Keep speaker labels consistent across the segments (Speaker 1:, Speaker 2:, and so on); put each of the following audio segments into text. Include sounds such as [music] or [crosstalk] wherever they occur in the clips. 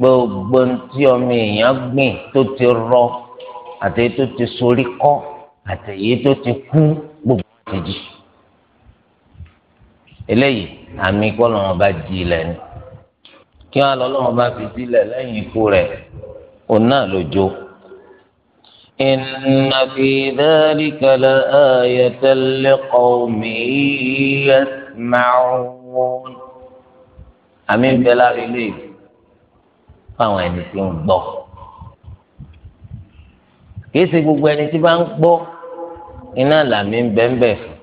Speaker 1: gbogbo tí ọmọ èèyàn gbìn tó ti rọ àti èyí tó ti sorí kọ́ àti èyí tó ti kú gbogbo ti jí eléyìí àmì kọlọ́wọ́n bá di ilẹ̀ ni kí wọ́n lọ lọ́wọ́n bá fi sílẹ̀ lẹ́yìn ikú rẹ̀ òun náà lójó. إن في ذلك لآية لقوم يسمعون àmì ń bẹ fáwọn ẹni tí ń gbọ́ kìí ṣe gbogbo ẹni tí bá ń gbọ́ iná làmì ń bẹ́ńbẹ́ fún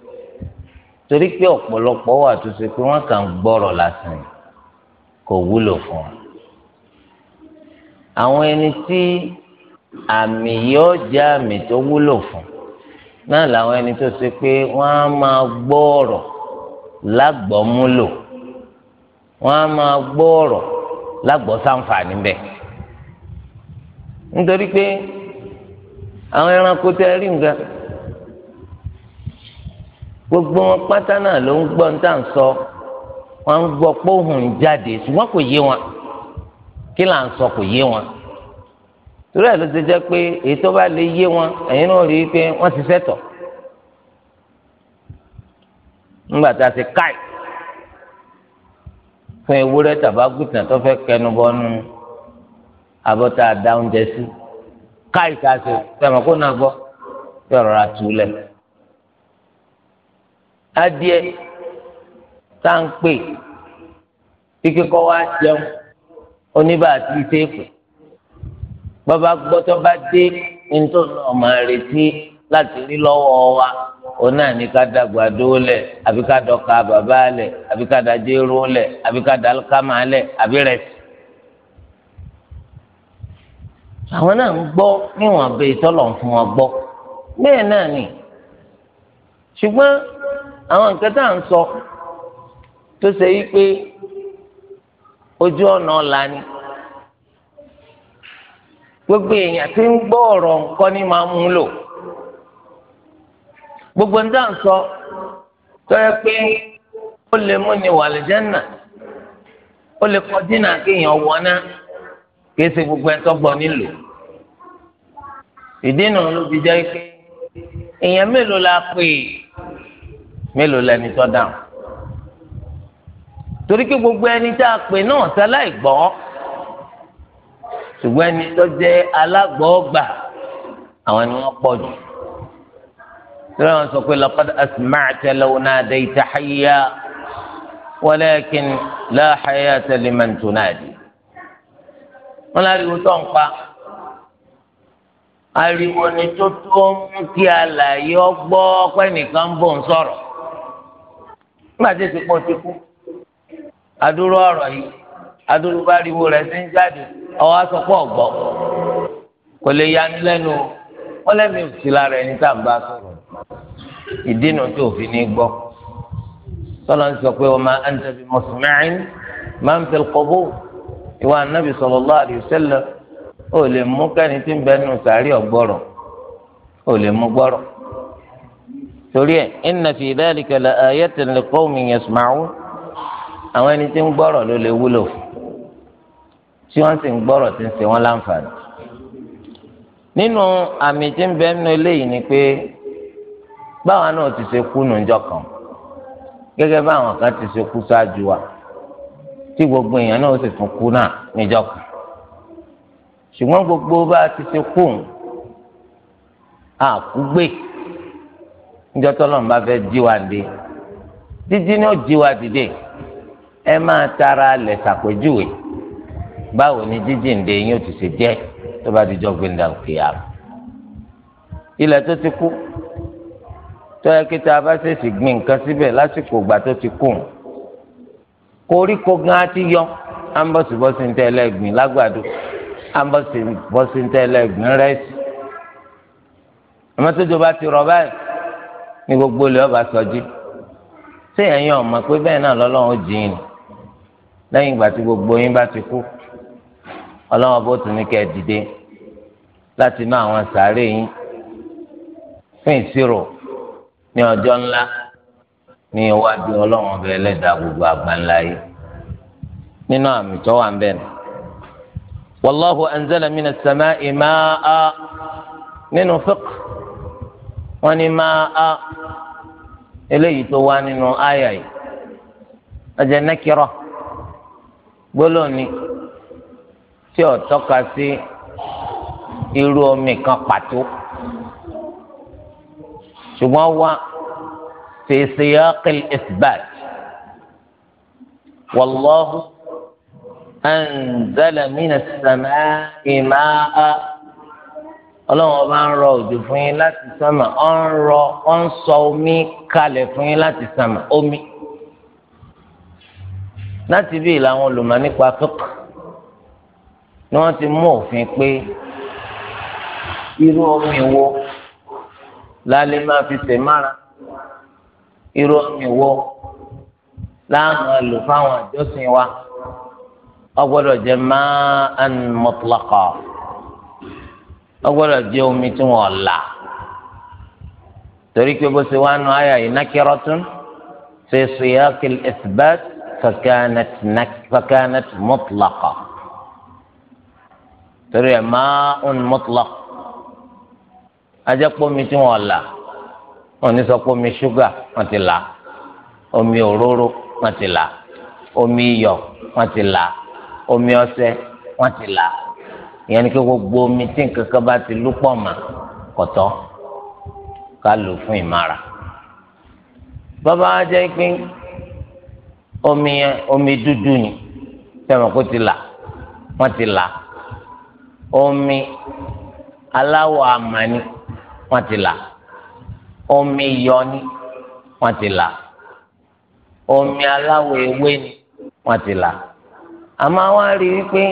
Speaker 1: torí pé ọ̀pọ̀lọpọ̀ wà tó ṣe pé wọ́n kàn ń gbọ́rọ̀ lásán kò wúlò fún wọn àwọn ẹni tí àmì yóò jẹ́ àmì tó wúlò fún náà làwọn ẹni tó ṣe pé wọ́n á máa gbọ́ ọ̀rọ̀ lágbọ́múlò wọ́n á máa gbọ́ ọ̀rọ̀ lágbọ́sánfààní bẹ̀ nítorí pé àwọn ẹranko tẹ rí nǹkan gbogbo wọn pátá náà ló ń gbọ́ ní tà ń sọ wọn ń gbọ́ pọ́hùn jáde ṣùgbọ́n kò yé wọn kí là ń sọ kò yé wọn torí ẹ̀ ló ti jẹ́ pé èyí tó bá lè yé wọn ẹ̀yin náà rí i pé wọ́n ti sẹ́tọ̀ nígbà tá a ti fún ewúrẹ́ tàbágùtàn tó fẹ́ kẹnu bọ́nu abọ́tà dá oúnjẹ sí káì tá a ṣe fẹ́mọ̀ kó náà gbọ́ fẹ́ rọra túlẹ̀. adìẹ tá à ń pè kíkẹ́ kọ́ wá jẹun oníbàtí ṣe é bàbá gbọ́tọ́ bá dé ní tó náà máa retí láti rí lọ́wọ́ wa. ona ni ká da gbàdo lẹ àbí ká dọ̀ka bàbá lẹ àbí ká da jéró lẹ àbí ká da alikama lẹ àbí rẹ. àwọn náà ń gbọ́ níwọ̀n abẹ́ ìtọ́lọ̀ ń fún wọn gbọ́ bẹ́ẹ̀ náà nì, ṣùgbọ́n àwọn nǹkan tá à ń sọ tó ṣe yí pé ojú ọ̀nà ọ̀la ni gbogbo èèyàn ti ń gbọ́ ọ̀rọ̀ nǹkan ni máa mú lò. gbogbo ń dáhùn sọ tọ́yẹ pé ó lè mú ni wà lìjánà ó lè kọ́ dínà kéèyàn wọná kìí ṣe gbogbo ẹ̀ tọ́gbọ́n nílò ìdí nù ló fi jẹ́ pé èèyàn mélòó la pè é mélòó lẹni tó dáhùn torí pé gbogbo ẹni tá a pè náà sáláì gbọ́ ṣùgbọ́n ẹni tó jẹ́ alágbọ́ọ́gbà àwọn ni wọ́n pọ̀ jù. ترى سقول لقد أسمعت لو ناديت حيا ولكن لا حياة لمن تنادي ولا ريوتونقا ariwo ni tó tó ń kí alàyè ọgbọ́ pé nìkan bò ń sọ̀rọ̀ nígbà tí èsì pọ̀ ti kú adúrú ọ̀rọ̀ yìí adúrú bá ariwo rẹ̀ ti ń ìdínà tí òfin ní gbọ́ tọ́lá ń sọ pé wa ma anta bi musmi'in man fil qubur ìwà anábì sallallahu alaihi wasallam ó lè mú kẹ́ni tí ń bẹ nù sàárì ọ̀gbọ́rọ̀ ó lè mú gbọ́rọ̀ torí ẹ̀ inna fi dhalika la ayatan li qawmin yasma'un àwọn ẹni tí ń gbọ́rọ̀ ló lè wúlò tí wọ́n sì ń gbọ́rọ̀ tí ń ṣe wọ́n láǹfààní nínú àmì tí ń bẹ nù eléyìí ni pé báwa náà ti ṣe kú nùjọ kan gẹ́gẹ́ báwọn kan ti ṣe kú ṣáájú wa tí gbogbo èèyàn náà sì tún kú náà níjọ kan ṣùgbọ́n gbogbo bá a ti ṣe kú òun àkúgbè níjọ tọ́lọ́run bá fẹ́ jí wa dé jíjí ni ó jí wa dìde ẹ máa tara lẹ̀ ṣàpèjúwe báwo ni jíjí ń de yín ó ti ṣe jẹ́ tó bá dijọ́ gbẹ̀ndàkìyà ilẹ̀ tó ti kú tọ́yẹ kí tá a bá ṣèṣì gbìn nǹkan síbẹ̀ lásìkò ìgbà tó ti kù koríko gan ti yọ ambọ̀sibọ́sì ń tẹ́lẹ̀ gbìn lágbàdo ambọ̀sibọ́sì ń tẹ́lẹ̀ gbìn rẹ́sì àmọ́tòjọba ti rọ̀ báyìí ní gbogbo ilé ọba sọjí ṣé ẹ̀yin ọ̀mọ̀ pé bẹ́ẹ̀ náà lọ́lọ́run jìn lẹ́yìn ìgbà tí gbogbo yín bá ti kú ọlọ́run bó tún ní kẹ́ ẹ dìde láti inú àwọn sàárè yín fún ìṣirò ní ọjọ́ ńlá ní iwájú ọlọ́run ọbẹ̀ ẹlẹ́dàá gbogbo àgbáńlá yìí nínú àmì tó wà ń bẹ̀ nù. wàláhu anzala mina sàmá ìmáà nínú fiqh wọn ni máa eléyìí tó wá nínú àyà yìí ọjà nàkírọ̀ gbólóòní tí ó tọ́ka sí irú omi kan pàtó ṣùgbọ́n wá fi siyaqil isbat wallahu anzala minas samaa'i maa'a ọlọ́run ọba ń rọ òjò fún yín láti sánmà ọ ń rọ ọ ń sọ omi kalẹ̀ fún yín láti sánmà omi láti bí làwọn olùmọ̀ nípa fiqh ni wọ́n ti mú òfin pé irú omi wo lálẹ́ máa fi tẹ̀ mára irú omi wo láàmú lò fáwọn àjọsìn wa ọgbọ́dọ̀ jẹ máa ń mọtòlákọ ọgbọ́dọ̀ jẹ omi tí wọn là torí pé bó ṣe wá nu àyà yìí nákẹrọtún ṣe ṣìyàkìl ẹsibẹt fakanat mọtòlákọ torí ẹ máa ń mọtòlákọ ajẹ́pọ̀mi tí wọ́n là wọ́n ní sọ pé omi ṣúgà wọ́n ti là omi òróró wọ́n ti là omi iyọ̀ wọ́n ti là omi ọṣẹ wọ́n ti là ìyẹn ni kí gbogbo omi tí nǹkan kan bá ti lú pọ̀ mà kọ̀tọ́ ká lò fún ìmára bàbá ajẹ́ pé omi yẹn omi dúdú ni tẹ̀wọ̀n kó ti là wọ́n ti là omi aláwọ̀ àmàlí wọ́n ti là omi iyọ̀ ni wọ́n ti là omi aláwọ̀ ewé ni wọ́n ti là àmọ́ àwọn rí i pé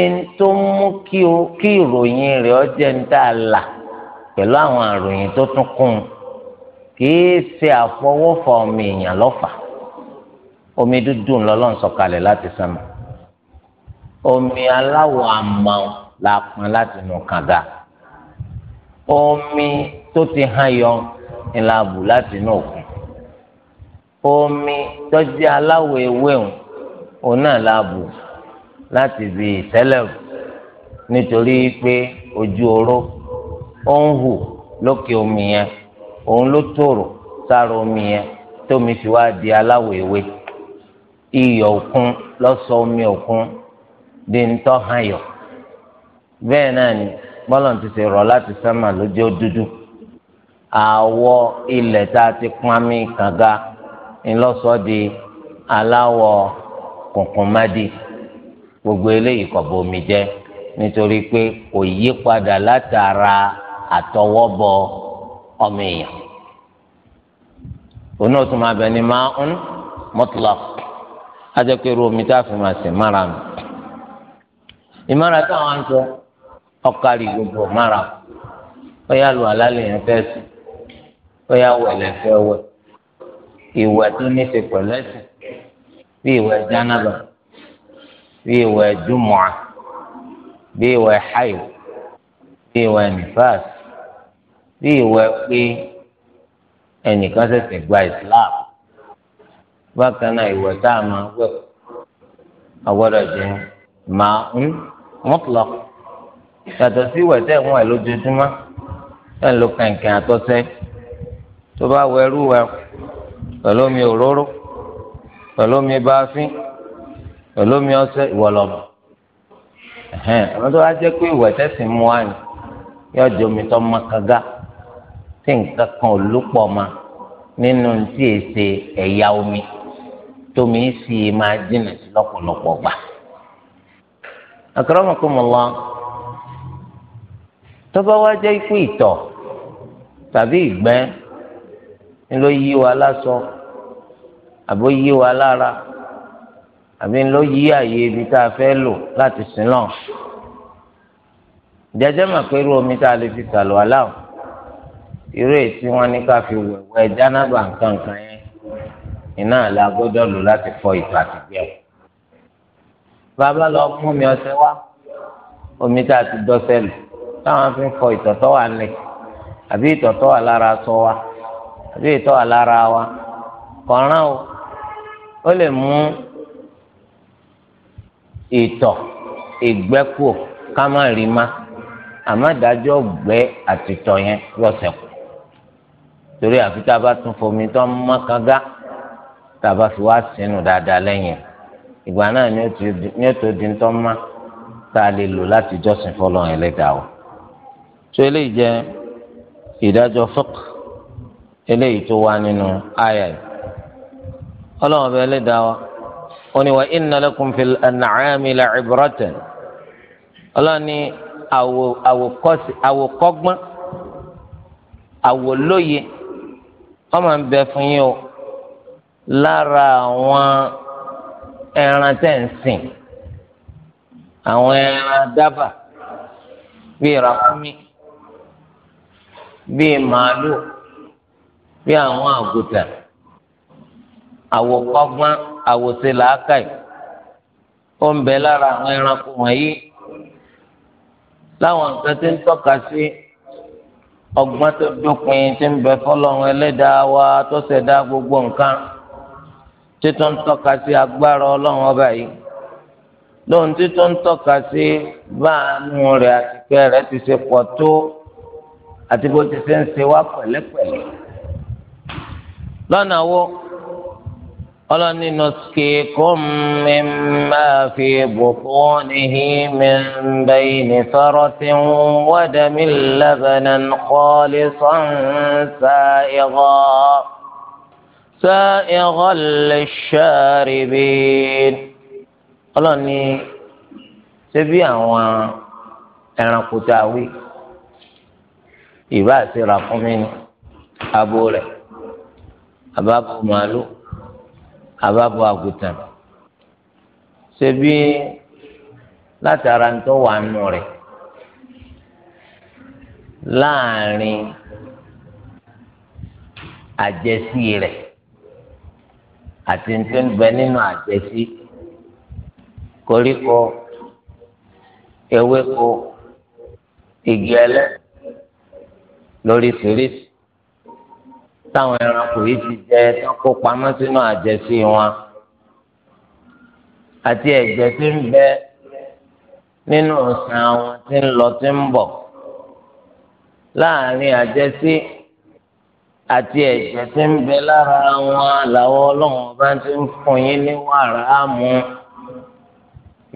Speaker 1: ẹni tó mú kí o kí ìròyìn rẹ̀ ọ jẹ́ ń tà là pẹ̀lú àwọn àròyìn tó tún kún un kìí ṣe àfọwọ́fà omi èèyàn lọ́fà omi dúdú ńlọ́lọ́n sọ̀kalẹ̀ láti sánmà omi aláwọ̀ àmọ́ la pọn láti nù kànga. omi tó ti hàn yọ ńlá bù láti inú òkun omi tó jẹ́ aláwọ̀ ewé òun òun náà la láti ibi ìtẹ́lẹ̀ nítorí pé ojú oró ó ń hù lókè omi yẹn òun ló tòrò sára omi yẹn tómi fi wá di aláwọ̀ ewé iyọ̀ òkun lọ́sọ̀ omi òkun di ń tọ́ hàn bọ́lọ̀ ti ṣe rọ̀ láti sánmà ló jẹ́ dúdú àwọ̀ ilẹ̀ tá a ti pọ́nmi kànga ńlọ́sọ̀ di aláwọ̀ gbogbo eléyìí kò bomi jẹ́ nítorí pé kò yí padà látara àtọwọ́bọ ọmọ èèyàn máa bẹ máa omi tá a fi máa sè ọkàlì gbogbo mara bóyá lu alálẹ̀ yẹn fẹ́ sùn bóyá wẹ̀lẹ̀ fẹ́ wẹ̀ ìwẹ̀ tó ní ṣe pẹ̀lú ẹ̀sìn bí ìwẹ̀ jánàbà bí ìwẹ̀ jùmọ̀à bí ìwẹ̀ hayo bí ìwẹ̀ nifas bí ìwẹ̀ pé ẹnìkan ṣẹ̀ṣẹ̀ gba islam bákan náà ìwẹ̀ tá a máa wẹ̀ ọgbọ́dọ̀ jẹ́ máa ń mutlaq yàtọ̀ sí ìwẹ̀ tẹ̀ ń wà lójoojúmọ́ ẹ̀ ń lo kàǹkàn àtọ́sẹ́ tó bá wẹ irú wẹ pẹ̀lú omi òróró pẹ̀lú omi báfín pẹ̀lú omi ọṣẹ ìwọlọ́mọ àwọn tó bá jẹ́ pé ìwẹ̀ tẹ̀sí mú wa ni yóò di omi tó mọ́ kága tí nǹkan kan ò lúpọ̀ ma nínú tí èsè ẹ̀yà omi tómi sì máa jìnà sí lọ́pọ̀lọpọ̀ gbà. àkàrà ọmọkùnrin mọ̀ lọ́wọ́ tọ́ba wá jẹ́ ikú ìtọ̀ tàbí ìgbẹ́ ńlọ yí wa láṣọ àbó yí wa lára àbí ńlọ yí àyè ibi tá a fẹ́ lò láti sìn lọ jẹjẹ mà pé irú omi tá a lè fi sàlù aláwọ irú èsì wọn ní ká fi wẹ̀wẹ̀ jánábà nǹkan kan yẹn iná àlẹ agbọ́dọ̀ lò láti fọ ìtọ̀ àti gbẹ bàbá lọ mú mi ọṣẹ wá omi tá a ti dọṣẹ lò táwọn fi ń fọ ìtọ̀tọ̀ wà lẹ̀ àbí ìtọ̀tọ̀ wà lára sọ wa àbí ìtọ̀ wà lára wa kọ̀ọ̀ràn o ó lè mú ìtọ̀ ìgbẹ́ kù ká má rí má àmọ́ ìdájọ́ gbẹ́ àtìtọ̀ yẹn lọ́sẹ̀ kù torí àfi tá a bá tún fomi tó ń mọ́ tá a bá fi wá sínú dáadáa lẹ́yìn ìgbà náà ni ó tó di ń tọ́ mọ́ tá a lè lò láti jọ́sìn fọlọ́ ẹlẹ́dàá o tó eléyìí jẹ́ ìdájọ́ fúk eléyìí tó wà nínú àyà yìí ọlọ́run ọba ẹlẹ́dàá wa ó ní wa inna lakum fil an'ami la'ibratan ọlọ́run ní àwòkọ́gbọ́n àwòlóye wọ́n máa ń bẹ fún yín o lára àwọn ẹran tẹ̀ ń sìn àwọn ẹran dábà bíi ràkúnmí bíi màálù bíi àwọn àgùtàn àwòkọ́gbọ́n àwòṣe làákàyè ó ń bẹ lára àwọn ẹranko wọ̀nyí láwọn nǹkan tí ń tọ́ka sí ọgbọ́n tó dópin tí ń bẹ fọlọ́run ẹlẹ́dàá wa tó ṣẹ̀dá gbogbo nǹkan títí ń tọ́ka sí agbára ọlọ́run ọba yìí lóhun títí tọ́ka sí báàánú rẹ̀ àtìkẹ́ rẹ̀ ti ṣe pọ̀ tó àti bó ti ṣe ń ṣe wá pẹ̀lẹ́pẹ̀lẹ́ lọ́nà wo ọlọ́ni nusqikum mimma fi butunihi min bayni faratin wa damin labanan khalisan sa'iga sa'iga lisharibin ọlọ́ni ṣé bí àwọn ẹranko tá a wí ìbá àti ràkúnmí ni abo rẹ̀ àbábo màálù àbábo àgùtàn ṣebí látara ń tọ́ wà nù rẹ̀ láàrin àjẹsí rẹ̀ àti ń ń bẹ nínú àjẹsí koríko ewéko igi ẹlẹ́sìn lóríṣiríṣi táwọn ẹranko yìí ti jẹ tán kó pamọ́ sínú àjẹsí wọn àti ẹ̀jẹ̀ tí ń bẹ nínú ọ̀sán àwọn tí ń lọ tí ń bọ̀ láàrin àjẹsí àti ẹ̀jẹ̀ tí ń bẹ lára wọn làwọn ọlọ́run bá ti ń fún yín ní wàrà mu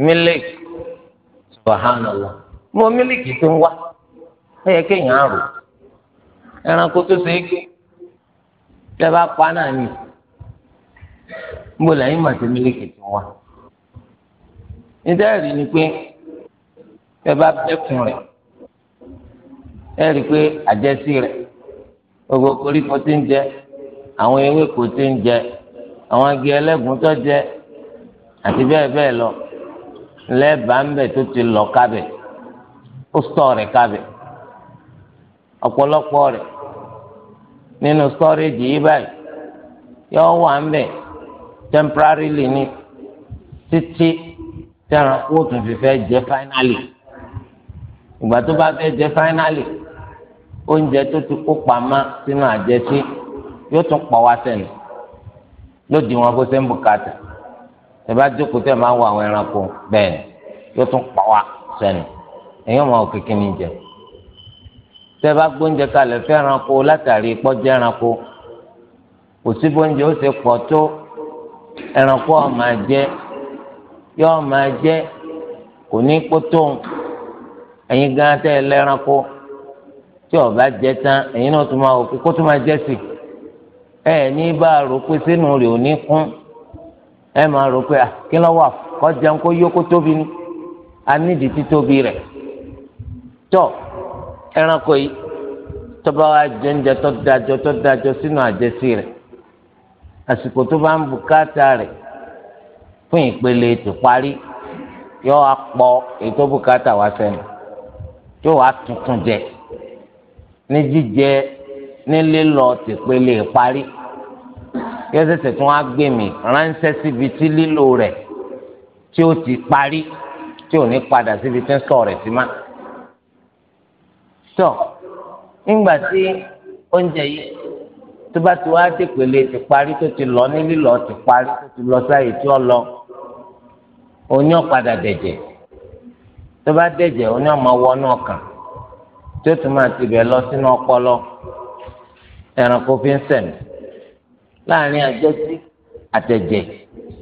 Speaker 1: mílíkì subahánàlá mo mílíkì tó ń wá ó yẹ kéèyàn á ẹranko tó ṣe é ké tẹ bá pa náà nì níbo lẹ́yìn màtí mílíkì tó wà nítorí ni pé tẹ bá bẹ́kùn rẹ̀ ẹ rí i pé àjẹsí rẹ̀ gbogbo koríko tí ń jẹ àwọn ewéko tí ń jẹ àwọn agi ẹlẹ́gùn tó jẹ àti bẹ́ẹ̀ bẹ́ẹ̀ lọ lẹ́ẹ̀bà ń tó ti lọ kábẹ̀ ó sọ rẹ̀ kábẹ̀ ọ̀pọ̀lọpọ̀ rẹ̀ nínú storage yìí báyìí yọ wà ń bẹ̀ temporarily ni títí tẹ̀ràn kóòtù fi fẹ́ jẹ finally ìgbà tó bá fẹ́ jẹ finally oúnjẹ tó ti kó pamọ́ sínú àjẹsí yóò tún pọ̀ wá sẹ́yìn lódì wọn kó sẹ́ńbù kàtà ẹ bá jókòó tẹ̀ máa wọ àwọn ẹranko bẹ́ẹ̀ yóò tún pọ̀ wá sẹ́yìn èyí wọn ò kékeré jẹ tẹ́ bá gbóúnjẹ kalẹ̀ fẹ́ ẹranko látàrí pọ́jẹ́ ẹranko kò sí bóúnjẹ ó ṣe pọ̀ tó ẹranko ó máa jẹ yóò máa jẹ kò ní kó tó ẹ̀yin gan tẹ́ ẹ lẹ́ranko tí ó bá jẹ tán ẹ̀yin náà tún máa wò kó tó máa jẹ sí ẹ ní bá a rò pé sínú rẹ̀ ò ní kún ẹ máa rò pé kí ló wà kọ́ jẹun yó kó tóbi ni a nídìí títóbi rẹ̀ tọ́ ẹranko yìí tọba wa jẹnjẹ tó dájọ tó dájọ sínú àjẹsí rẹ̀ àsìkò tó bá ń bùkátà rẹ̀ fún ìpele tó parí yọ apọ ètò bùkátà wa sẹ́nu yóò wá tuntun jẹ ní jíjẹ ní lílọ tìpele parí yóò ṣẹ̀ṣẹ̀ tún wá gbèmí ránṣẹ́ síbi tí lílò rẹ̀ tí ó ti parí tí ò ní padà síbi tí ń sọ rẹ̀ sí máa tọ nígbà tí oúnjẹ yìí tó bá ti wá dé pèlè ti parí tó ti lọ ní lílọ ti parí tó ti lọ sáyè tí ó lọ oyún padà dẹ̀jẹ̀ tó bá dẹ̀jẹ̀ oyún ọmọ wọnú ọkàn tí ó tún máa ti bẹ̀ lọ sínú ọpọlọ ẹranko fi ń sẹ̀mí láàrin àjẹsí àtẹ̀jẹ̀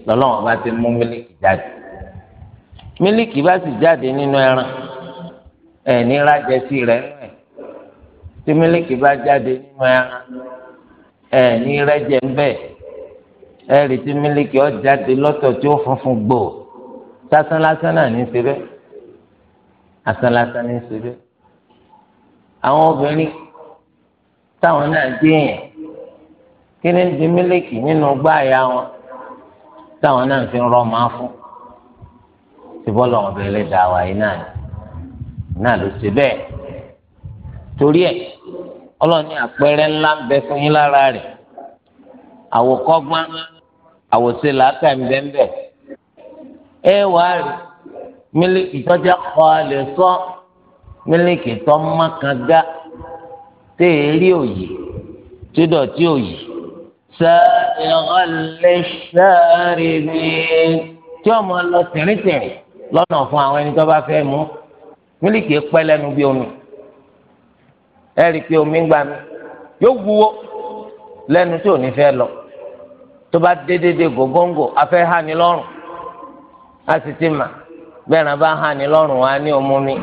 Speaker 1: lọ́lọ́wọ́n bá ti mú mílíkì jáde mílíkì bá sì jáde nínú ẹran ẹ nira jẹsi rẹ nù ẹ tí mílíkì bá jáde nínú ẹran ẹ ní rẹjẹ ńbẹ ẹ rí tí mílíkì ọ jáde lọ́tọ̀ tí ó funfun gbò sásán lásán náà ní síbẹ̀ asán lásán ní síbẹ̀ àwọn obìnrin táwọn náà déèyàn kí ni di mílíkì nínú gbáàyà wọn táwọn náà fi rọ máa fún ṣùgbọ́n lọ́wọ́ bẹ̀rẹ̀ dáwà náà ni náà ló ṣe bẹ́ẹ̀ torí ẹ̀ ọlọ́run ní àpẹẹrẹ ńlá ń bẹ fún yín lára rẹ̀ àwòkọ́gbọ́n àwòṣe làákà ń bẹ ń bẹ ẹ wàá rí mílíkì tọ́jà kọ́ a lè sọ mílíkì tọ́ mákàgá tẹ́ ẹ rí òye tí dọ̀tí òye sẹ́ẹ̀rẹ́lẹ́ sẹ́ẹ̀rẹ́ bí tí ọmọ lọ tìrìtìrì lọ́nà fún àwọn ẹni tó bá fẹ́ mú mílíkì pẹ́ lẹ́nu bí omi ẹ rí i pé omi ń gbà mí yóò wúwo lẹ́nu tí ò ní fẹ́ lọ tó bá dé dédé gògóńgò afẹ́ hà ní lọ́rùn a sì ti mà bẹ́ẹ̀ náà bá hà ní lọ́rùn wa ní omu mi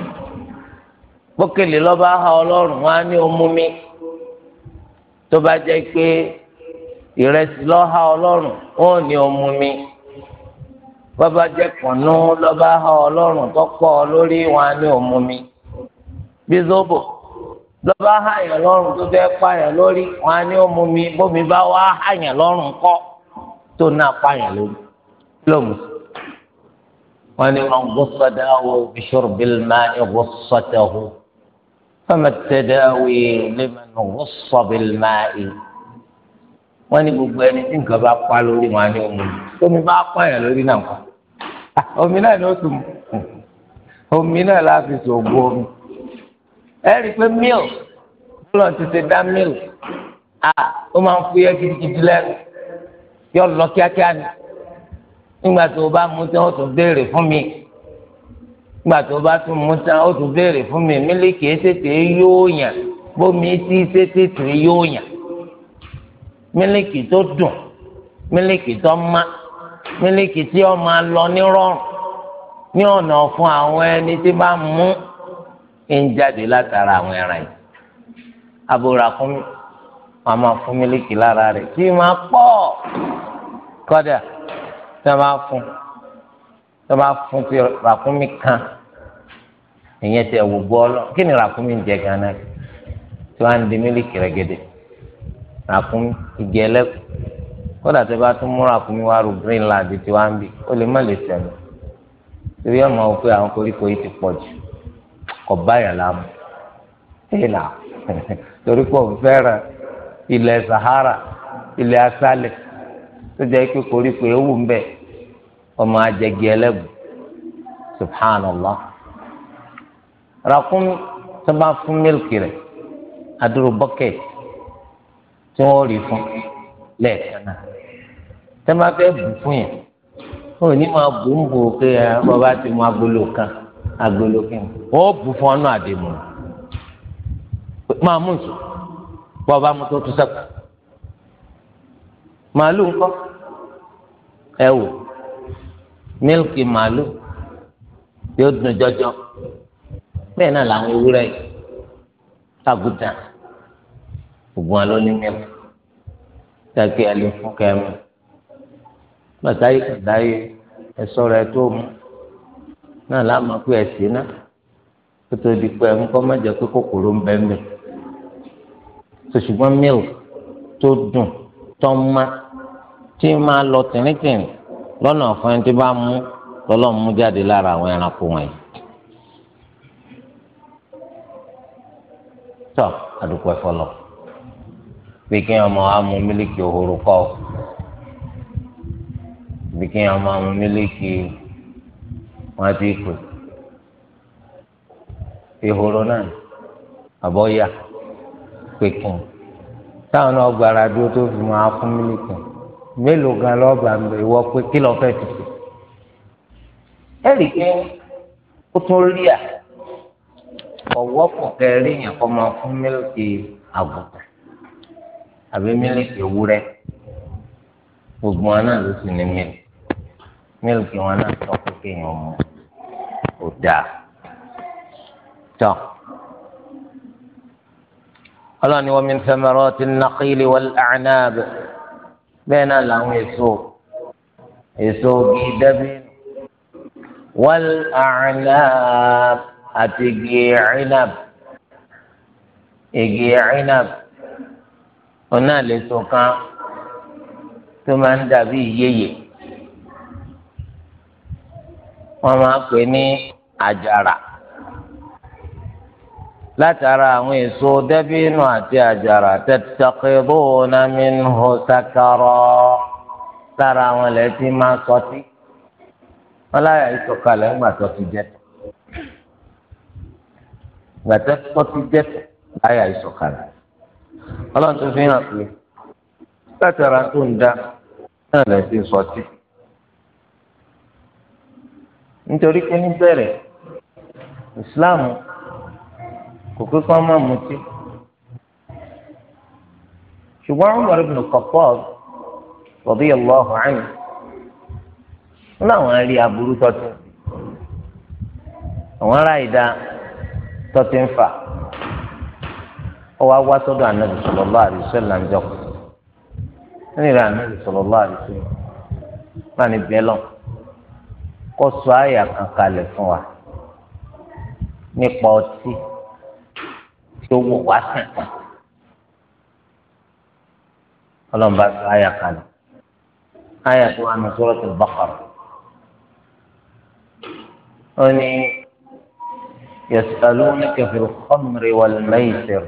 Speaker 1: bókèlè lọ́ba hà ọlọ́rùn wa ní omu mi tó bá jẹ́ pé ìrẹsì lọ́ hà ó ní omu mi bàbá jẹ́ kùnú lọ́ba ha ọlọ́run tó pọ̀ lórí wọn ní òmu mi bí zobo lọ́ba ha yẹn lọ́rùn tó fẹ́ pààyàn lórí wọn ní òmu bómi bá wá ha yẹn lọ́rùn kọ́ tó náà pààyàn lórí lómi wọn ni wọn gbọ́sọ̀ dáwọ́ bíṣọ́rọ̀ bílẹ̀ máa ń gbọ́sọ̀ tẹ̀hó fẹ́mi tẹ̀ dáwọ́ yìí wọ́n ní gbogbo ẹni tí nǹkan bá pa lórí wọn ni omi tómi bá pààyàn lórí náà kọ́ ah, omi náà ni ó tún omi náà láti sògbó omi ẹ rí i pé míl bọ́lọ̀ ti ṣe dá míl à ah, ó máa ń fúyẹ́ gidigidi lẹ́nu yọ lọ kíákíá ni nígbà tó o bá mú tán ó tún béèrè fún mi nígbà tó o bá tún mú tán ó tún béèrè fún mi mílíkì ẹ tètè yóò yàn bómi tí tètè yóò yàn. Miliki tó dùn mílíkì tó má mílíkì tí ó máa lọ ní rọrùn ní ọ̀nà fún àwọn ẹni tí bá mú ń jáde látara àwọn ẹran yìí abúra fún mi wọn máa fún mílíkì lára rẹ̀ tí máa pọ̀ kódà tí wọn bá fún tí wọn bá fún ti ràkúnmí kan ìyẹn tẹ wò gbọ́ lọ kí ni ràkúnmí ń jẹ ganan tí wọn á di mílíkì rẹ̀ gẹ́dẹ́. ràkúnmí igi ẹlẹ́kùn kódà tẹ bá tún mú ràkúnmí wá ru greenland tí wàá ń bì ó lè má lè sẹ̀lẹ̀ torí ọmọ wọn pé àwọn koríko yìí ti pọ̀ jù kò báyà láàmú [laughs] torí fẹ́ràn ilẹ̀ Sahara ilẹ̀ asálẹ̀ tó jẹ́ pé koríko ewu ń bẹ ọmọ ajẹgi ẹlẹ́gùn subhanallah rakun tó bá fún mílìkì rẹ̀ adúrú tí wọ́n rí fún lẹ́ẹ̀kan náà tẹ́ máa fẹ́ bù fún yẹn wọn ò ní máa bù ń bù pé ah, bàbá ti mú agolo kan agolo kan wọ́n bù fún ọ́nà àdèmọ̀ máa mú sùn bàbá mú tó tún sẹ́kù màálù ńkọ́ ẹ wò mílìkì màálù yóò dùn jọjọ bẹ́ẹ̀ náà làwọn ewúrẹ́ yìí àgùntàn ògùn alónímẹ́lì dákẹ́ alẹ́ fún kẹ́mi bàtáyé kàdáyé ẹ̀sọ́ rẹ̀ tó mú náà láàmú pé ẹ̀sìn náà kótó di pé ẹ̀mú kọ́ má jẹ́ pé kòkòrò ń bẹ́ mẹ́ sòṣùgbọ́n mílì tó dùn tó má tí máa lọ tìrìntìrì lọ́nà ọ̀fọ̀ ẹni tí bá mú lọ́lọ́run mú jáde lára àwọn ẹranko wọ̀nyí. tọ́ àdùkù ẹ̀fọ́ lọ bí kí ọmọ wa mu mílíkì òhòrò kọ bí kí ọmọ wa mu mílíkì wọn ti pè ìhòrò náà àbọ̀yà pé kí n táwọn náà gbára dúró tó fi máa fún mílíkì mélòó gan lọ́ọ̀bà ìwọ pé kí lọ́ọ́ fẹ́ tètè ẹ̀rì pé ó tún rí à ọ̀wọ́pọ̀ kẹrin yẹn kọ́ máa fún mílíkì àgùntàn. àbí mílíkì ewúrẹ́ gbogbo wọn náà ló sì ní mílíkì mílíkì wọn náà tọ́ pé yẹn mú ò dáa tọ́. ọlọ́ni wọ́n mi ń fẹ́mẹ́rọ́ ti nàkìlì wọ́n ànáàbẹ̀ bẹ́ẹ̀ náà làwọn èso èso gi dẹ́bí wọ́n ànáàbẹ̀ àti igi ẹ̀rínàbẹ̀ igi ẹ̀rínàbẹ̀. ọ̀nà àlèso kan tó máa ń dàbí ìyeyè wọ́n máa pè ní àjàrà látara àwọn èso dẹ́bínú àti àjàrà tattaqiduna minhu sakara lára àwọn ilẹ̀ tí máa sọtí wọ́n láyà ìsọ̀kalẹ̀ ńgbà tó ti jẹ́ gbàtẹ́ tó jẹ́ láyà ìsọ̀kalẹ̀. ọlọ́run tó fi hàn pé látara tó ń da náà lè fi sọtí nítorí pé níbẹ̀rẹ̀ Islam kò pé kí máa mutí ṣùgbọ́n Umar ibn Khattab radiyallahu anhu wọn làwọn aburú tọ́tí àwọn ọwọ́ awá sọ́dọ̀ anabi sallallahu alaihi wasallam jọ ẹni rẹ anabi sallallahu alaihi wasallam náà ní bẹ́ẹ̀ lọ kọ́ sọ àyà kan kalẹ̀ fún wa nípa ọtí tó wọ wá sàn ọlọ́mọba sọ àyà kalẹ̀ àyà tó wà ní suratul Baqara ó ní yas'alunaka fil khamri wal maisir.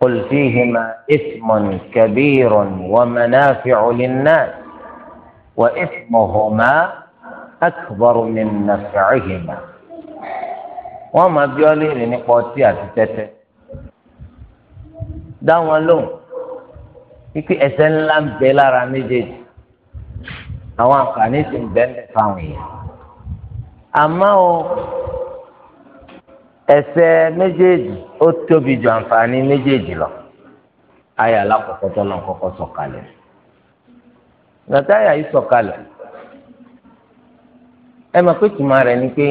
Speaker 1: قل فيهما إثم كبير ومنافع للناس وإثمهما أكبر من نفعهما وما بيولي لنقوتي أتتت dáwọn lóhùn wípé ẹ̀ṣẹ̀ ńlá ń bẹ lára méjèèjì àwọn àǹfààní sì ń bẹ ń bẹ fáwọn èèyàn àmọ́ o ese méjèèjì ó tóbi ju àǹfààní méjèèjì lọ ayé alákọ̀ọ́kọ́ tó lọ kọ́kọ́ sọ̀kalẹ̀ nàtàyà yìí sọ̀kalẹ̀ ẹ mọ̀ pé rẹ̀ ni pé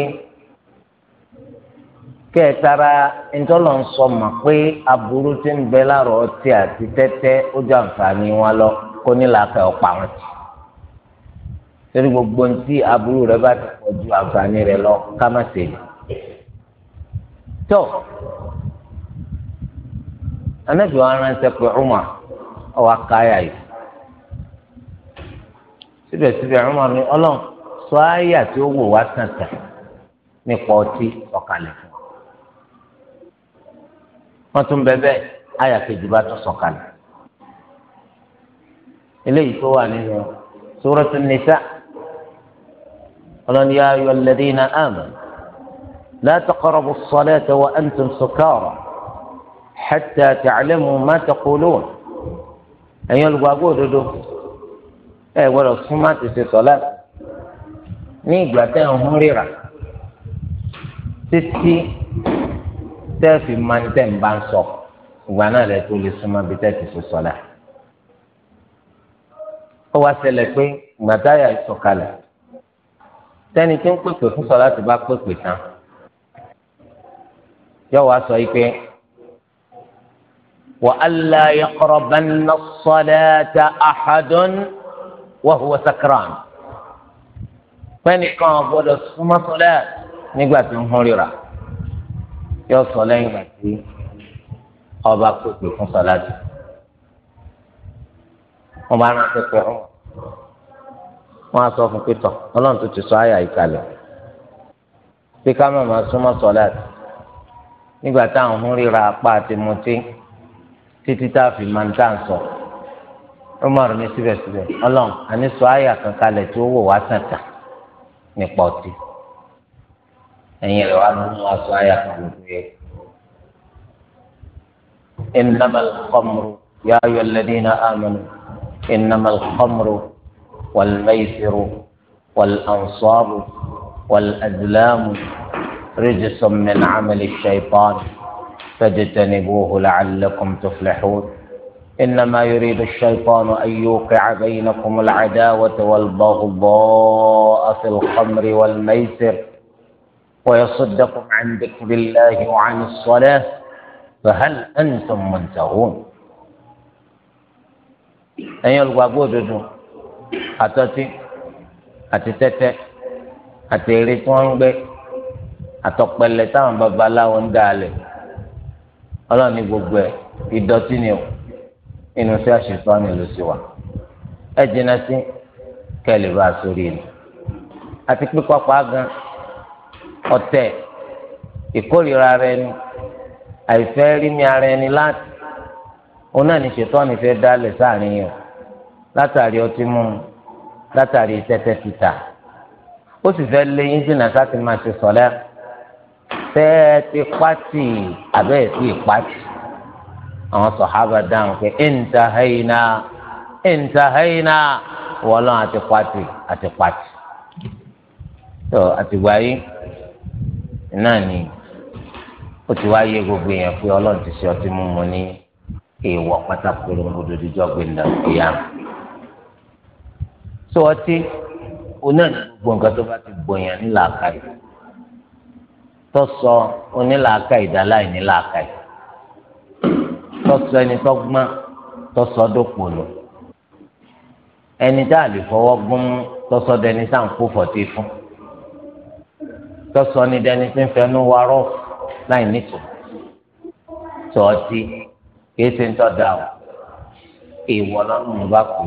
Speaker 1: kẹtara sọ ma pé aburú tí ń bẹ lárọ ọtí àti ó ju àǹfààní wọn lọ kó nílà wọn ti torí gbogbo ntí aburú bá ti lọ tó anabi wa ránṣẹ́ pé Umar ọwọ akáyà yìí síbẹ̀síbẹ̀ Umar ní sọ tí ó wò wá tàǹtà nípa ọtí ọ̀kalẹ̀ fún wọn tún bẹ̀bẹ̀ àyà kejì eléyìí tó wà nínú Suratun Nisa Ọlọ́run yá ayọ lẹdí لا تقربوا الصلاة وأنتم سكارى حتى تعلموا ما تقولون أيها الواقود دو أي ولو سمعت في صلاة نيجوا تنهم ريرا تتي تافي من تن بانسو وانا لا تولي سمع بتاتي في صلاة هو سلكي متى يسوكالا تاني تنقل في صلاة باكوكي تنقل yọ wá sọ yìí pé wa alla yaqrabanna as-salata ahadun wa huwa sakran pẹ́ẹ́nìkan gbọ́dọ̀ súnmọ́ sọ́lá nígbà tó ń hún ríra yọ sọ lẹ́yìn ìgbà tí ọba pèpè fún sọ́lá jù bá rán pẹpẹ hàn wọ́n á sọ fún pétọ̀ ọlọ́run tó ti sọ àyà ìkàlẹ̀ pé ká má máa súnmọ́ sọ́lá nígbà táwọn ń ríra apá àti títí tá a fi máa ń tà sọ Umar ní síbẹ̀síbẹ̀ ọlọ́run àní àyà kan kalẹ̀ tí ó wò wá sàn nípa ọtí ẹ̀yìn rẹ̀ wá ló mú wá sọ àyà kan lójú yẹ. إنما الخمر يا أيها الذين آمنوا إنما الخمر والميسر والأنصاب والأزلام رجس من عمل الشيطان فاجتنبوه لعلكم تفلحون انما يريد الشيطان ان يوقع بينكم العداوه والبغضاء في الخمر والميسر ويصدكم عن ذكر الله وعن الصلاه فهل انتم منتهون ẹyin olùgbàgbọ́ اتتي àtọtí àti به àtọ̀pẹ̀lẹ̀ táwọn babaláwo ń dá alẹ̀ ọlọ́run ní gbogbo ẹ̀ ìdọ̀tí ni o inú sí àṣetọ́ ni ló sì wà ẹ jìnnà sí bá a sórí ni àti pípọ́pọ́ agan ọ̀tẹ̀ ìkórìíra reni ẹni àìfẹ́ rími ara ẹni láti òun náà ní ṣetọ́ ni fẹ́ dálẹ̀ sáàrin yẹn látàrí ọtí mímu látàrí tẹ́tẹ́ títà ó sì fẹ́ lé yín máa ṣe sọ̀lẹ́ fẹ́ ti pati abẹ́ ti pati àwọn sọ̀hábà dáhùn pé ẹ̀ǹtàhẹ́yìnà ẹ̀ǹtàhẹ́yìnà wọlọ́n àti pati àti pati tó àtìgbà yìí náà ni ó ti wá yé gbogbo yẹn pé ọlọ́run ti ṣe ọtí mímu ní èèwọ̀ pátákó lóńgbòdo dídọ́ gbẹ̀ndà ìyá sọ ọtí onáà gbogbo nǹkan tó bá ti gbòyàn ńlá kárì tó sọ onílàáka ìdálá ìnílàáka yìí tó sọ ẹni tó gbọ́n tó sọ dópò lò ẹni tá a lè fọwọ́ gún tó sọ dẹni tá à ń kó fọ̀tí fún tó sọ ni dẹni tí ń fẹnu wa rọ láì nìtò tó ọtí kìí ṣe ń tọ́ da o èèwọ̀ lọ́nà mo bá kú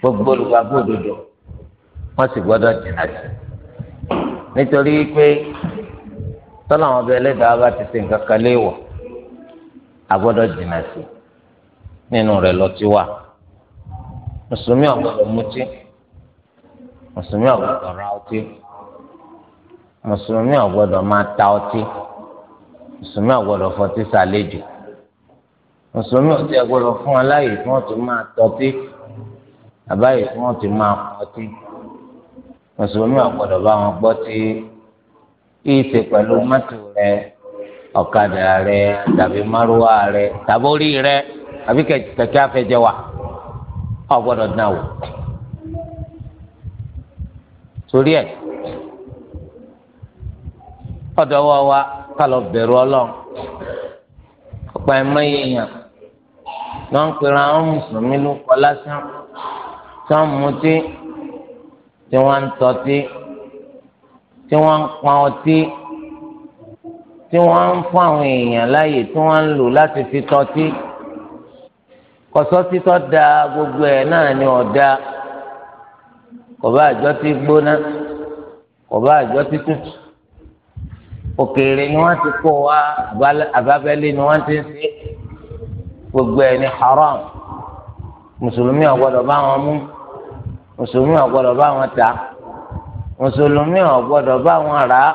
Speaker 1: gbogbo olùgbàgbọ́ òdodo wọ́n sì gbọ́dọ̀ jìnnà sí nítorí pé tọ́lá àwọn ọbẹ̀ ẹlẹ́dàá bá ti ṣe nǹkan kan léèwọ̀ agbọ́dọ̀ jìnnà sí nínú rẹ̀ lọ ti wà mùsùlùmí ọ̀gbọ̀dọ̀ mutí mùsùlùmí ọ̀gbọ̀dọ̀ ra ọtí mùsùlùmí ọ̀gbọ̀dọ̀ máa ta ọtí mùsùlùmí ọ̀gbọ̀dọ̀ fọtí sàlejò mùsùlùmí ọtí ọ̀gbọ̀dọ̀ fún wọn láàyè tí máa tọ́tí àbáyé tí wọ́n máa pọtí mùsùlùmí ọ̀gbọ̀dọ̀ bá wọn gbọ́ tí ìṣe pẹ̀lú mọ́tò rẹ ọ̀kadà rẹ tàbí márùwá rẹ tàbí orí rẹ àbí kẹ̀kẹ́ afẹ́jẹ́ wa ọ̀ gbọ́dọ̀ dán wò torí ẹ̀ ọ̀dọ̀ wa wa kálọ̀ bẹ̀rù ọlọ́run ọ̀pọ̀ ẹ̀mọ́ yẹ̀yàn ló ń pera àwọn mùsùlùmí ló kọ́ lásán tí wọ́n mutí tí wọ́n ń tọ́tí tí wọ́n ń pọn ọtí tí wọ́n ń fún àwọn èèyàn láàyè tí wọ́n ń lò láti fi tọ́tí kọ̀sọ́tí tó da gbogbo ẹ̀ náà ni ọ̀dà kọ̀bá àjọ ti gbóná kọ̀bá àjọ ti tútù òkèèrè ni wọ́n ti kó wa àbábẹ́lé ni wọ́n ti ń ṣe gbogbo ẹ̀ ní haram mùsùlùmí ò gbọ́dọ̀ bá wọn mú mùsùlùmí ò bá wọn ta mùsùlùmí ò gbọ́dọ̀ bá wọn rà á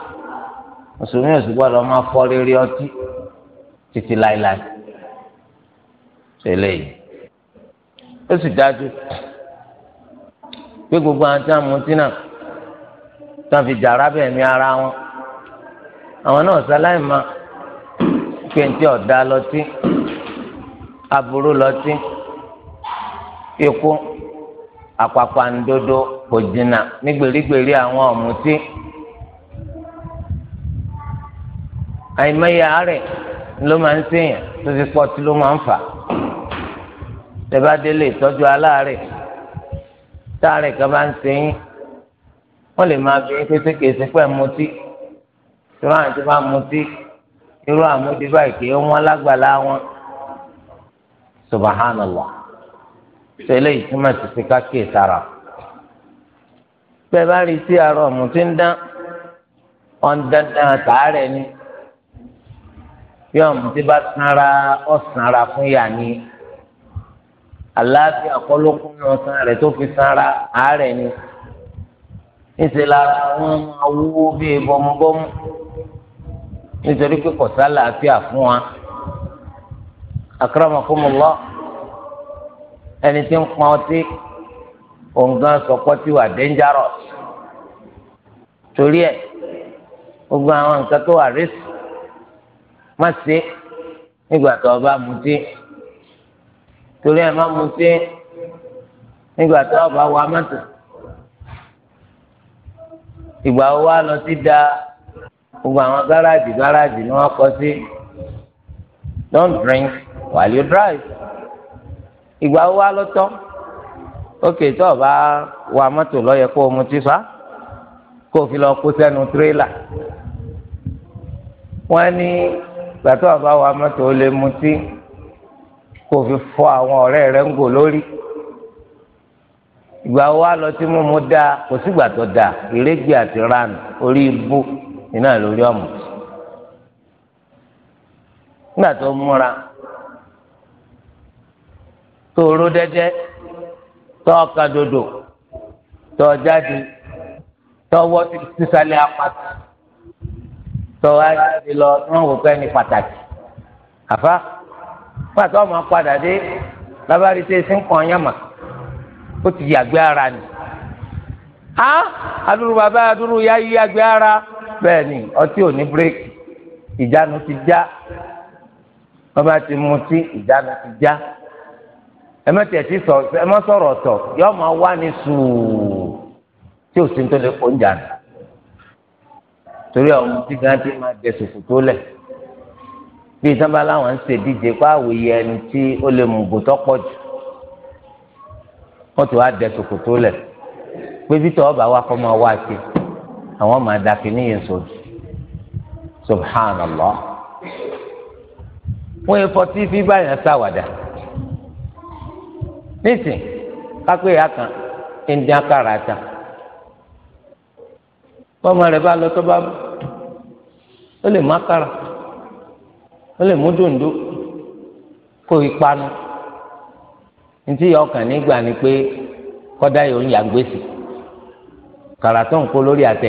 Speaker 1: mùsùlùmí ò sì gbọ́dọ̀ máa fọ rere ọtí títí láéláé ṣẹlẹ̀ yìí ó sì dájú pé gbogbo àwọn tí wọn mú tí náà tí wọn fi jàrá bẹ́ẹ̀ ní ara wọn àwọn náà sáláì máa pé ntí lọtí aburú lọtí ikú apapàǹdodo kò jìnnà ní gbèrígbèrí àwọn ọ̀mùtí àìmọye àárẹ̀ ló máa ń ṣèyàn tó fi pọ̀ tí ló máa ń fà tẹ́bádélé ìtọ́jú aláàárẹ̀ táàrẹ̀ kan bá ń ṣeyín wọ́n lè máa bí kéṣekéṣe pẹ̀ mutí tí wọ́n àti máa mutí irú àmúdí báyìí kì í wọ́n lágbàlá wọn subhanallah tẹ́lẹ̀ ìtumọ̀ ti fi kákìí sára bẹ́ẹ̀ bá rí sí àárọ̀ ọ̀mù tí ń dán ọ̀n dandan tààrẹ̀ ni bí ọ̀mù tí bá sanra ọ̀ sanra fún yà ni àlàáfíà kọ́lókùn náà san rẹ̀ tó fi sanra àárẹ̀ ni níṣẹ́ la wọ́n máa wúwo bíi bọ́múbọ́mú nítorí pé kò sálàáfíà fún wa akramakumullah ẹni tí ń pọn ọtí òǹgàn sọpọ tí wà dangerous torí ẹ gbogbo àwọn nǹkan tó wà risk má ṣe nígbà tó o bá mutí torí ẹ má mutí nígbà tó o bá wa mọ́tò ìgbà wo wá lọ sí da gbogbo àwọn gáràjì gáràjì ni wọ́n kọ́ sí don't drink while you drive ìgbà wo wá lọ́tọ́ ókè tó o bá wa mọ́tò lọ́yẹ kó o mu ti fa kó o fi lọ kó sẹ́nu tírélà wọ́n ní ìgbà tó o bá wa mọ́tò ó lè mutí kó o fi fọ́ àwọn ọ̀rẹ́ rẹ̀ ń gò lórí ìgbà wo wá lọ tí mímu dáa kò sígbà tó dáa ìrẹ́gbẹ́ àti ránù orí ibú iná lórí ọ̀mùtí nígbà tó múra tó ró dẹ́dẹ́ tó ọkà dodo tó jáde tó wọ́ sísàlẹ̀ apáta tó wá jáde lọ wọ́n wò pé ní pàtàkì àfa pàtó ọmọ padà dé lábárí tẹ sí nǹkan yàmà ó ti yàgbé ara ni á adúrú bàbá adúrú yá yí yàgbé ara bẹ́ẹ̀ ni ọtí ò ní bírèkì ìjánu ti já bàbá ti mutí ìjánu ti já ẹ má tẹ̀sí sọ ẹ má sọ̀rọ̀ ọ̀tọ̀ yọ máa wá ní sùúrù tí ò sí ní tó lè kó ń jà nù torí àwọn tí gan ti máa jẹ sòfò tó lẹ̀ bíi sábà láwọn ń ṣèdíje pa àwòye ẹni tí ó lè mú gòtọ́ pọ̀ jù wọ́n ti wá dẹ sòfò tó lẹ̀ pé bítọ̀ ọba wa kọ́ máa wá sí àwọn máa da kìíní yẹn sòdù subhanallah wọ́n yẹ fọtí fí báyìí náà sáwàdà. nísìn kápẹ́ ìyá kan ti ń dín àkàrà ta bọ́mọ rẹ̀ bá lọ tó bá ó lè má kàrà ó lè mú dòǹdó kó ntí ọkàn nígbà ni pé kọ́dá yòó ń yà gbèsè lórí àtẹ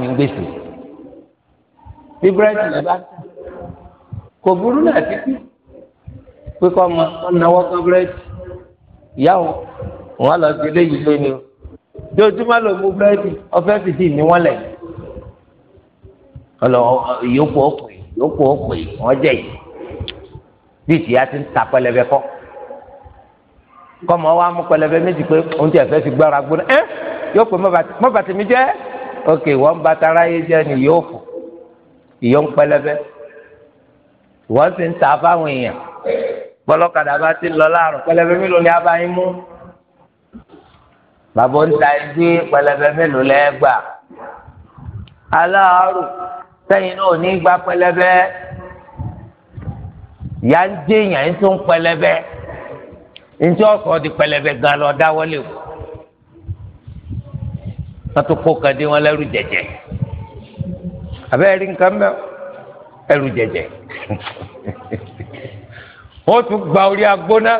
Speaker 1: mi gbèsè bí rẹ̀ bá kò burú náà pé kọ́ ma wọ́n náwó kan búrẹ́dì ìyáwó wọn lọ sí eléyìí lónìí o dojúmọ́ ló mú búrẹ́dì ọ̀fẹ́ fìdí ní wọ́n lẹ̀ ọlọ ìyókù ọ̀pẹ ìyókù ọ̀pẹ wọ́n jẹ̀ yìí bí ìtìyà ti ń ta pẹlẹbẹ kọ́ kọ́mọ wa mú pẹlẹbẹ méjì pé oúnjẹ ẹ̀fẹ́ fi gbára gbóná ẹ́ yóò pé mọ́bàtí mi jẹ́ ok wọ́n bá tara yé jẹ́ ni yóò fò ìyókù pẹlẹbẹ wọ́n sì ń ta fáwọn èèyàn bọ́lọ́kadà bá ti lọ láàrọ̀ pẹlẹbẹ mélòó ni a bá yín mú bàbá ń ta ẹgbẹ́ pẹlẹbẹ mélòó lẹ́ gbà aláàárọ̀ sẹ́yìn náà ní gba pẹlẹbẹ ìyá ń dé èèyàn ń tún pẹlẹbẹ ntí ọkọ̀ di pẹlẹbẹ gan lọ dáwọ́lé o wọ́n tún kó kadé wọn lẹ́rù jẹ̀jẹ̀ abẹ́rẹ́ nǹkan mẹ́ ẹrù jẹ̀jẹ̀. [laughs] wọ́n tún gba orí agbóná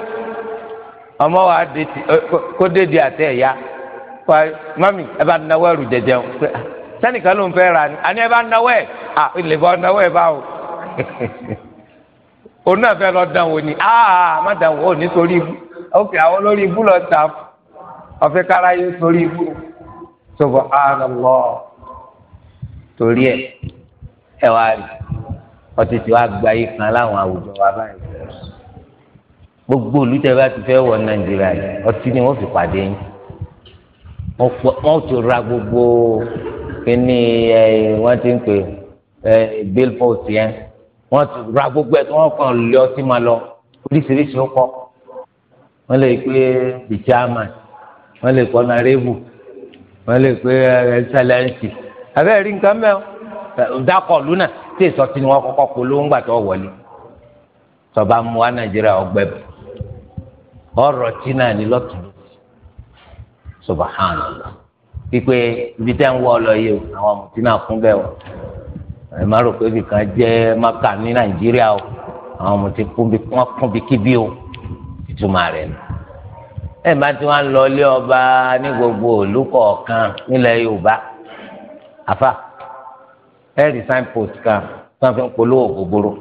Speaker 1: ọmọ wa kó dédé àtẹ ẹ̀yà wà mami ẹ bá nawọ́ ẹrù jẹjẹun sẹ́nìkan ló ń fẹ́ ra ni àní ẹ bá nawọ́ ẹ̀ à ilé bá nawọ́ ẹ̀ báwo òun náà fẹ́ lọ dánwò ni áà má dánwò ò ní sórí ibú ókè àwọn olórí ibú lọ tà ọ̀fẹ́ kára yóò sórí ibú sọ̀bọ̀
Speaker 2: àrùnwọ̀
Speaker 1: torí ẹ̀ ẹ̀ wá rí ọtí tí wàá gba yìí kan láwọn àwùjọ wa
Speaker 2: báyìí
Speaker 1: gbogbo olùtẹ bá ti fẹ́ wọ nàìjíríà yìí ọtí ni wọ́n fi pàdé yín wọ́n ti ra gbogbo kíní ẹ wọ́n ti ń pè ẹ billboard yẹn wọ́n ti ra gbogbo ẹ tí wọ́n kàn lé ọtí máa lọ oríṣiríṣi ó kọ wọ́n lè pé the chairman wọ́n lè pọ narebu wọ́n lè pé ẹsẹlẹǹsì abẹ́rẹ́ rí nǹkan mẹ́wọ́ dákọ̀ lúnà tí èso ti ni wọ́n kọ́kọ́ polówó ńgbà tó wọlé tọba mu wa nàìjíríà ọgbẹ́ ọ̀rọ̀ tí náà ní lọ́tùnú subahánàlá pípé ibi tẹ́ ń wọ́ lọ yìí o àwọn ọmọ tí náà kún bẹ́ẹ̀ o ẹ má rò pé ibì kan jẹ́ maka ní nàìjíríà o àwọn ọmọ tí wọ́n kún bí kíbi o ìtumọ̀ rẹ̀ ni ẹ má tí wọ́n lọ ilé ọba ní gbogbo òlú kọ̀ọ̀kan nílẹ̀ yorùbá àfà ẹ̀rì signpost kan tí wọ́n fi ń polówó gbogbooro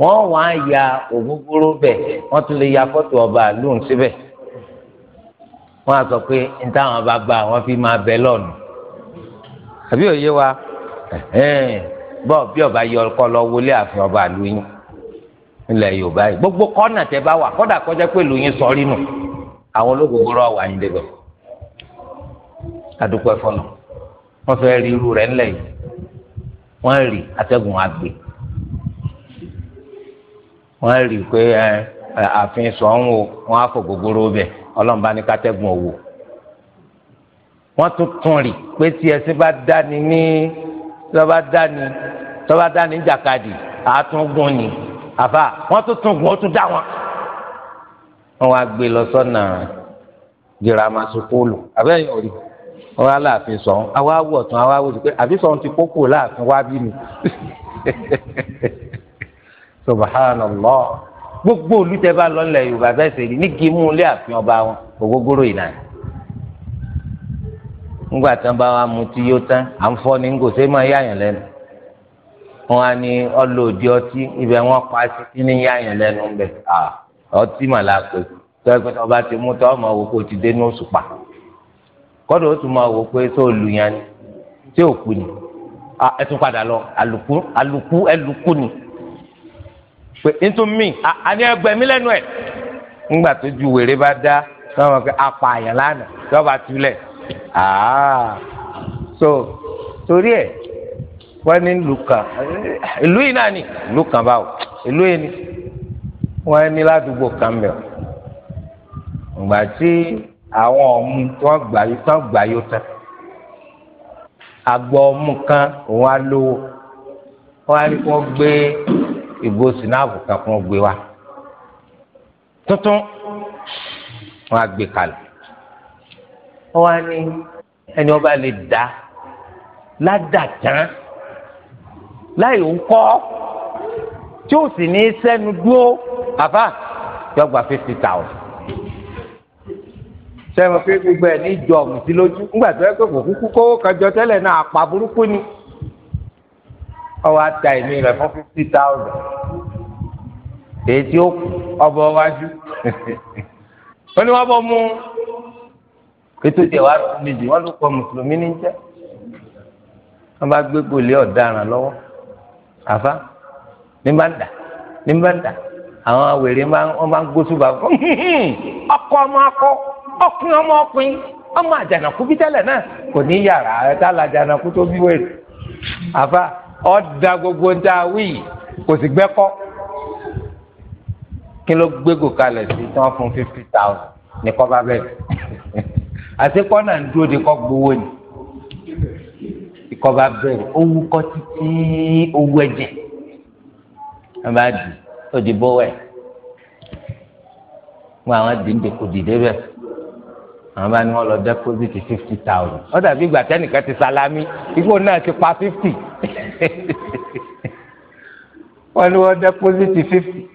Speaker 1: wọ́n wá ya ògúngúrú bẹ̀ wọ́n tún lè ya fọ́tò ọba lóhùn síbẹ̀ wọ́n á sọ pé ní táwọn bá bá wọn fi máa bẹ lọ́nu àbí òye wa bọ́ọ̀ bí ọba yọ ọkọ lọ wọlé àfin ọba lóyún ilẹ̀ yorùbá yìí gbogbo kọ́nà tẹ bá wà kọ́dà kọjá pé lóyún sọrí nù àwọn olóògùnkúrò wà ní débẹ̀ adúpẹ́ fọlọ́ wọ́n fẹ́ rí irú rẹ̀ ńlẹ̀ yìí wọ́n rí atẹ́gùn àgbè wọ́n rí i pé ààfin sọ̀hún o wọ́n á fò gbogbooro bẹ̀ ọlọ́run bá ní kátẹ́gùn òwò wọ́n tún tún rí pé tí ẹṣin bá dáni ní tọ́ba dáni tọ́ba dáni jàkadì àtúngún ni àfa wọ́n tún tún gùn ó tún dá wọn. wọ́n wá gbé lọ sọ́nà girama sukulu abẹ́yẹ̀ òrì wọ́n wá láàfin sọ̀hún àwa wọ̀ tún àwa wọ̀ sí pé àbí sọ̀hún ti kókó láàfin wá bí mi. [laughs] subhanallah gbogbo olùtẹ bá lọ nílẹ̀ yorùbá bẹ́ẹ̀ sì rí ní kí mú ilé àfihàn ọba wọn ògógóró ìlànà ńgbà tán bá wa mutí yó tán à ń fọ ní ngòsè máa yáyàn lẹ́nu wọn á ní ọlọ òdi ọtí ibẹ̀ wọn pa sí kí ní yáyàn lẹ́nu bẹ ọtí mà la pè tó ẹgbẹ tó bá ti mú tó ọmọ wò ti dé ní oṣù pa kọ́dọ̀ ó tún máa wò pé tó ni tí ò kú ni ẹ tún padà lọ àlùkù ẹ lùkù ni pé ntúmí àní ẹgbẹ̀mí lẹ́nu ẹ̀ ńgbà tó ju wèrè bá dá sọ́wọ́n pé apààyàn lánàá lọ́ba túlẹ̀ so torí ẹ̀ wọ́n ní lùkàn ìlú yìí náà ni lùkàn báwo ìlú yìí ni wọ́n ní ládùúgbò kan mẹ́ o ìgbà tí àwọn ọ̀mú tí wọ́n gbà yóò tán gbà yóò tán àgbọ̀ ọ̀mú kan òun á lówó wọ́n á ní kí gbé ìgò sinapu kan kún gbé wa tuntun wọn á gbé kalẹ̀ wọn wá ní ẹni wọn bá lè dá ládàtàn láì ń kọ́ tí ó sì ní sẹ́nu dúró àbá yóò gba fifty thousand sẹ́wọ̀n pé gbogbo ẹ̀ ní ìjọ ọ̀gùn sí lójú ńgbà tó yẹ pé kò kúkú kówó kan jọ tẹ́lẹ̀ náà àpá burúkú ni ọwọ́ ata ẹ̀mí rẹ̀ fún fifty thousand èyí tí ó kù ọbọ wájú ó ní wọn bọ mú ètò ìjẹ wàá tún mi jù wọn ló kọ mùsùlùmí ní jẹ wọn bá gbé gbolé ọ̀daràn lọ́wọ́ àfa ní bá ń dà ní bá ń dà àwọn awèrè wọn bá ń gbósùbà fún ọkọ ọmọ akọ ọkùnrin ọmọ ọkùnrin ọmọ àjànàkú bí tẹ́lẹ̀ náà kò ní yàrá ẹ tá la àjànàkú tó bí wèrè àfa ọ̀dà gbogbo ń ta wíì kò sì gbẹ́kọ́ kí ló gbégò kalẹ̀ sí tí wọ́n fún fifty thousand ní kọ́ba bẹ́ẹ̀ [laughs] àti kọ́nà ń dúró de kọ́ gbowó ni ìkọ́ba bẹ́ẹ̀ owó kọ́ títí owó ẹ̀jẹ̀ ẹ bá dì ó di bọ́wẹ̀ wọn àwọn dìndín kò dìde bẹ́ẹ̀ àwọn bá ní wọn lọ deposit fifty thousand ó dàbí ìgbà tẹnìkan ti salami igbó náà ti pa fifty [laughs] wọn ní wọn deposit fifty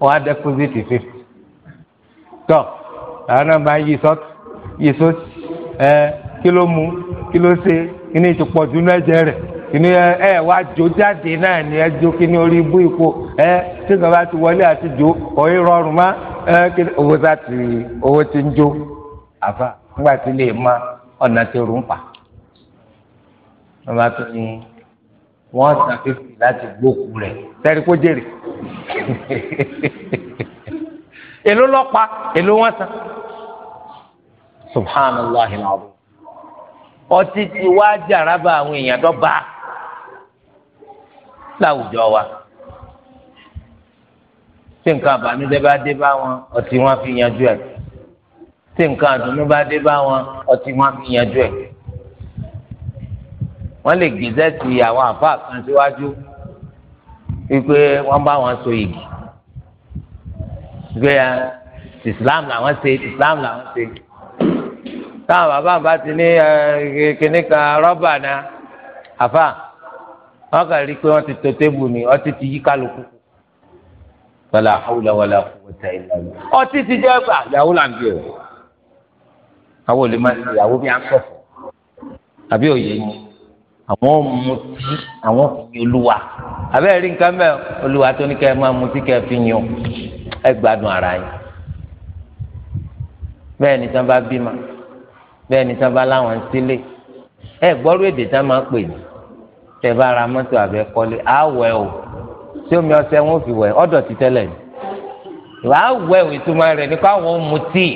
Speaker 1: wọn á deposit fifty tọ àwọn náà bá yí sọt yí sọt ẹ kí ló mú kí ló ṣe kí ni ìtúpọ̀jù náà jẹ rẹ̀ kìnìún ẹ wá jó jáde náà ni ẹ jó kìnìún orí ibú ipò ẹ tí nǹkan bá ti wọlé àti jó ọ̀hìn rọrùn má ẹ kìnìún owó tá ti owó ti ń jó àfa nígbà tí lè ma ọ̀nà tí òru ń pa bàbá tó ní wọ́n san fífi láti gbókù rẹ̀ sẹ́rí kó jèrè èló lọ́pa èló wọ́n san subhanallah alazim ọtí ti wá jàràbà àwọn èèyàn tó bá láwùjọ wa tí nǹkan àbánújẹ́ bá dé bá wọn ọtí wọn fi yanjú ẹ̀ tí nǹkan àdùnnú bá dé bá wọn ọtí wọn fi yanjú ẹ̀ wọ́n lè gbèsè ti àwọn àfa kan síwájú wípé wọ́n bá wọn so igi wípé ah, islam làwọn ṣe islam làwọn ṣe táwọn bàbá bá ti ní ah, kíní kan rọ́bà náà àfa wọ́n kàn rí pé wọ́n ti tò tébù ni ọtí ti yí kálukú wàlà hawla wàlà quwwata illa ọtí ti jẹ́ gbà yàwó là o àwọn ò lè máa ṣe ìyàwó bí akọ̀fọ̀ àbí òye ni àwọn mutí àwọn fi olúwa àbẹ́ rí nǹkan mẹ́ olúwa tó ní kẹ́ ẹ máa mutí kẹ́ ẹ fi yàn ẹ gbádùn ara yín bẹ́ẹ̀ ni tán bá bímọ bẹ́ẹ̀ ni tán bá láwọn ń sílé ẹ gbọ́rú èdè tán máa pè ní tẹ bá ra mọ́tò àbẹ kọ́lé àwẹ̀ o tí omi ọṣẹ wọn ò fi wẹ̀ ọ̀dọ̀ ti tẹ́lẹ̀ ni ìwà àwẹ̀ o ìtumọ̀ rẹ̀ ní káwọn mutí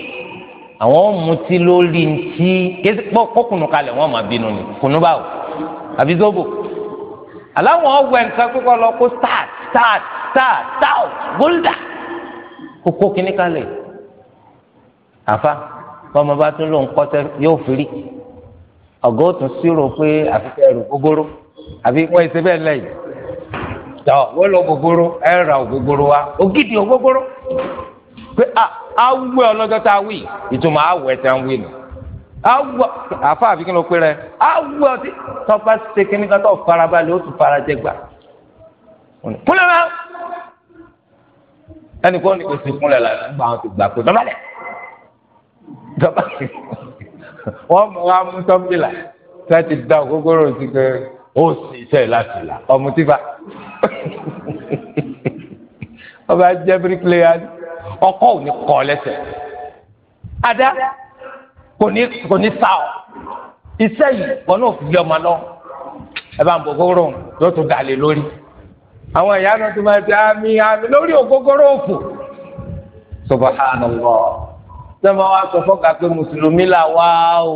Speaker 1: àwọn mutí lórí ntí kókùnù kalẹ̀ wọ́n máa bínú ni kùnú báwo àbí zobo aláwọn ọwọ́ nǹkan pípọ̀ lọ kó start start start start gólda kókó kíní kalẹ̀ àfa bọ́mọ bá tún ló ń kọ́ tẹ́ yóò firi ọ̀gá ó tún sírò pé àfikẹ́ ẹrù gbogbooro àbí wọ́n ṣe bẹ́ẹ̀ lẹ́yìn tọ́ wọ́n lọ gbogbooro ẹ̀ ra ògbogbooro wa ògidì ògbogbooro pé awúwẹ́ ah, ọlọ́jọ́ tá a wí ìtumọ̀ awẹ́ tá a wí nù awọ àfa àfikún ló pé rẹ awọ ọtí tọpa ṣe kíní kan tó farabalẹ̀ ó tún farajẹ gbà kúlẹ̀ náà ẹnì kan ní kò sí kúnlẹ̀ la gba àwọn ti gbà pé dọ́bálẹ̀ dọ́bálẹ̀ wọ́n mú wa mú tọ́ḿbìlà tí wọ́n ti da ògógóró sí pé ó sì iṣẹ́ láti là ọmọ tí fa [laughs] ọba jẹ́ bíríkìlẹ̀ yá ni ọkọ ò ní kọ lẹ́sẹ̀ ada kò ní kò ní sa ọ iṣẹ́ yìí wọn náà fi ọmọ lọ ẹ bá ń gbogbooro yóò tún dalè lórí àwọn ìyá náà tún máa ti àmì àmì lórí ògógóró òfò subhanallah sọmọ wa sọ fọkà pé mùsùlùmí là wá o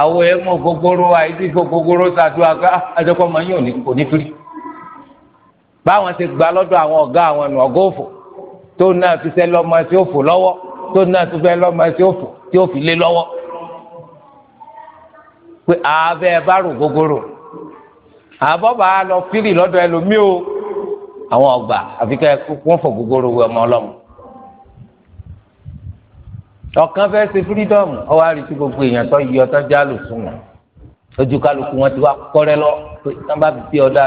Speaker 1: àwọn ẹmọ gbogbooro àìsí gbogbooro ṣàdúrà pé àjọkọ ah, ọmọ yìí ò ní kò ní firi báwọn ti gbà lọ́dọ̀ àwọn ọ̀gá àwọn ẹnu òfò tó náà fi sẹ́ lọ́mọ tí ó fò lọ́wọ́ tó náà tó fẹ́ lọ́mọ tí ó fò tí ó fi lé lọ́wọ́ pé àbẹ́ bá rò gogoro àbọ̀bà lọ fírì lọ́dọ̀ ẹlòmíì o àwọn ọgbà àfikẹ́ wọ́n fò gogoro wẹ ọmọ ọlọ́mọ ọ̀kan fẹ́ ṣe fírídọ́ọ̀mù ọwọ́ àrísí gbogbo èèyàn tó yí ọtọ́ jálù fún wọn ojú kálukú wọn ti wá kọ́rẹ́ lọ pé tí wọ́n bá fi bí ọdá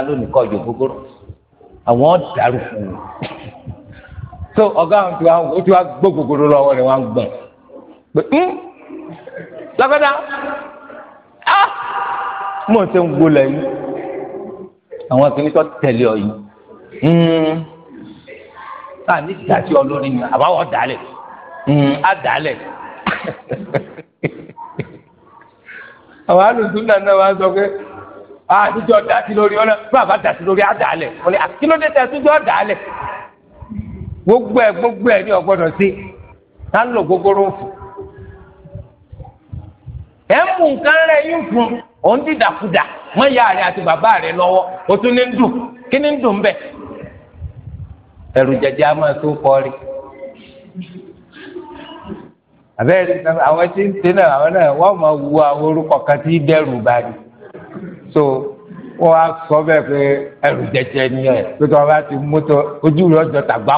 Speaker 1: tó ọ̀gá àwọn tiwa ó tiwa gbó gògòrò lọ́wọ́ rẹ̀ wọ́n gbọ̀n pé hmm? ah! ń lọ́kọ́dá á mò ń ṣe ń gbó lẹ́yìn àwọn kìíní tó tẹ̀lé ọ yìí a ní ìdájọ́ olórí ni àbáwọ̀ dálẹ̀ hmm, á dálẹ̀ [laughs] àwọn alùpùpù náà náà wá sọ pé àtijọ́ ah, dá sí lórí ọ̀nà bàbá dá sí lórí á dálẹ̀ wọ́n ní àkílódé ah, tẹ̀ àtijọ́ dálẹ̀. gbogbo ẹ gbogbo ẹ ní ọgbọdọ sí ká lò gbogbooro fún ẹ mú nǹkan rẹ yín fún òun ti dàkúdà wọn yá rẹ àti bàbá rẹ lọwọ o tún ní dùn kí ní dùn bẹ ẹrù jẹjẹ a wu àwọn orúkọ kan tí dẹ́rù so wọ́n á sọ bẹ́ẹ̀ pé ẹrù jẹjẹ ni ẹ̀ pé ti mú tó ojú rẹ̀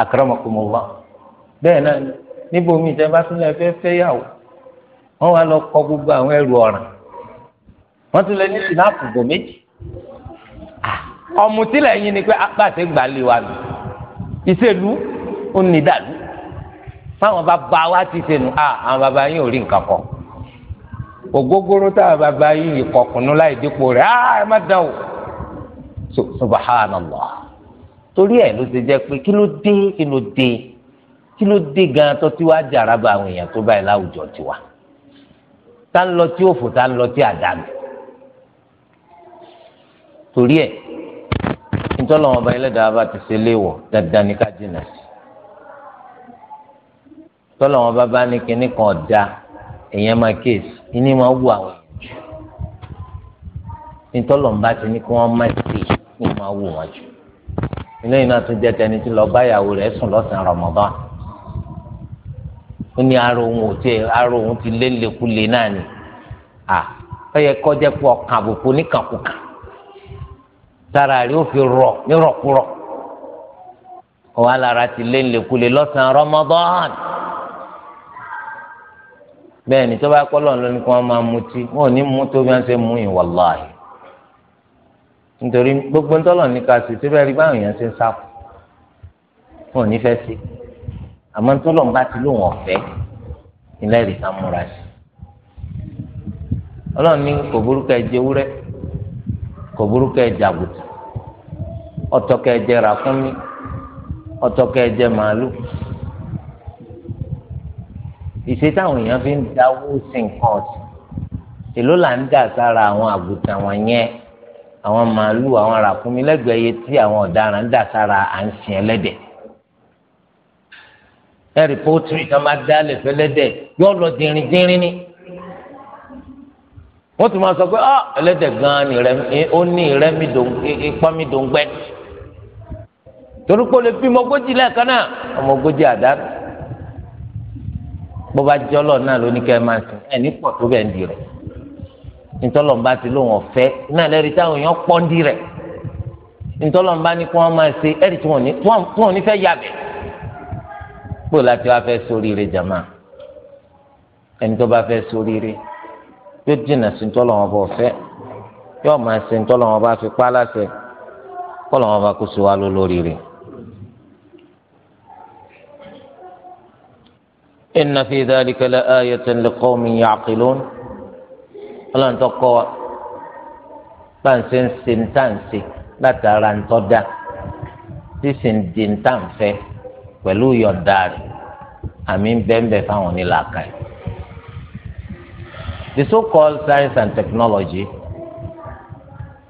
Speaker 1: akramakumullah bẹ́ẹ̀ náà níbo mi ìjẹ bá tún lẹ fẹ́ fẹ́ yàwó wọ́n wá lọ kọ gbogbo àwọn ẹrù ọ̀ràn wọ́n tún lẹ ní sinapu gò méjì ọ̀mùtí lẹ́yìn ni pé apàṣẹ gbàlẹ̀ wa nù ìṣèlú ó ní dàlú fáwọn bàbá wa ti ṣèlú à àwọn bàbá yín ò rí nǹkan kọ ògógóró táwọn bàbá yín ìkọkùnú láì dípò rẹ̀ á ẹ má dán o subhanallah torí ẹ̀ ló ti jẹ́ pé kí ló dé kí ló dé kí ló dé gan tó ti wá jàrá ba àwọn èèyàn tó báyìí láwùjọ tiwa tá ń lọ tí òfò tá ń lọ tí àdánù torí ẹ̀ nítorí àwọn ọba ẹlẹ́dàá bá ti ṣe léèwọ̀ dandan ní ká sí tọ́lọ̀ wọn bá bá ní kinní kan ọ̀dà èèyàn máa kéèsì ìní máa wù àwọn èèyàn nítorí wọn bá ti ní kí wọ́n má sí ní máa wù wọn jù eléyìí náà tún jẹ́ tẹni tí lọ báyàwó rẹ̀ sùn lọ́sàn-án Ramadan ó ní ara òun ò tiẹ̀ ara òun ti lélekule náà ni à ó yẹ kọjá pé ọkàn àbùkù níkànkùkà sára rẹ̀ ó fi rọ̀ nírọ̀kúrọ̀ òun alára ti lélekule lọ́sàn-án Ramadan bẹ́ẹ̀ ni tó bá kọ́ lọ́nà lónìí kí wọ́n máa mutí wọn ò ní mú tó bí wọ́n ṣe mú ìwà láàyè nítorí gbogbo ńtọ́lọ̀ ní ká sí síbẹ̀ rí báwọn èèyàn ṣe ń sá fún wọn ò ní fẹ́ sí àmọ́ ńtọ́lọ̀ ń bá ti lóun ọ̀fẹ́ ilẹ̀ rí ká múra sí ọlọ́run ní kò burúkú ẹ jẹ ewúrẹ́ kò burúkú ẹ jẹ àgùtà ọ̀tọ̀kẹ́ ẹ ràkúnmí ọ̀tọ̀kẹ́ ẹ màálù ìṣe táwọn èèyàn fi ń dáwó sí nǹkan ọ̀sìn èló là ń dà sára àwọn àgùtà wọn yẹn àwọn màálù àwọn ràkúnmí lẹ́gbẹ̀ẹ́ iye tí àwọn ọ̀daràn ń dà sára à ń sìn ẹlẹ́dẹ̀ ẹ̀rì pọ́tírì tó máa dá lẹ̀ fẹ́lẹ́dẹ̀ yóò lọ dìrín dìrín ni wọ́n tún máa sọ pé ọ́ ah, ẹlẹ́dẹ̀ gan-an ni ó ní ìrẹ́mi ìpọ́nmi dòǹgbẹ́ torí pé o lè bímọ ogójì lẹ́ẹ̀kan náà ọmọ àdánù bó bá jọlọ náà ló máa sìn ẹ̀ ní pọ̀ tó bẹ́ẹ̀ ń di rẹ̀ ntọ́lọ́mbà ti lóun ọ̀fẹ́ náà lẹ́rìí táwọn èèyàn pọ́ndì rẹ̀ ntọ́lọ́mbà ni kí wọ́n máa ṣe ẹ̀rì tí wọ́n ní fẹ́ yàbẹ̀ kó láti wá fẹ́ sóríire jàmá ẹni tó bá sóríire yóò dènà sí ntọ́lọ́wọ́n bá ọ̀fẹ́ yóò máa ṣe ntọ́lọ́wọ́n fi pa láṣẹ kọ́lọ́wọ́n bá kó wa ló lóríire. inna fi dhalika la ayatan liqawmin ya'qilun ọlọ́run tó kọ́ wa bá ń ṣe ń ṣe látara ń tọ́ da ń di ń tà ń fẹ́ pẹ̀lú yọ̀ǹda rẹ̀ àmì ń bẹ́ẹ̀ fáwọn onílàákà yìí. the so called science and technology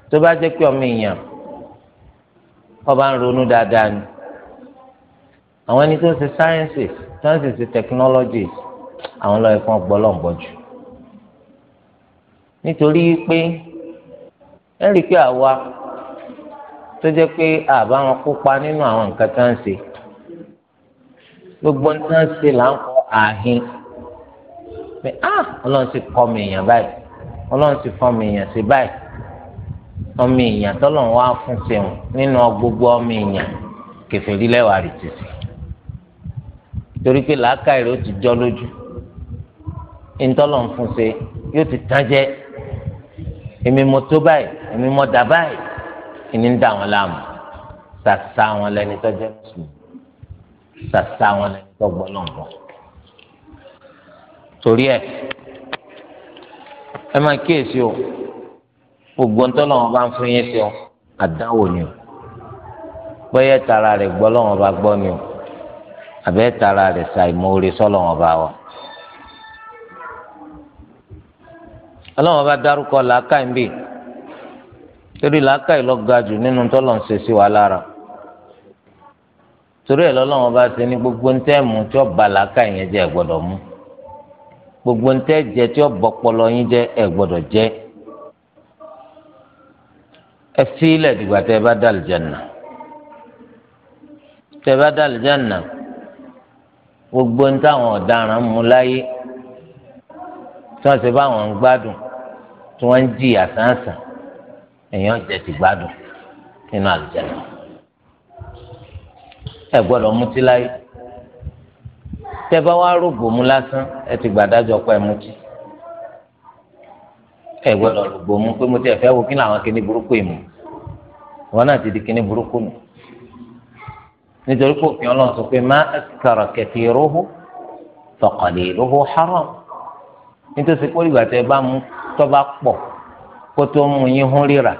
Speaker 1: tó bá jẹ́ pé ọmọ èèyàn ọba ń ronú dáadáa ni àwọn ẹni tó ń ṣe sciences tó ń technologies àwọn lọ́yẹ̀ fún ọgbọ́lọ́ǹbọ̀ jù nítorí pé ẹ rí i pé àwa tó jẹ́ pé àbá wọn kópa nínú àwọn nǹkan tá à ń ṣe gbogbo ń tá à ń ṣe là ń kọ ààhin pé ah ọlọ́run ti kọ́ mi èèyàn báyìí ọlọ́run ti fọ́ mi èèyàn sí báyìí ọmọ èèyàn tọ́lọ́run wá fún ṣeun nínú gbogbo ọmọ èèyàn kẹfẹ́rí lẹ́wàá rẹ̀ ti torí pé làákàyè ó ti jọ́ lójú ìtọ́lọ́run fún ṣe yóò ti tán jẹ́ èmi mo tó báyìí èmi mo dà báyìí ìní ń dà wọn láàmú sàṣà wọn lẹni tó jẹ mùsùlùmí sàṣà wọn lẹni tó gbọ́ náà bọ̀ torí ẹ ẹ máa kíyèsí o gbogbo ń tọ́lọ́ wọn bá ń fún yín sí o àdánwò ni o bóyá tara rẹ̀ gbọ́ lọ́wọ́ bá gbọ́ ni o àbẹ́ tara rẹ̀ ṣàìmọ̀ orí sọ́lọ́ wọn bá wa. ọlọ́run bá dárúkọ làákàyè ń bì torí làákàyè lọ ga jù nínú tọ́lọ̀ ń ṣe sí wa lára torí ẹ̀ lọ́lọ́run bá ṣe ní gbogbo ń tẹ́ mú tí ó ba làákàyè yẹn jẹ́ ẹ gbọ́dọ̀ mú gbogbo ń tẹ́ jẹ tí ó bọ́pọlọ yín jẹ́ ẹ jẹ́ ẹ fi ilẹ̀ dìgbà tẹ́ ẹ bá dà lìjànà tẹ́ ẹ bá dà lìjànà gbogbo ń táwọn ọ̀daràn mú láyé tí wọ́n ṣe bá ń gbádùn tí wọ́n ń jìyà sánsàn èèyàn jẹ ti gbádùn nínú àlùjáde ẹ gbọ́dọ̀ mutí láyé bá wá rògbò mu lásán ẹ ti gbàdájọ pé mutí ẹ gbọ́dọ̀ rògbò mu pé mutí ẹ wo kí làwọn kíní burúkú ìmù wọn náà ti di kíní burúkú nù nítorí pé òfin Ọlọ́run sọ pé má haram. nítorí pé ìgbà tẹ bá mú tọ́ba pọ̀ kó tó mú yín hún ríra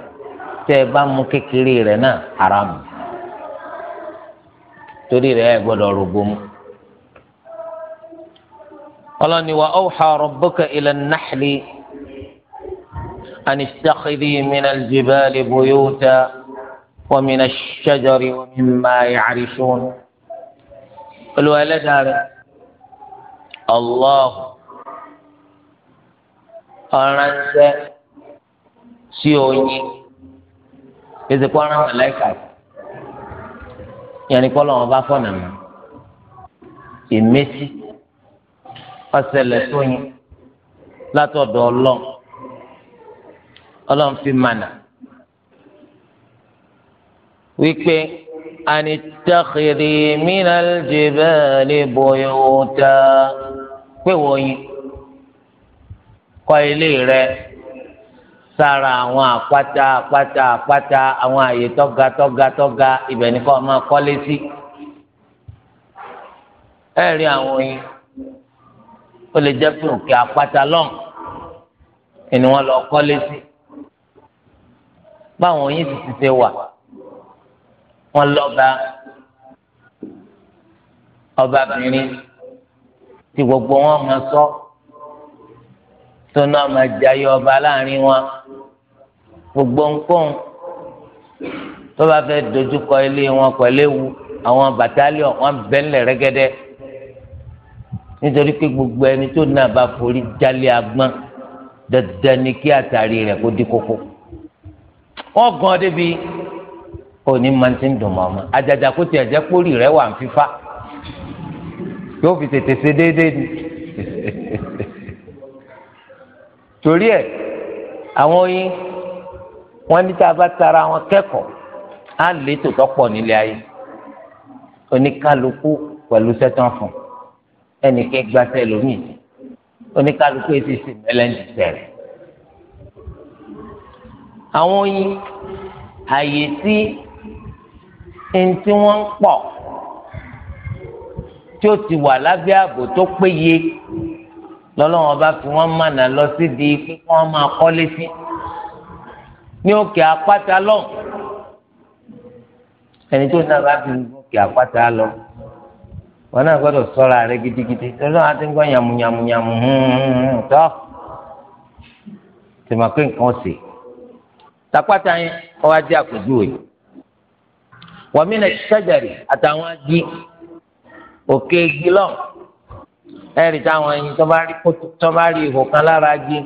Speaker 1: tẹ bá mú kékeré rẹ̀ náà haramu torí rẹ̀ ẹ gbọ́dọ̀ rògbò mu. toba po ko to mu yin hun rira te ba mu kekere re naa haram tori re e gbodo rogbo mu oloni wa awha rabbuka ila an-nahli an ittakhidhi min al-jibali buyuta ṣẹjọri min ash-shajari wa mimma ya'rishun. olùwà ẹlẹ́dàá rẹ̀ allah. ọ̀ránṣẹ́ sí oyin pèsè kó ọ̀rán màláìkà yẹn ni kọ́ lọ́wọ́ bá fọ̀nà mọ́ ìmẹ́sí ọ̀sẹ̀lẹ̀ sóyin látọ̀dọ̀ ọlọ́run ọlọ́run fi mànà wípé anìtàkìrì mìíràn jìbẹ́ẹ̀lì bòyòtà pé wọ́n yin kọ́ ilé rẹ sára àwọn àpáta àpáta àpáta àwọn àyè tọ́ga tọ́ga tọ́ga ibẹ̀ ni kọ́ máa kọ́lé sí ẹ rí àwọn oyin ó lè jẹ́ pé òkè àpáta lọ́n ni wọ́n lọ kọ́lé sí báwọn oyin sì ti ṣe wà wọ́n lọ́ba ọbabìnrin tí gbogbo wọn máa sọ. So, tó náà máa jayé ọba láàrin wọn gbogbo nǹkan tó bá fẹ́ dojúkọ ilé wọn pẹ̀lú ewu àwọn bàtálíọ̀ wọn bẹ́ńlẹ̀ rẹ́gẹ́dẹ́ nítorí pé gbogbo ẹni tó náà bá forí jálé agbọ́n dandan ni kí àtàrí rẹ̀ kó di kókó wọn gan débi òní máa ti ń dùn mọ́ ọmọ àjàjà kó tiẹ̀ jẹ́ pórì rẹ̀ wà ń fífá yóò fi tètè ṣe déédéé ni. [laughs] torí ẹ̀ àwọn oyin wọ́n ní tá a bá tara wọn kẹ́kọ̀ọ́ á lè tòótọ pọ̀ nílé ayé oníkálukú pẹ̀lú sẹtàn fún ẹnìkan gbàtẹ lómìn oníkálukú etí sì mẹlẹńdì tẹrẹ àwọn oyin àyè tí ẹni tí wọ́n ń pọ̀ tí ó ti wà lábẹ́ ààbò tó péye lọ́lọ́wọ́n bá fi wọ́n mànà lọ sí di pé wọ́n máa kọ́lé sí ní òkè apáta lọ ẹni tó náà bá fi òkè apáta lọ wọn náà gbọ́dọ̀ ṣọ́ra rẹ̀ gidigidi lọ́lọ́wọ́n á ti ń gbọ́ yàmùyàmùyàmù tọ́ tìmọ̀ pé nǹkan ṣe tapata yẹn kọ́ wá jẹ́ àpèjúwe wàmí nà ṣẹ́jàrì àtàwọn agi òkè gilọ́ọ̀ ẹ̀rì táwọn ẹyin tó bá rí kótó tó bá rí ihò kan lára gé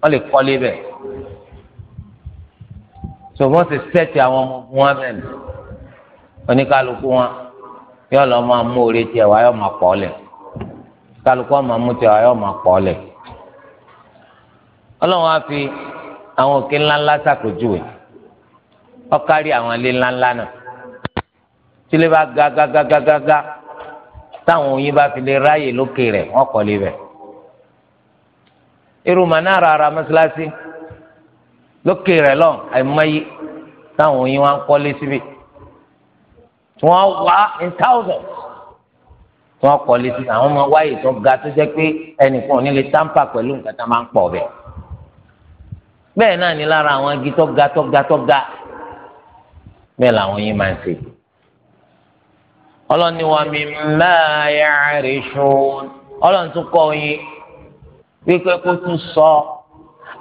Speaker 1: wọ́n lè kọ́lé bẹ̀. tó wọ́n ti sẹ́ẹ̀tì àwọn ọmọ ogun wọn bẹ̀ lọ oníkálukú wọn yóò lọ máa mú orí tiẹ̀ wá yóò máa pọ̀ lẹ̀ kálukú wọn máa mú tiẹ̀ wá yóò máa pọ̀ lẹ̀. ọlọ́run á fi àwọn òkè ńláńlá ṣàpèjúwe ó kárí àwọn ilé ńláńlá náà tí ilé bá ga ga ga ga ga. ga táwọn oyin bá fi lè ráàyè lókè rẹ̀ wọ́n kọ́lé bẹ̀. irú manara ara mọ́sálásí lókè rẹ̀ lọ àìmọye táwọn oyin wá ń síbi tí wọ́n wá in thousands tí wọ́n kọ́lé síbi àwọn ọmọ wáyé tó ga tó jẹ́ pé ẹnìkan ò ní lè tampa pẹ̀lú nǹkan tá a máa ń pọ̀ bẹ̀. bẹ́ẹ̀ náà ni lára àwọn igi tó ga tó ga tó ga bẹ́ẹ̀ làwọn oyin máa ń ṣe ọlọ́ni wa mi máa yà àrèsùn ọlọ́ni tún kọ́ yín wípé kó tún sọ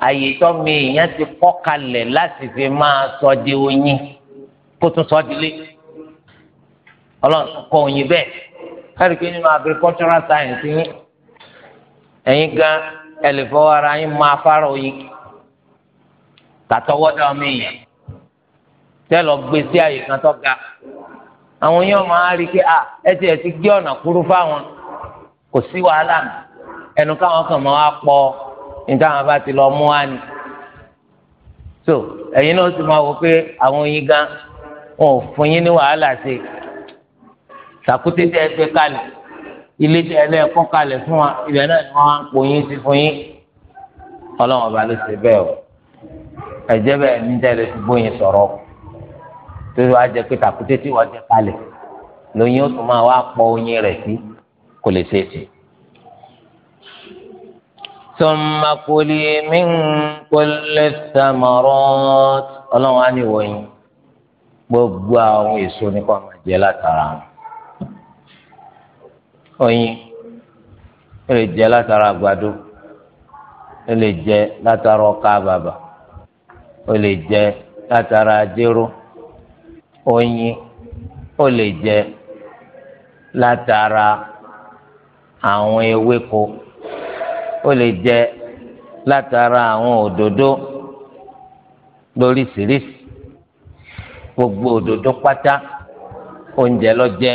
Speaker 1: àyè tó mi èèyàn ti kọ́ kalẹ̀ láti fi máa sọ di oyin kó tún sọ dilé ọlọ́ni tún kọ́ oyin bẹ́ẹ̀ káàdì pé nínú agricultural science yín ẹ̀yin gan ẹ̀lẹ́fọ́ ara yín máa fara oyin tàtọ́wọ́dá omi yẹn tẹ́ gbé sí àyè kan tó ga àwọn yẹn máa rí i pé à ah, ẹ ti ẹ ti gbé ọ̀nà kúrú fáwọn kò sí wàhálà ẹnu káwọn kan máa pọ̀ níta àwọn bá ti lọ mú wá ni so ẹ̀yin náà sì máa wò pé àwọn oyin gan wọn ò fún yín ní wàhálà ṣe sàkúté tẹ kalẹ̀ ilé tẹ ẹ kalẹ̀ fún wa ibẹ̀ náà ni wọ́n á ń pò yín sí fún yín ọlọ́run ọba ló ṣe bẹ́ẹ̀ o ẹ̀jẹ̀ bẹ́ẹ̀ níta ẹ lè fi sọ̀rọ̀ o torí wàá jẹ pé tàkúté tí wàá jẹ kalẹ̀ lóyún ó tún máa wá pọ̀ oyin rẹ̀ sí kò lè ṣe é sí. ثم كلي من كل الثمرات ọlọ́run á ní wọ̀nyí gbogbo àwọn èso ní kó máa jẹ látara oyin ó lè jẹ látara àgbàdo ó lè jẹ látara ọkà bàbà ó lè jẹ látara jéró oyin ó lè jẹ látara àwọn ewéko ó lè jẹ látara àwọn òdòdó lóríṣiríṣi gbogbo òdòdó pátá oúnjẹ ló jẹ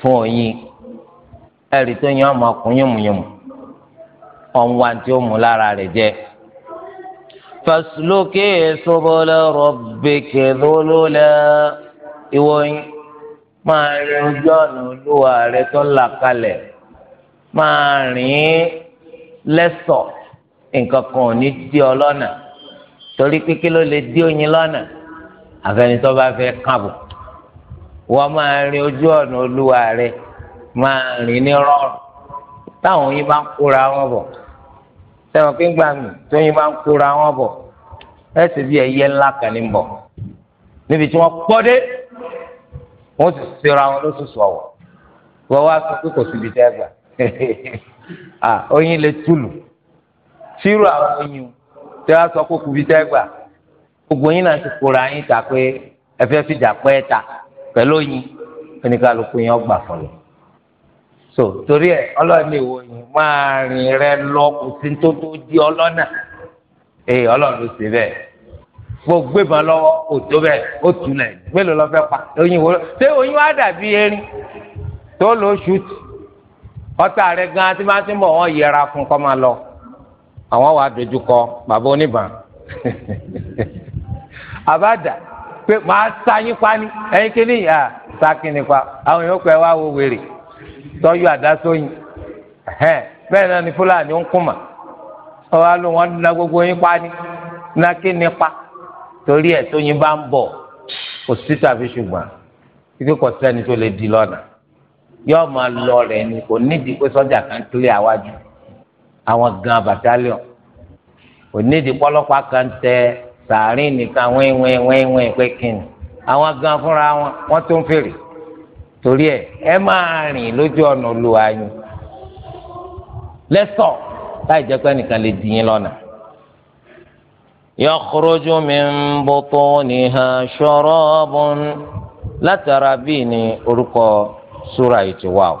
Speaker 1: fún oyin ẹ̀rí tó yan ọmọ ọkùnrin yùmùyùmù ọ̀nwá tí lára rẹ̀ jẹ fàṣlókè sọ́bọ́lá rọ̀bìkì lólólá ìwọ̀nyí máa rìn ojú ọ̀nà olúwa rẹ tó là kalẹ̀ máa rìn lẹ́sọ̀ nǹkan kan ò ní di ọ lọ́nà torí kíkí ló lè di oyin lọ́nà àfẹnitọ́ bá fẹ́ kábọ̀ wọ́n máa rìn ojú ọ̀nà olúwa rẹ máa rìn ní rọrùn táwọn yìí bá ń kóra wọn bọ̀ sẹ́wọ̀n pé ńgbà mí tóyin bá ń kóra wọn bọ̀ ẹ̀sì bí ẹyẹ ńlá kan ní bọ̀ níbi tí wọ́n pọ́ dé wọ́n sì ṣera wọn lóṣooṣù ọ̀wọ̀ wọ́n wá sọ pé kò síbi tẹ́ gbà [laughs] oyin lè túlù sírò àwọn oyin tẹ́ wá sọ pé kò síbi tẹ́ gbà gbogbo yín náà ti kóra yín ta pé ẹ fẹ́ fìjà pẹ́ ta pẹ̀lú oyin oníkàlùkù yín ọgbà fọlọ́ so torí ẹ ọlọ́ọ̀ni ìwòyìn máa rìn rẹ lọ kò sí tó tó di ọlọ́nà ee ọlọ́run ló ṣe bẹ́ẹ̀ mo gbébọn lọ́wọ́ kò tó bẹ́ẹ̀ ó tulẹ̀ mélòó lọ́ fẹ́ pa oyin wo ṣé oyin wá dàbí erin tó lọ ṣùtì ọ̀tá rẹ gan tí máa ti ń bọ̀ yẹra fún kọ́ máa lọ àwọn wàá dojú kọ bàbá oníbàn [laughs] àbádà pé màá sa yín pa ni ẹ̀yin kìíní yà sá kìíní pa àwọn yòókù ẹ wá wo wèrè tọ́yọ̀ àdásóyìn bẹ́ẹ̀ náà ni fúlàní ń kùmà ọ̀rọ̀ àlọ́ wọn na gbogbo yín pa ni na kí ni pa torí ẹ̀ tóyin bá ń bọ̀ kò sí tàbí ṣùgbọ́n ibi kò sẹ́ni tó lè di lọ́nà yóò máa lọ rẹ̀ ni kò nídìí pé sọ́jà kan kílẹ̀ àwájú àwọn gan bàtálíọ̀n kò nídìí pọ́lọ́pàá kan tẹ sàárín nìkan wíwíwíwí pé kíni àwọn gan fúnra wọn wọ́n tó ń fèrè torí ẹ ẹ máa rìn lójú ọ̀nà olúwa yín lẹ́sọ̀ láì jẹ́ pé ẹnìkan lè dì yín lọ́nà. yakhruju min butuniha sharabun látara bíi ni orúkọ súra ìtìwá o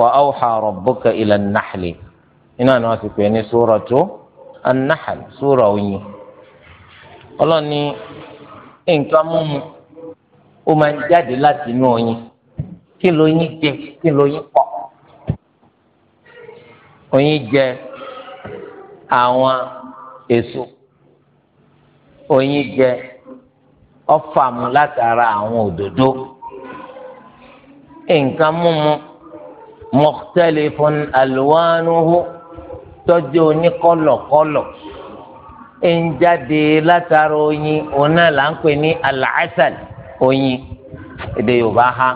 Speaker 1: wa awha rabbuka ila an-nahli iná ni wọ́n ti pè ní suratu an-nahl súra oyin ọlọ́ni nǹkan mímu ó máa ń jáde láti inú oyin kí lóyún jẹ kí lóyún pọ̀ oyin jẹ àwọn èso oyin jẹ ọfàmù látara àwọn òdòdó nǹkan mímu mukhtalifun alwanuhu tọ́jú oníkọ̀lọ̀kọ̀lọ̀ ń jáde látara oyin òun náà là ń pè ní alàásàl oyin èdè Yorùbá ha.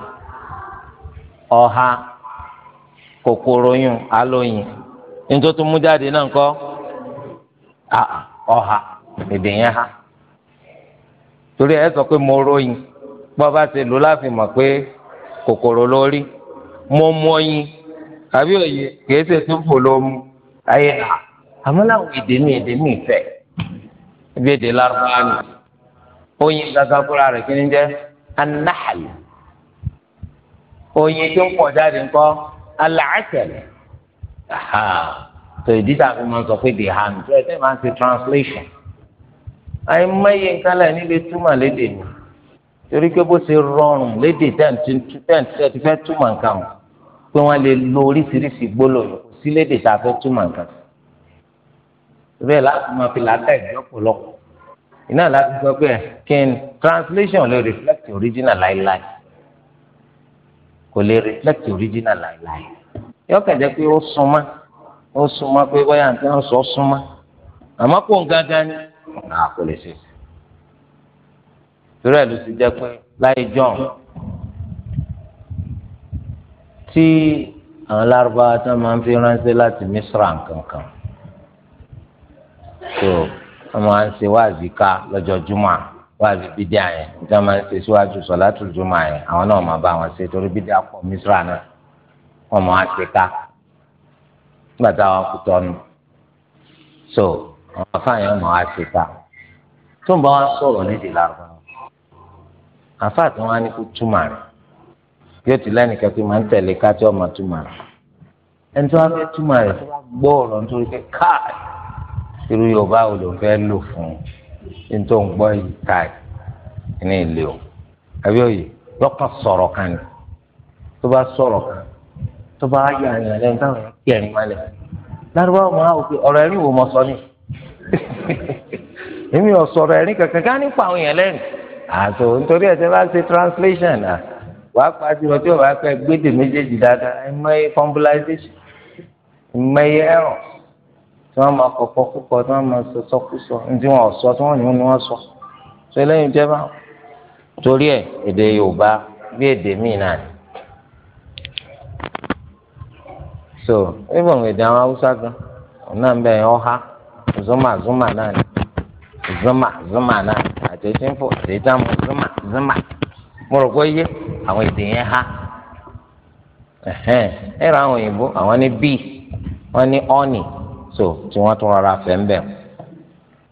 Speaker 1: Ọha, kòkòrò yùn alóyin nítorí tó mú jáde náà kọ ọha, èdè yẹn ha torí ẹ sọ pé mo ròyìn bọ́ bá ti lò láfi mọ̀ pé kòkòrò lórí mo mọyin àbí òye kìí ṣe tó fò ló mu ayé ha àmọ́ èdè mi èdè mi fẹ́ ibi èdè lárúbáwá oyin rẹ̀ kí ni jẹ́ oyin tó ń pọ̀ jáde ńkọ́ aláàtẹ̀lẹ̀ tó ìdí tàbí máa ń sọ pé they hand ẹ̀ tẹ́ máa ń ṣe translation àìmọye nǹkan láì nílé túmọ̀ lédè mi torí pé bó ṣe rọrùn lédè tẹ́ǹtì fẹ́ túmọ̀ nǹkan o pé wọ́n lè lo oríṣiríṣi gbólóyè kò sí lédè tá a fẹ́ túmọ̀ nǹkan bẹ́ẹ̀ láti máa fi làákà ìjọ pọ̀lọpọ̀ iná láti sọ pé kí n translation lè reflect original láéláé kò lè reflect original láìláì yọ kẹjẹ pé ó súnmọ́ ó súnmọ́ pé bóyá nǹkan ń sọ súnmọ́ àmọ́ kó nǹkan gan ni náà kò lè ṣe torí ẹ̀ ló ti jẹ́ pé láì john tí àwọn lárúbáwá tí wọ́n máa ń fi ránṣẹ́ láti misra nǹkankan tó wọ́n máa ń ṣe wáàzì ká lọ́jọ́ júmọ́ wá bí bídíà yẹn níta máa ń ṣe síwájú sọ̀látù jùmọ̀ yẹn àwọn náà máa bá wọn ṣe torí bídíà pọ̀ mísírà náà wọ́n máa ṣe ká nígbà táwọn kú tọ́nu so àwọn afáàyàn máa ṣe ká tó ń bá wọn sọ̀rọ̀ nídìí lárúbáwá àfáà tí wọ́n á ní kó túmọ̀ rẹ̀ yóò ti lẹ́nìkan pé máa ń tẹ̀lé ká tí wọ́n máa túmọ̀ rẹ̀ ẹni tí wọ́n á fẹ́ túmọ̀ rẹ̀ tó bá gbọ́ nítorí pé káà irú Yorùbá wo ló fẹ́ lò fún un nítorí òun gbọ́ yìí káì ní ilé o àbí òye yọkàn sọ̀rọ̀ kan ni tó bá sọ̀rọ̀ kan tó bá yà ní ẹ̀rẹ́ ní táwọn kí ẹ̀rín má lẹ̀ lárúbáwò máa wò pé ọ̀rọ̀ wò mọ̀ sọ ni [laughs] èmi ò sọ̀rọ̀ ẹ̀rín kankan ká nípa àwọn èèyàn lẹ́nu àtò nítorí ẹ̀ bá ṣe translation náà wà á pàṣẹ wọn tí ò bá fẹ́ gbé méjèèjì dáadáa ẹ̀ mọ ẹ̀ fọmbulization ẹ̀ mọ ẹ̀ error. tí wọ́n máa kọ̀kọ́ púpọ̀ tí ọsọ máa sọ sọ́kúsọ ní tí wọ́n sọ tí wọ́n yún ni sọ bá torí èdè Yorùbá bí èdè míì náà ni. so àwọn Haúsá gan ń zuma zuma náà ni zuma zuma náà àti àti zuma zuma mo rò pé yé àwọn èdè yẹn ẹ̀hẹ́n ẹ̀rọ àwọn òyìnbó àwọn bíi wọ́n ní so tí wọ́n tún rọra fẹ́ ń bẹ̀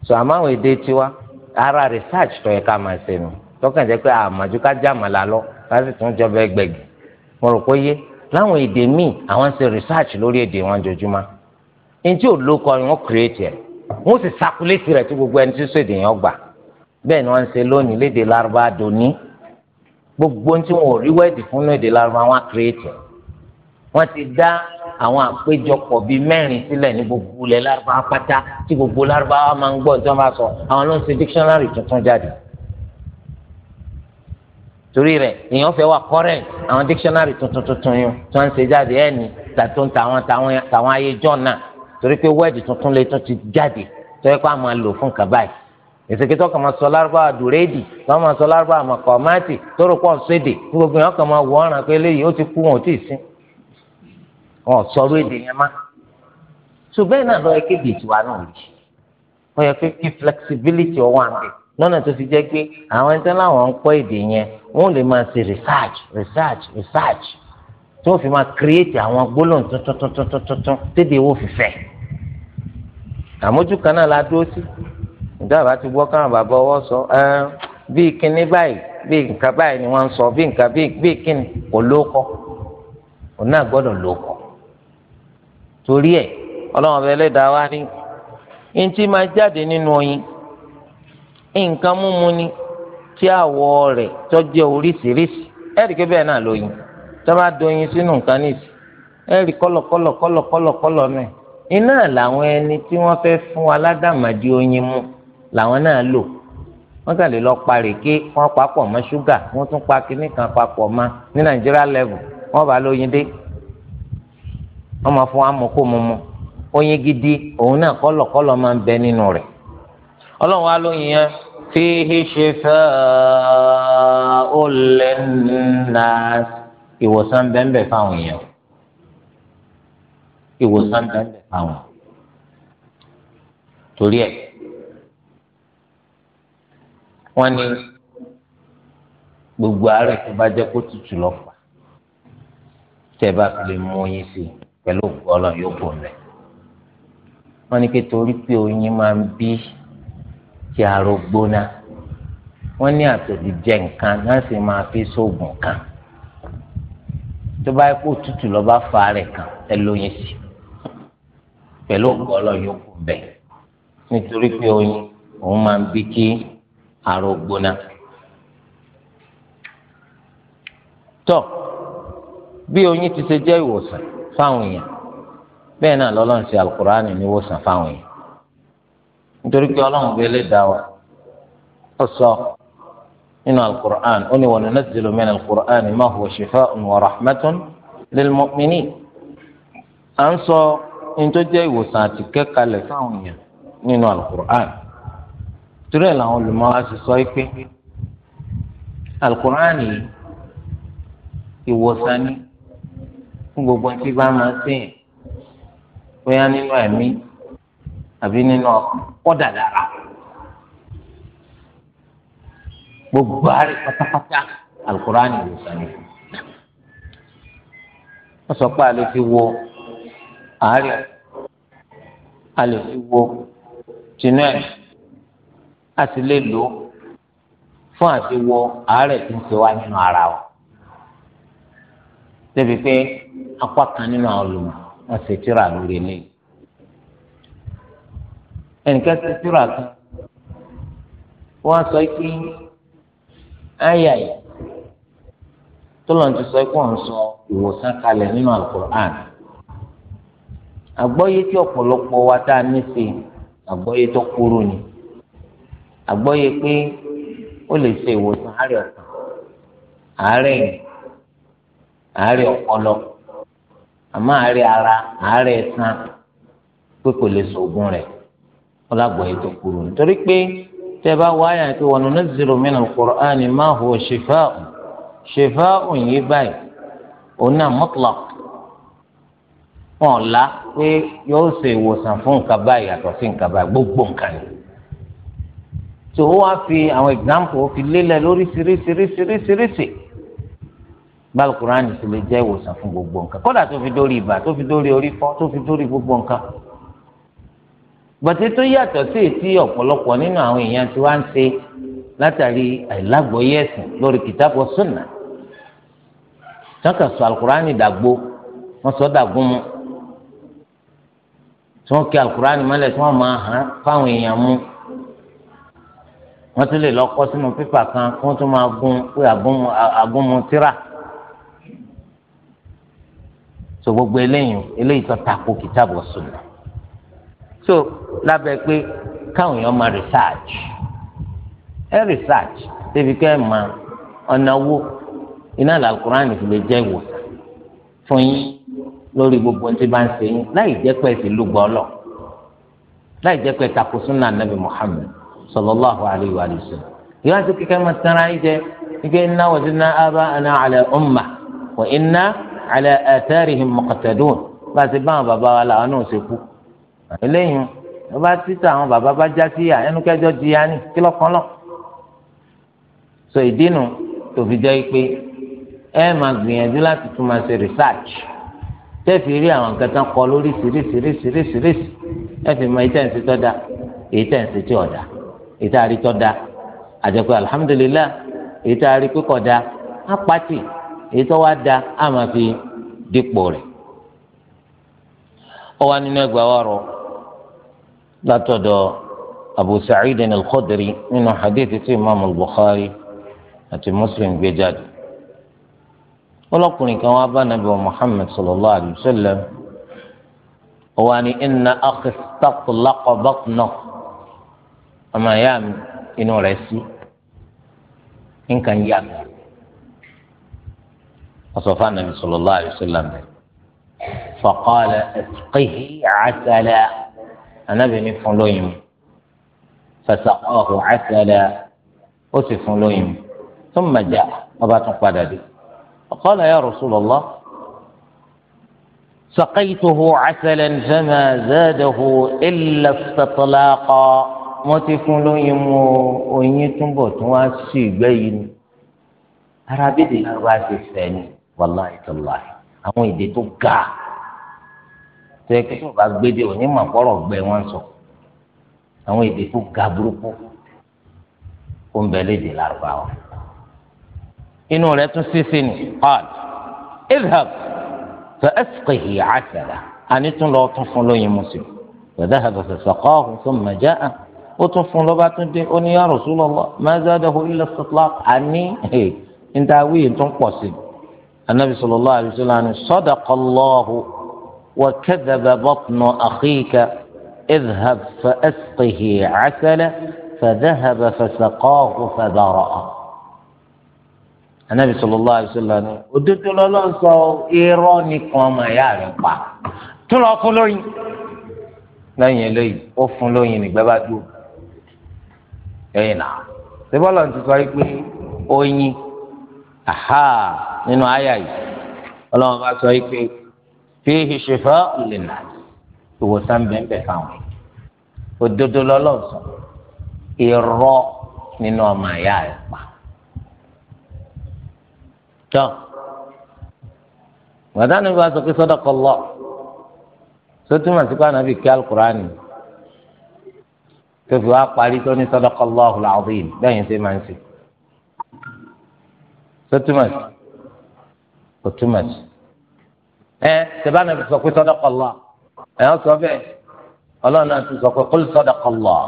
Speaker 1: so àmọ́ àwọn èdè tiwa ara research tó yẹ ká máa ṣe nù tọkàn jẹ́ pé àmàjú ká já màlá lọ ká sì tún jọba ẹgbẹ̀gì mo rò pé yé láwọn èdè míì àwọn ṣe research lórí èdè wọn jojúmọ́ ntí ò lóko ni wọ́n create ẹ̀ wọ́n sì sakuléètì rẹ̀ tí gbogbo ẹni tí sọ èdè yẹn gbà bẹ́ẹ̀ ni wọ́n ń ṣe lónìí léde lárúbá dòní gbogbo ntí wọn ò rí wẹ́ẹ̀dì fún léde lárúbá wọn create ẹ̀ wọ́n ti dá àwọn àpéjọpọ̀ bíi mẹ́rin sílẹ̀ ní gbogbo ilẹ̀ lárúbáwá pátá tí gbogbo lárúbáwá máa ń gbọ́ tí wọ́n bá sọ àwọn ló ń ṣe dictionary tuntun jáde torí rẹ̀ èèyàn fẹ́ wà current àwọn dictionary tuntun tuntun yìí tí wọ́n ń ṣe jáde ẹ̀ ní tàtún tàwọn tàwọn ayé john náà torí pé word tuntun lè tún ti jáde tọ́yẹ́ pé a máa lò fún kaba yìí èsèkítọ́ kan máa sọ lárúbáwá dùrẹ́dì wọ́n máa sọ lárúbáwá mọ̀kọ́mátì tó rò pọ̀ sédè ní gbogbo yẹn kan máa wọ ọ̀ràn pé eléyìí ó ti kú wọn ò tí ì sin ọ̀ sọ̀rọ̀ èdè yẹn má ṣùgbọ́n náà lọ́ọ́ kéde tiwa náà rí ó yẹ pé kí flexibility ọwọ́ àǹdè lọ́nà tó fi jẹ́ pé àwọn ẹni tẹ́ láwọn ń kọ́ èdè yẹn wọ́n lè máa ṣe research research research tí wọ́n fi máa create àwọn gbólóhùn tuntun tuntun tuntun tuntun tẹ́lẹ̀ wọ́n fi fẹ́ àmójú kan náà la dúró sí ìdáàbá ti gbọ́ káwọn bàbá ọwọ́ sọ bíi kinní báyìí bíi nǹkan báyìí ni wọ́n ń sọ bíi nǹkan bíi kinní kò lóko òun náà gbọ́dọ̀ lóko torí ẹ̀ ọlọ́run ọbẹ̀ ẹlẹ́dàá wa ní ntí máa jáde nínú oyin nǹkan múmu ni tí àwọ̀ rẹ̀ tọ́jú oríṣiríṣi ẹ̀rí pé bẹ́ẹ̀ náà lóyin tí wọ́n bá doyin sínú nǹkan nìsí ẹ̀rí kọ́lọ̀kọ́lọ̀kọ́lọ̀kọ́lọ̀ náà iná làwọn ẹni tí wọ́n fẹ́ fún aládàmàdì oyin mu làwọn náà lò wọ́n kàn lè lọ parí ké wọ́n papọ̀ mọ́ ṣúgà wọ́n tún pa kinní kan papọ̀ mọ́ ní nàìjíríà level wọ́n bá lóyin dé wọ́n máa fún wa mọ̀ kó mu mu oyin gidi òun náà kọ́lọ̀kọ́lọ̀ máa ń bẹ nínú rẹ̀ ọlọ́run wa lóyin yẹn fihi shifa'un linnas ìwòsàn bẹ́ẹ̀ fáwọn èèyàn ìwòsàn bẹ́ẹ̀ fáwọn torí ẹ̀ wọ́n ní gbogbo àárẹ̀ tó bá jẹ́ kó tutù lọ́pàá tẹ́ bá fi lè mú oyin sí i pẹ̀lú òkú ọlọ́run yóò bò lẹ̀. wọ́n ní pé torí pé oyin máa ń bí kí aró gbóná wọ́n ní àtòdì jẹ nǹkan náà sì máa fi sóògùn kan tó bá kó tútù lọ́ba fa rẹ̀ kan ẹ lóyin sí pẹ̀lú òkú ọlọ́run yóò bò bẹ̀ nítorí pé oyin òun máa ń bí kí aró gbóná. tọ́ bí oyin ti ṣe jẹ́ ìwòsàn fáwọn èèyàn bẹ́ẹ̀ náà lọ́lọ́run ṣe alukur'ani ní wòsàn fáwọn èèyàn nítorí pé ọlọ́run gbé lè dá wa ó sọ nínú alukur'an ó ní wa nunazzilu min alukur'an ma huwa shifa'un wa rahmatun lil mu'minin à ń sọ ní tó jẹ́ ìwòsàn àti kẹ́kalẹ̀ fáwọn èèyàn nínú alukur'an torí ẹ̀ làwọn olùmọ̀ wa ṣe sọ pé alukur'an ìwòsàn ni fún gbogbo ẹtí bá máa sèyìn bóyá nínú ẹ̀mí àbí nínú ọkọ̀dà dára gbogbo àrí pátápátá alukurani ló sọ ni wọ́n sọ pé a lè fi wo àárẹ̀ a lè fi wo tinú ẹ̀ a sì lè lò ó fún àti wo àárẹ̀ tí ń ṣe nínú ara wa débi pé. apá kan nínú àwọn olùmọ̀ wọn ṣe tíra lórí ilé ẹnìkan ṣe tíra kan wọn sọ pé àyà yìí tó lọ́n ti sọ pé sọ ìwòsàn kalẹ̀ nínú alukur'an àgbọ́yé tí ọ̀pọ̀lọpọ̀ wa tá a ní sí àgbọ́yé tó kúrú ni àgbọ́yé pé ó lè ṣe ìwòsàn àárẹ̀ ọ̀kan àárẹ̀ àmọ́ àárẹ̀ ara àárẹ̀ san pé kò lè sògùn rẹ̀ ọlágbọ̀ yìí tó kúrò nítorí pé tẹ́ bá wáyà pé wọn nínú zero mìíràn Al-Qur'ani ma huwa shifa'un shifa'un yìí báyìí òun náà mutlaq wọn ò la pé yóò ṣe ìwòsàn fún nǹkan báyìí yàtọ̀ sí nǹkan báyìí gbogbo nǹkan yìí tó wá fi àwọn example fi lélẹ̀ lórí ṣiríṣiríṣiríṣiríṣi báwo kúránì ti lè jẹ́ ìwòsàn fún gbogbo nǹkan kódà tó fi dórí ibà tó fi dórí orí fọ́ tó fi dórí gbogbo nǹkan gbọ̀tí tó yàtọ̀ sí ètí ọ̀pọ̀lọpọ̀ nínú àwọn èèyàn tí wá ń ṣe látàrí àìlágbọ̀ọ́yé ẹ̀sìn lórí kìtàbù sunna tọ́ka sọ alukurani dàgbò wọ́n sọ dàgbò mu tí wọ́n kí alukurani mọ́lẹ̀ tí wọ́n máa hàn fáwọn èèyàn mu wọ́n tún lè lọ kọ́ sínú pépà kan kí wọ́n tún máa gún pé àgúnmu tíra. so gbogbo eléyìí eléyìí tó tako kìtàbù ọ̀sùnà so lábẹ́ pé káwọn èèyàn máa research ẹ research débi ká ẹ máa ọ̀nà wo iná fi lè jẹ́ ìwòsàn fún yín lórí gbogbo tí bá ń ṣe yín láì jẹ́ pé ẹ sì lúgbọ́ ọ lọ láì jẹ́ pé ẹ alayhi wa ìwádìí kíkẹ́ máa tẹ́ra jẹ́ ala ummah ala atharihim muqtadun bá a ti bá àwọn bàbá wa làwọn náà ṣe kú eléyìí wọ́n bá títà àwọn bàbá bá já sí yà ẹnu kẹjọ di ya ní kí lọ́kàn lọ. sọ ìdínú tó fi jẹ́ pé ẹ máa gbìyànjú láti tún máa ṣe research tẹ́ẹ̀fì rí àwọn nǹkan tán kọ lórí ṣiríṣiríṣiríṣiríṣi ẹ fi mọ ìtẹ̀ ǹsẹ̀ tọ́da ìtẹ̀ ǹsẹ̀ tí ọ̀dà ìtẹ̀ àrí tọ́da àjẹpẹ́ alhamdulillah ìtẹ̀ àrí pé kódà apáti èyí tó wá da á máa fi dípò rẹ̀ ó wá nínú ẹgbẹ́ wa rọ látọ̀dọ̀ Abu Sa'id al-Khudri nínú hadithi tí Imam al-Bukhari àti Muslim gbé jáde ọlọ́kùnrin kan wá bá nàbẹ̀ wa Muhammad sallallahu alayhi wa sallam ó wá ní inna akhi istataqa batnahu inú rẹ̀ sí nǹkan yá mi. وصفان النبي صلى الله عليه وسلم فقال اسقه عسلا انا بني فلويم فسقاه عسلا وصف لهم ثم جاء وبات قددي فقال يا رسول الله سقيته عسلا فما زاده إلا استطلاقا wọ́n ti fún lóyún mu بين túnbọ̀ tún wá wàláhì tàláhì àwọn èdè tó ga tó yẹ kí tó bá gbédè òní mà kọ́rọ̀ gbẹ wọn sọ àwọn èdè tó ga burúkú ó ń bẹ léde lárúbáwá inú rẹ tún ṣíṣe ní ọd idhab fa asqihi asala àní tún lọ tún fún lóyún mùsùlùmí fadhahaba fasaqahu thumma jaa ó tún fún lọ́ba tún dé ó ní ya Rasulullah ma zadahu illa àní níta tún pọ̀ sí i. النبي صلى الله عليه وسلم صدق الله وكذب بطن أخيك اذهب فأسقه عسلا فذهب فسقاه فبرأ النبي صلى الله عليه وسلم ودت له لنصا إيراني كما يعرف تلو فلوين lẹ́yìn eléyìí ó fún lóyìn أي نعم dúró lẹ́yìn náà ṣé aha nínú àyà yìí ọlọ́run bá sọ pé fihi shifa'un linnas ìwòsàn bẹ́ẹ̀ fáwọn òdodo lọ́lọ́sọ irọ́ nínú ọmọ àyà rẹ̀ pa. tọ́ gbàdánù bá sọ pé sadaqallah sótúmọ̀ sí pàánà bíi kí alukurani tó fi wá parí tó ní sadaqallahul azim bẹ́ẹ̀ yẹn ṣe máa ń ṣe tó túmọ̀ sí kò túmọ̀ sí. ẹ tẹ̀bá náà sọ pé sadaqallah ẹ̀ ń sọ bẹ́ẹ̀ ọlọ́run náà ti sọ pé qul sadaqallah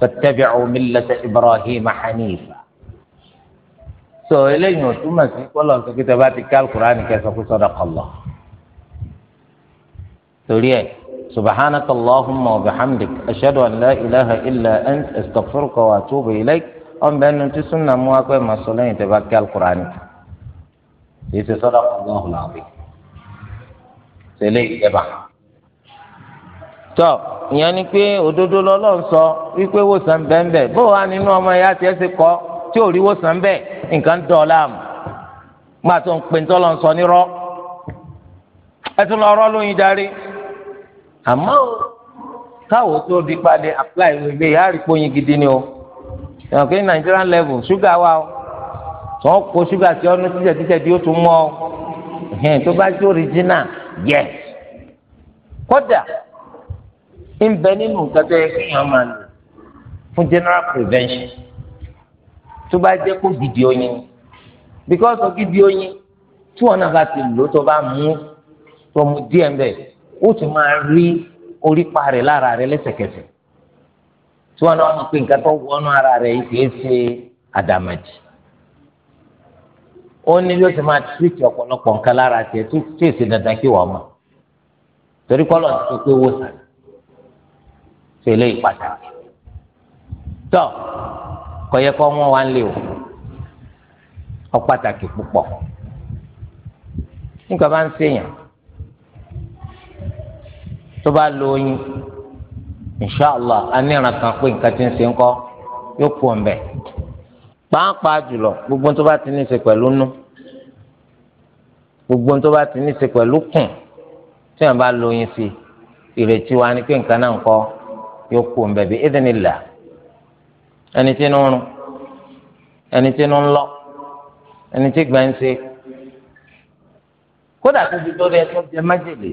Speaker 1: fattabi'u millata Ibrahim hanifa. sọ eléyìí ò túmọ̀ sí kọ́lọ̀ sọ pé tẹ̀bá ti ká alukur'an kẹ́ sọ pé sadaqallah. torí ẹ subhanakallahumma wa bihamdik ashhadu an la ilaha illa ant astaghfiruka wa atubu ilayk ọmọbẹ nu tí súnà mú akpẹ màsọ lẹ́yìn tẹ bá kí alukurani yìí ti sọdọ ọgbọn ọhún àbí tẹ́lẹ̀ ìjẹba tọ ìyẹn ni pé òdodo lọ́lọ́run sọ wípé wòsàn bẹ́ẹ̀nbẹ́ bó wà nínú ọmọ ìyá tiẹ̀ ṣe kọ́ tí ò rí wòsàn bẹ́ẹ̀ nǹkan dọ̀ láàmú gbà tó ń pè ń tọ́lọ́ sọ nírọ́ ẹ tún lọ rọ́ lóyin darí àmọ́ káwọ́ tó di padì apply ìwé ìyá àrípòyìn gidi ni o ìyàwó kí Nigerian level ṣúgà wà ó tó ń kó ṣúgà sí ọ́nú títẹ̀ títẹ̀ tí ó tún mọ́ ọ hẹ́n tó bá jẹ́ original yes kódà ń bẹ nínú nǹkan tó yẹ kí èèyàn máa lò fún general prevention tó bá jẹ́ kó gidi oyin because of gidi oyin tí wọn náà bá ti lò tó bá mú tó mú díẹ̀ ń bẹ̀ ó ti máa rí orípa rẹ̀ lára rẹ̀ lẹ́sẹ̀kẹsẹ̀ tí wọn náà mọ̀ pé nǹkan tó wọnú ara rẹ̀ yìí kìí ṣe àdàmàjì ó ní bí ó ti máa tírìtì ọ̀pọ̀lọpọ̀ nǹkan lára tiẹ̀ tó tí èsì dandan kí wọ́n mọ̀ torí kọ́lọ̀ ti sọ pé wò sàn ṣe eléyìí pàtàkì tọ́ kọ̀yẹ wá ń lé o ọ pàtàkì púpọ̀ nígbà bá ń ṣèyàn tó bá lo oyin inshàlá aníran kan pé nǹkan ti ń ṣe ńkọ́ yóò kú ọ̀nbẹ pàápàá jùlọ gbogbo tó bá ti ní í ṣe pẹ̀lú nú gbogbo tó bá ti ní í ṣe pẹ̀lú kùn tí wọn bá lóyún sí ìrètí wa ni pé nǹkan náà ńkọ́ yóò kú ọ̀nbẹ bí idhnillah ẹni tí ń rún ẹni tí ń lọ ẹni tí gbà ń kódà tó ti tó dé tó jẹ májèlé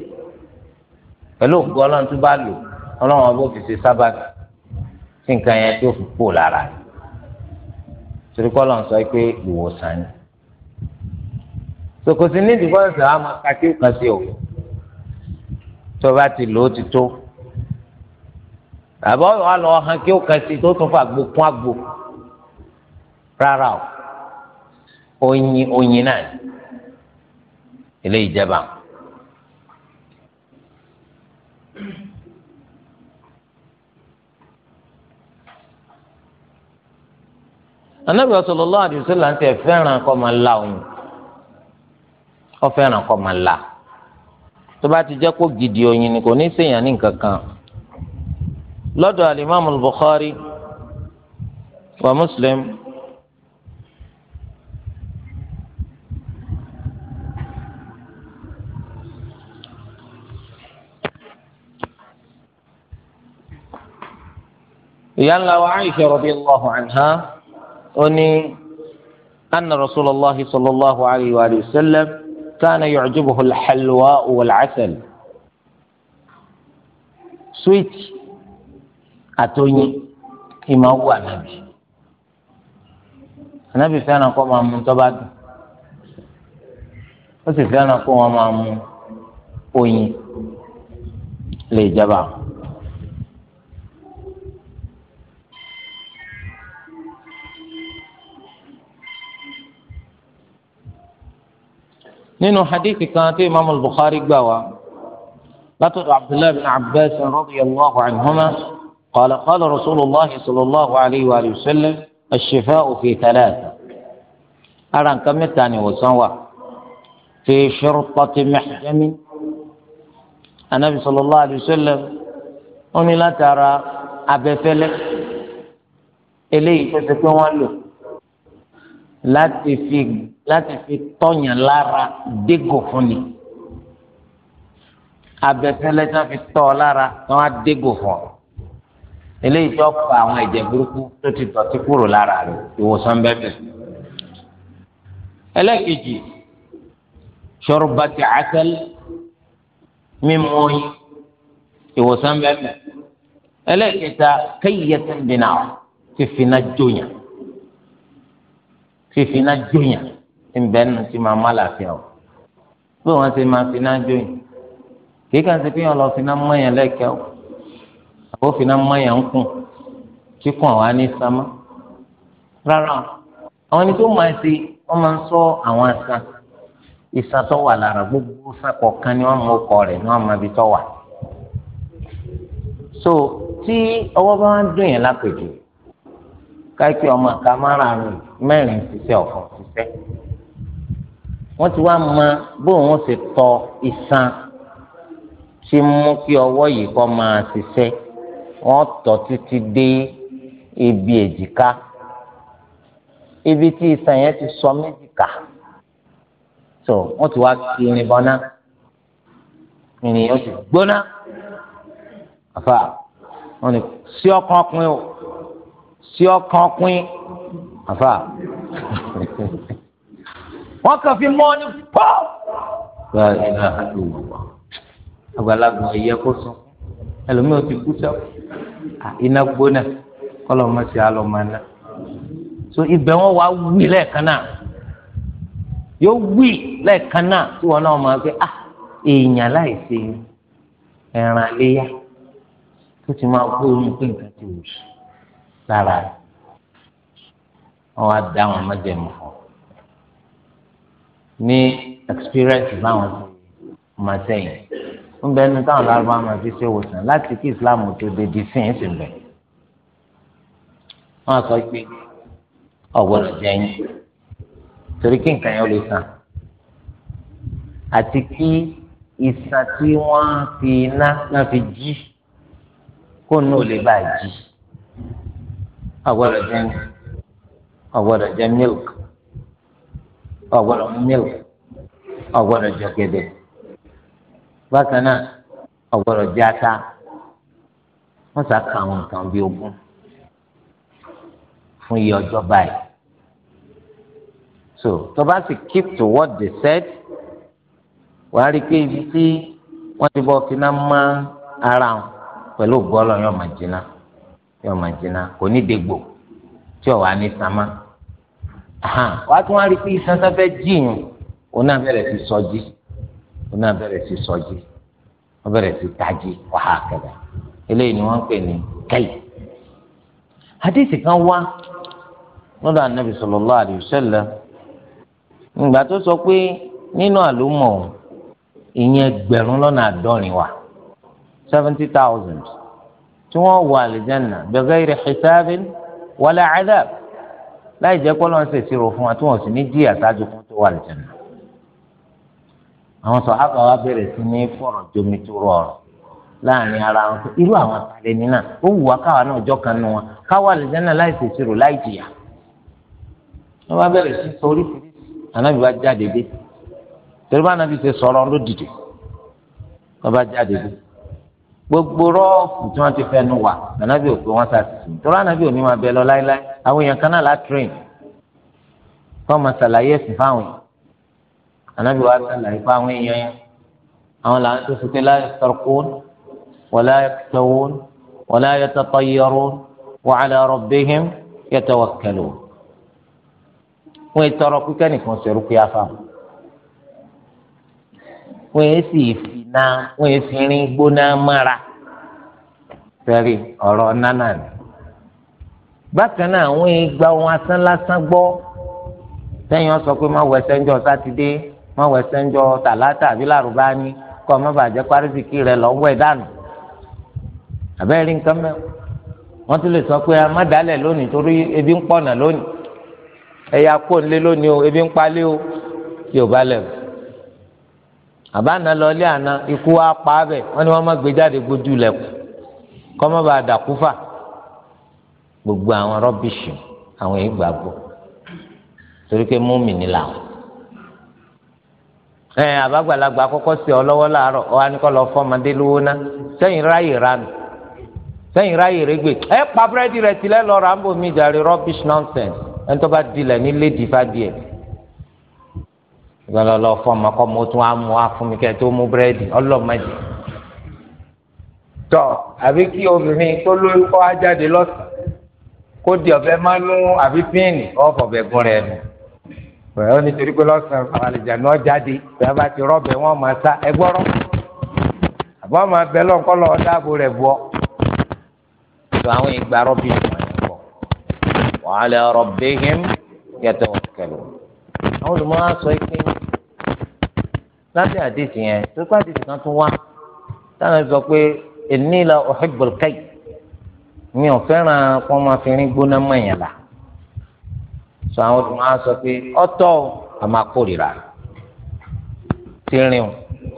Speaker 1: pẹ̀lú ògbọ́n ọlọ́run tó bá lò ọlọ́run ọba ó fi ṣe sábàbí tí nǹkan yẹn tí ó fi kú lára rẹ̀ torí kọ́ lọ́n sọ pé ìwòsàn ni sokosi ní ìdìbò ẹsẹ̀ wa máa ka kí o kàn sí o tó bá ti lò ó ti tó àbọ̀ wa lọ hàn kí o kàn sí tó tún fà gbó kún àgbo rárá o oyin oyin náà ilé ìjẹba anabi sallallahu alaihi wasallam tẹ fẹ́ràn kọ́ máa la òun ọ fẹ́ràn kọ́ máa la tó bá ti jẹ́ kó gidi oyin ni kò ní ṣèyàn ní nǹkan kan alimami bukhari wa muslim ìyá ńlá wa aisha radiyallahu anha. أني أن رسول الله صلى الله عليه وآله وسلم كان يعجبه الحلوى والعسل سويت أتوني إما هو النبي النبي فعلا قوم من تبعد وسي فعلا قوم من أوني ليجبعه nínú hadith kan tí imaamu bukhari gbà wá látọ̀dọ̀ abdullahi bin abbas radiyallahu anhuma qala qala rasulillah sallallahu alayhi wa sallam ash-shifa'u fi thalatha ara nǹkan mẹ́ta ni ìwòsàn wà fi shurtati mihjami anabi sallallahu alayhi wa sallam ó ní látara abẹ́fẹ́lẹ́ eléyìí tó ti pé fi láti fi tọ̀yàn lára dégò fún ni abẹ́fẹ́lẹ́ tí wọ́n fi tọ́ ọ lára tí wọ́n á dégò fún ọ eléyìí tó fa àwọn ẹ̀jẹ̀ burúkú tó ti dọ̀tí kúrò lára rẹ̀ ìwòsàn bẹ́ẹ̀ ẹlẹ́kejì ṣọ̀rọ̀bàtì àtẹ́lẹ́ mímú oyin ìwòsàn bẹ́ẹ̀ ẹlẹ́kẹta kẹ́yẹ̀tẹ̀ dínà fífínà jóyàn fífínà jóyàn ńbẹ nù sí máa má làáfíà o bí wọn ṣe máa finá jóyìn kì í kàn sí pé wọn lọ finá mọyàn lẹkẹ o àbó finá mọyàn ń kùn kíkùn àwa ní sámá rárá àwọn ẹni tó máa ṣe wọn máa ń sọ àwọn àṣà ìṣà wà lára gbogbo sàkọ kan ni wọn mọ ọkọ rẹ ni wọn mọ ibi tó wà so tí ọwọ́ bá ń dùn yẹn lápèjì káàkiri ọmọ àká márùn-ún mẹ́rin ṣiṣẹ́ ọ̀fọ̀ ṣiṣẹ́ wọ́n ti wá mọ bó wọ́n ṣe tọ ìsan tí mú kí ọwọ́ yìí kọ́ máa ṣiṣẹ́ wọ́n tọ̀ títí dé ibi èjìká ibi tí ìsan yẹn ti sọ méjìká tó wọ́n ti wá kiri bọ́ná ènìyàn ti gbóná àfa wọ́n ní sí ọkàn pin o sí ọkàn pin àfa. [laughs] wọ́n kàn fi mọ́ ni pọ́. gba ìlà àlùwọ̀ àgbàlagbà ẹ̀yẹ kó sùn ẹlòmíràn ti kú sẹ́wọ̀ iná gbóná kọ́lọ̀ ọmọ sí alọ́ máa ná so ibẹ̀ wọn wá wí lẹ́ẹ̀kan náà yóò wí lẹ́ẹ̀kan náà tí wọn náà máa gbé ah èèyàn láì ṣe ẹran àléyá tó ti máa kó orí pé nǹkan ti wù sí lára rẹ̀ wọn wá dá wọn mọ́jẹ̀mọ́ ní experience báwọn ọmọ sẹ́yìn ń bẹ nínú táwọn lárúbá máa fi ṣe wòsàn láti kí islam tó de di sí ẹsẹ bẹ wọn sọ pé ọgbọdọ jẹyìn torí kí nǹkan yẹn ó lè sàn àti kí ìsàn tí wọn fi iná náà fi jí kó ní ò lè bá jí ọgbọdọ jẹyìn ọgbọdọ jẹ milk ọ̀gbọ́dọ̀ mú mílì ọ̀gbọ́dọ̀ jẹ gẹ̀dẹ̀ bákan náà ọ̀gbọ́dọ̀ jẹ ata wọ́n sá ka àwọn nǹkan bíi ogún fún iye ọjọ́ báyìí so tó bá sì keep to what they said wàá rí i pé ibi tí wọ́n ti bọ́ finá mọ́ ara wọn pẹ̀lú bọ́ọ̀lù yóò máa jiná yóò máa jiná kò ní dégbò tí ò wá ní sámá wàá tún wá rí pé sánsán fẹ́ jíyàn òun náà bẹ̀rẹ̀ sí sọjí òun náà bẹ̀rẹ̀ sí sọjí wọ́n bẹ̀rẹ̀ sí tají wàhá kẹlẹ̀ eléyìí ni wọ́n ń pè ní kẹ́yì. hadith kan wá lọ́dọ̀ anabi sallallahu alaihi wasallam ìgbà tó sọ pé nínú àlùmọ̀ ìyẹn ẹgbẹ̀rún lọ́nà àádọ́rin wà seventy thousand tí wọ́n wọ àlìjánnà bighairi hisabin wala adab. láì jẹ́ kó lọ́n fún wa tí wọ́n sì ní díẹ̀ àtàjù fún tó wà àwọn sọ àbá wa bẹ̀rẹ̀ sí ní fọ̀rọ̀ jomi tó ara wọn pé irú àwọn náà ó wù wá káwa náà ọjọ́ kan nù wọn káwa lẹ́jẹ̀ láì ṣèṣì rò láì jìyà. wọ́n bá bẹ̀rẹ̀ sí sọ ànábì wa jáde dé torí bá ànábì ṣe gbogbo rọ́ọ̀fù tí wọ́n ti fẹnu wà nànàbí òpin wọn ṣàṣìṣe tó ránàbí òní máa bẹ lọ láéláé àwọn èèyàn kan náà látìrìn kọ́ máa ṣàlàyé ẹ̀sìn fáwọn èèyàn nànàbí wa ṣàlàyé fáwọn èèyàn yẹn àwọn làwọn tó sọpé láyé sọrkún wọlé ayẹtọwún wọlé ayẹtọtọyẹrún wàhálà rọbìhìm yẹtọwọ kẹlò na wọn èsì rin gbóná mára sẹ́rí ọ̀rọ̀ nánà ni bákan náà àwọn ìgbà ohun asán lásán gbọ́ sẹ́yìn wọn sọ pé má wẹsẹ̀ ń jọ sátidé má wẹsẹ̀ ń jọ tàlátà àbí làrúbá ni kọ́ ọ má bàjẹ́ párísìkì rẹ lọ́wọ́ ẹ̀ dànù àbẹ́rẹ́ nǹkan mẹ́wọ́ wọ́n tún lè sọ pé a má dálẹ̀ lónìí torí ebi ń pọ̀nà lónìí ẹ̀yà kò ń lé lónìí o ebi ń palẹ́ o yóò bá lẹ̀ o àbáná lọlé àná ikú wa pa á bẹ wọn ni wọn má gbé jáde gbójú lẹkùn kọ́mọ́ bá dàkú fà gbogbo àwọn rọ́bìṣì àwọn ìgbàgbọ́ torí pé múmìnì làwọn. ẹ àbágbàlagbà kọ́kọ́ sí ọ lọ́wọ́ làárọ̀ ọ anìkọ́ lọ fọ́mọdé lówó ná sẹ́yìn ráyè ránu sẹ́yìn ráyè régbè ẹ pa búrẹ́dì rẹ̀ tilẹ̀ lọ́ọ́ rà ń bò mí jàre rọ́bìṣì nọ́ọ̀sẹ̀ǹsì ẹni bá dilẹ̀ ní lédi gbọ́dọ̀ lọ fọ́ ọmọ kọ́ mo tún á mú wá fún mi kẹ́ tó mú búrẹ́dì ọlọ́mọdé tọ́ àbí kí obìnrin tó lóyún kọ́ á jáde kó di ọ̀bẹ máa mú àbí píìnì ọ̀fọ̀bẹ̀ gún rẹ̀ nù pẹ̀lú nítorí pé lọ́sàn àwọn náà jáde bẹ́ẹ̀ bá ti rọ́ọ̀bẹ̀ wọn máa sá ẹgbọ́rọ́ àbọ̀ máa bẹ lọ́nkọ́ dáàbò rẹ̀ bọ́ tó àwọn ìgbà rọ́bì bọ̀ wàhálà rọ̀bì him kẹlò àwọn olùmọ̀ á sọ pé lábẹ́ àdéhùn yẹn tó kọ́ àdéhùn kan tún wá táwọn sọ pé èmi la ọ̀hẹ́gbọ̀l káì mi ò fẹ́ràn kó máa fi rin gbóná mọ̀nyàn la sọ àwọn tó máa sọ pé ọ̀tọ̀ àmà kórìíra tìrìn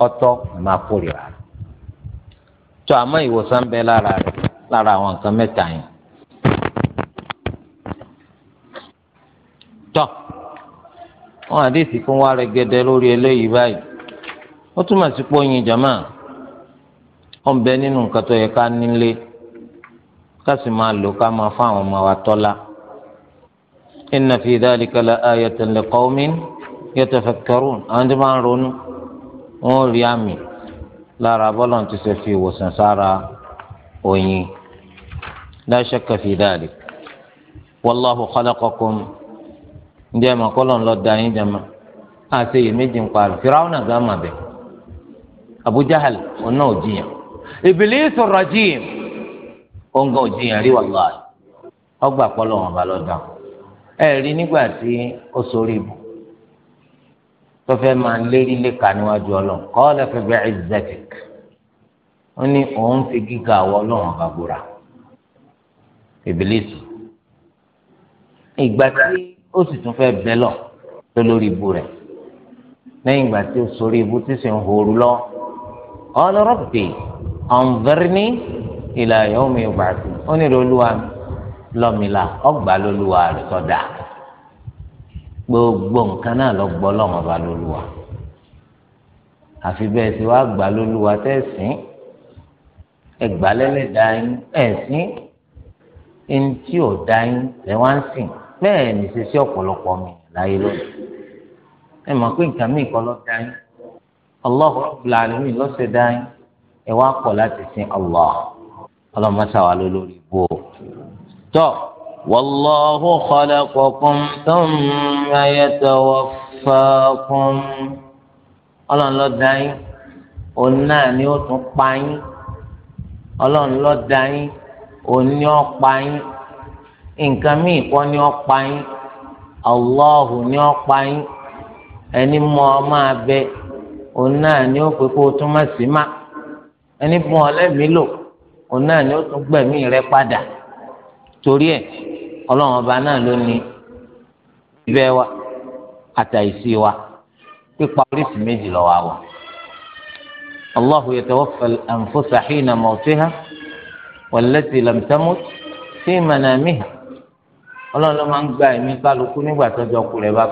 Speaker 1: ọ̀tọ̀ àmà kórìíra tó àmọ́ ìwòsàn bẹ lára rẹ̀ lára àwọn nǹkan mẹ́ta yẹn. tọ́ wọn àdéhùn kún wá rẹ̀ gẹ́dẹ́ lórí eléyìí báyìí ó túmọ̀ sí pé oyin jama ó ń bẹ nínú nǹkan tó yẹ ká nílé ká sì máa lò ká máa fún àwọn ọmọ wa tọ́lá inna fi dhalika la ayatan liqawmin yatafakkarun àwọn tó máa ń ronú wọn rí àmì lára bọ́lá ti ṣe fi ìwòsàn sára oyin la shakka fi dhalika wallahu khalaqakum kọ́lọ́n lọ́ọ́ da yín jama àti èyí méjì ń parí fìràwọn àgbà máa Abu Jahal òun náà ò rajim òun gan ò jiyàn ọgbà pọlọ wọn bá lọ ẹ rí nígbà tí ó sórí ibù tó fẹ́ máa lérí léka níwájú ọlọ́run qala fa ó ní òun fi gíga àwọ ọba ìgbà tí ó sì tún lọ tó lórí ibù ọlọ rọbì ọ̀nvẹ́rẹ́ni ìlà yọ̀ọ́ mi bàtú ó ní olúwa lọ́mìlà ọgbà lọ́lúwa rẹ̀ tọ́da gbogbo nǹkan náà lọ gbọ́ lọ́wọ́n bá lọ́lúwa àfi bẹ́ẹ̀ sì wá gbà lọ́lúwa tẹ̀sìn ẹgbà lẹ́lẹ́dà yín ẹ̀sìn eŋti ò dá yín ẹ̀ wá ń sìn bẹ́ẹ̀ ní sẹ́sẹ́ ọ̀pọ̀lọpọ̀ mi láyé lọ́dún ẹ̀ mọ̀ pé nǹkan mìíràn kọ́ lọ́ọ́ dá yín allah rabbil alamin lọ́sẹ̀ dáhìn ẹ wá pọ̀ láti sin allah ọlọ́mọṣà wà lórí ibú o. tọ́ wallahu khalaqakum thumma yatawaffakum ọlọ́run ló dá yín òun náà ni ó tún pa yín ọlọ́run ló dá yín òun ni ó pa yín nǹkan míì kọ́ ni ó pa yín allahu ni ó pa yín ẹni mọ́ ọ máa bẹ́ẹ̀ òun náà ni ó pé kó o tún má sí má ẹni bùn ọlẹ́mìí lò òun náà ni ó tún gbẹ̀mí rẹ padà torí ẹ̀ ọlọ́run ọba náà ló ní ibẹ̀ wa àtàìsí wa pípa oríṣi méjì lọ́wọ́ wa. الله يتوفى الأنفس حين موتها والتي لم تمت في منامها الله ló máa ń gba ẹ̀mí kálukú nígbà tọ́jọ́ kú rẹ̀ bá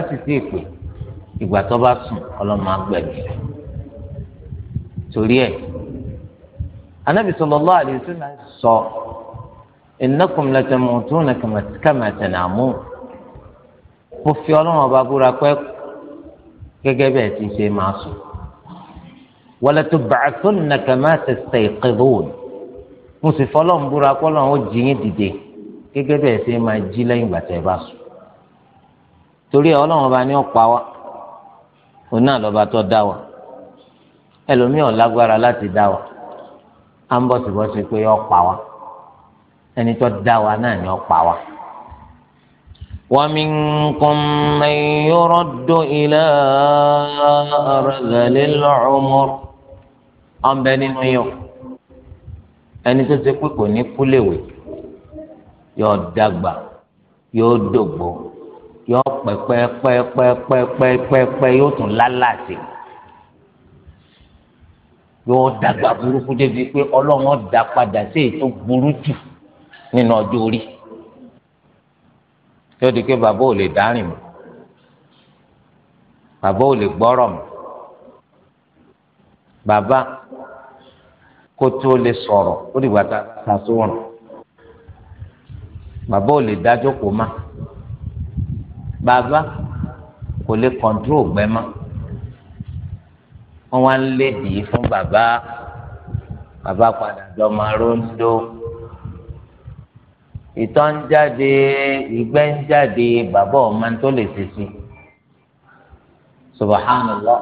Speaker 1: pé èyí ìgbà tó bá sùn ọlọ́run máa gbẹ̀mí rẹ̀ torí ẹ̀ anabi sallallahu alaihi wasallam sọ innakum latamutuna kama tanamun mo fi ọlọ́run ọba búra pé gẹ́gẹ́ bẹ́ẹ̀ ti ṣe máa sùn walatub'athunna kama tastayqidun mo sì fọlọ́run búra pé ọlọ́run ó jí yín dìde gẹ́gẹ́ bẹ́ẹ̀ ṣe máa jí lẹ́yìn ìgbà tẹ́ bá sùn torí ọlọ́run ọba ni ó pa wá òun náà lọ́ba tó dá wa ẹlòmíì ò lágbára láti dá wa á ń bọ̀sibọ́sí pé ó pa wa ẹni tó dá wa náà ni ó pa wa. ومنكم من يرد إلى أرذل العمر أم بني نيو ẹni tó ṣe pé kò ní kúlèwé yóò yọ pẹ́pẹ́pẹ́pẹ́pẹ́pẹ́ yóò tún lálàsì yóò dàgbà burúkú débi pé ọlọ́run dá padà sí èyí tó burú jù nínú ọjọ́ orí yóò di pé bàbá ò lè dárìn mọ́ bàbá ò lè gbọ́rọ̀ mọ́ bàbá kó tó lè sọ̀rọ̀ ó dìgbà tá a sọ̀rọ̀ bàbá ò lè dájókòó má. Baba kò lè kọ̀ǹtró gbẹ mọ́ wọ́n wá ń lédìí fún bàbá bàbá padà dọ́mọ róńdó ìtọ̀ ń jáde ìgbẹ́ ń jáde bàbá ọ̀ma tó lè sèse subhanallah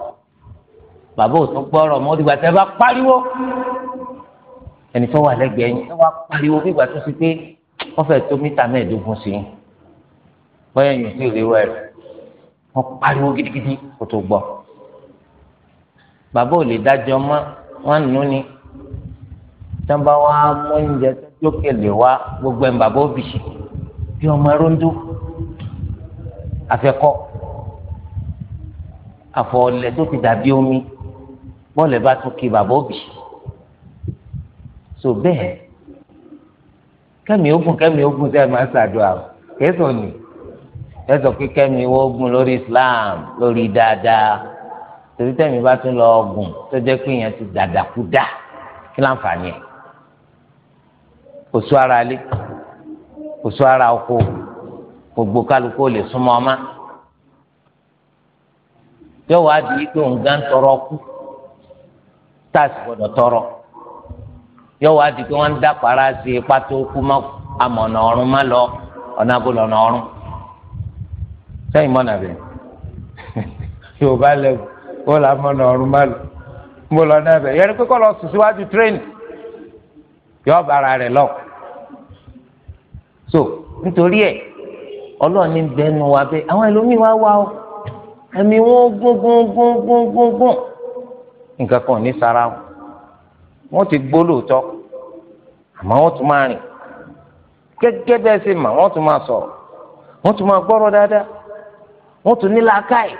Speaker 1: bàbá òtún gbọ́rọ̀ mọ́ dìgbà tẹ́ bá pariwo ẹni tó wà lẹ́gbẹ̀ẹ́ yín tó wà pariwo bí ìgbà tó ṣe pé wọ́n fẹ́ tó mítà mẹ́ẹ̀ẹ́dógún sí i bóyá yìí sì rí wẹ̀ rẹ̀ wọ́n pariwo gidigidi kó tó gbọ́ bàbá ò lè dájọ́ mọ́ wọ́n nù ni tí wọ́n bá wá mú oúnjẹ tó kélé wá gbogbo ẹ̀ bàbá òbí bí ọmọ rondo afẹ́kọ́ àfọlẹ tó ti dàbí omi bọ́ọ̀lù bá tún kí bàbá òbí so bẹ́ẹ̀ kẹ́mi ogun kẹ́mi ogun tẹ́ ẹ máa ṣàdúrà kẹ́sàn-án ni ẹ sọ pé wọ́n gùn lórí Islam lórí dáadáa torí tẹ̀mí bá tún lọ gùn tó jẹ́ pé èèyàn ti dàdàkúdà kí láǹfààní ẹ̀ kò sọ ara lé kò sọ ara oko gbogbo kálukú ò lè súnmọ́ ọmọ yóò wá di pé òun gan tọrọ kú tá a sì gbọdọ̀ tọrọ yóò wá di pé wọ́n ń dàpọ̀ ara sí ipá tó kú mọ́ àmọ̀nà ọ̀run má lọ ọ̀nà àbúlọ̀ ọ̀run sẹ́yìn mọ́nà bẹ́ẹ̀ yorùbá lẹ́wù ó là mọ́nà ọ̀run má lò mo lọ náà bẹ́ẹ̀ yẹn pé kọ́ lọ sùn síwájú tírẹ́nì yọ bàrà rẹ̀ lọ. so nítorí ẹ̀ ọlọ́run ní bẹ́ẹ̀nu wa bẹ́ẹ̀ àwọn ẹlòmíín wá wá o ẹ̀mí wọn gún gún gún gún gún gún nǹkan kan ò ní sara wọn wọn ti gbó lóòótọ́ àmọ́ wọn tún máa rìn gẹ́gẹ́ bẹ́ẹ̀ sì mà wọn tún máa sọ̀rọ̀ wọn tún máa gbọ́rọ̀ dáadáa wọ́n tún ní làákàyè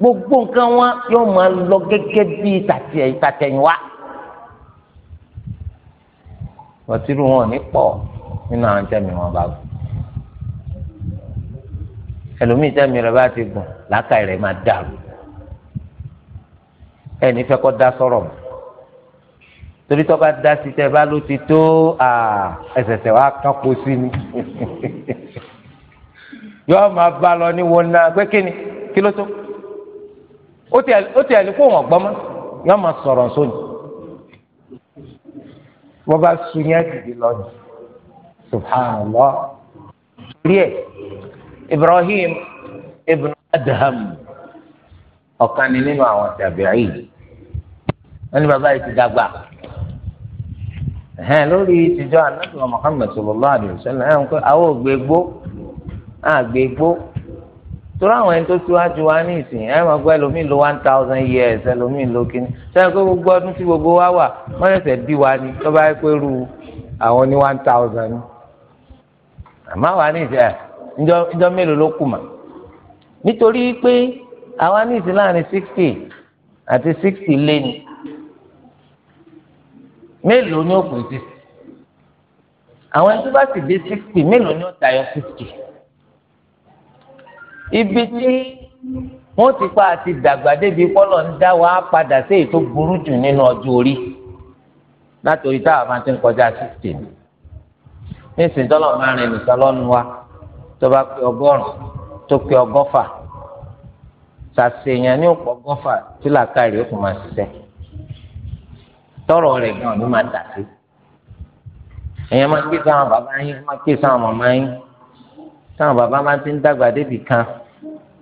Speaker 1: gbogbo nǹkan wọn yóò máa lọ gẹ́gẹ́ bí tàtẹ̀yìnwá wọ́tírù wọn ní pọ̀ nínú àwọn tẹ́mi wọn bá gùn ẹlòmíì tẹ́mi rẹ̀ bá ti gùn làákàyè rẹ̀ máa dàrú ẹni fẹ́ kọ́ da sọ̀rọ̀ mọ́ torí tó bá da sí tẹ́ bá ló ti tó ẹsẹ̀sẹ̀ wá kápó sí ni. [laughs] yọọ máa bá lọ ní wọn náà pé kíni kí ló tó ó tiẹ̀ ní kó wọn gbọ́ mọ́ yọọ máa sọ̀rọ̀ sóni wọ́n bá sun yẹn dìde lọ́nà subhanallah torí ẹ̀ ibrahim ibn adham ọ̀kan ni nínú àwọn tàbíyì wọ́n ní bàbá yìí ti dàgbà lórí ìtìjọ́ anábìwọ̀n muhammed sallallahu alayhi ẹ̀ ń pẹ́ àwọn ògbégbó àgbègbó torí àwọn ẹni tó síwájú wa ní ìsìn ẹ máa gbọ́ ẹlòmíì lo one thousand years ẹlòmíì lo kínní sẹ́yìn pé gbogbo ọdún tí gbogbo wa wà wọ́n ṣẹ̀ṣẹ̀ bí wa ni tó bá pé rú àwọn ní one thousand ni àmọ́ wa ní ìsìn ẹ̀ ńjọ́ mélòó ló kù mà nítorí pé àwa ní ìsìn láàrin sixty àti sixty lé ní mélòó ni ó pè sí àwọn ẹni tó bá sì dé sixty mélòó ni ó tayọ sixty ibi tí wọ́n ti pa àti dàgbà débi kọ́lọ̀ ń dá wa padà sí èyí tó burú jù nínú ọjọ́ orí látòrí táwa máa ti ń kọjá sixty ní ìsìn tọ́lọ̀ máa rìn nìkan lọ́nu wa tó bá pé ọgọ́rùn-ún tó pé ọgọ́fà sàṣèyàn ní òpó ọgọ́fà tí làákàrí ó kò máa ṣiṣẹ́ tọrọ rẹ̀ gan-an ló máa dà sí èèyàn máa ké sáwọn bàbá yín máa ké sáwọn màmá yín táwọn bàbá máa ti ń dàgbà débì kan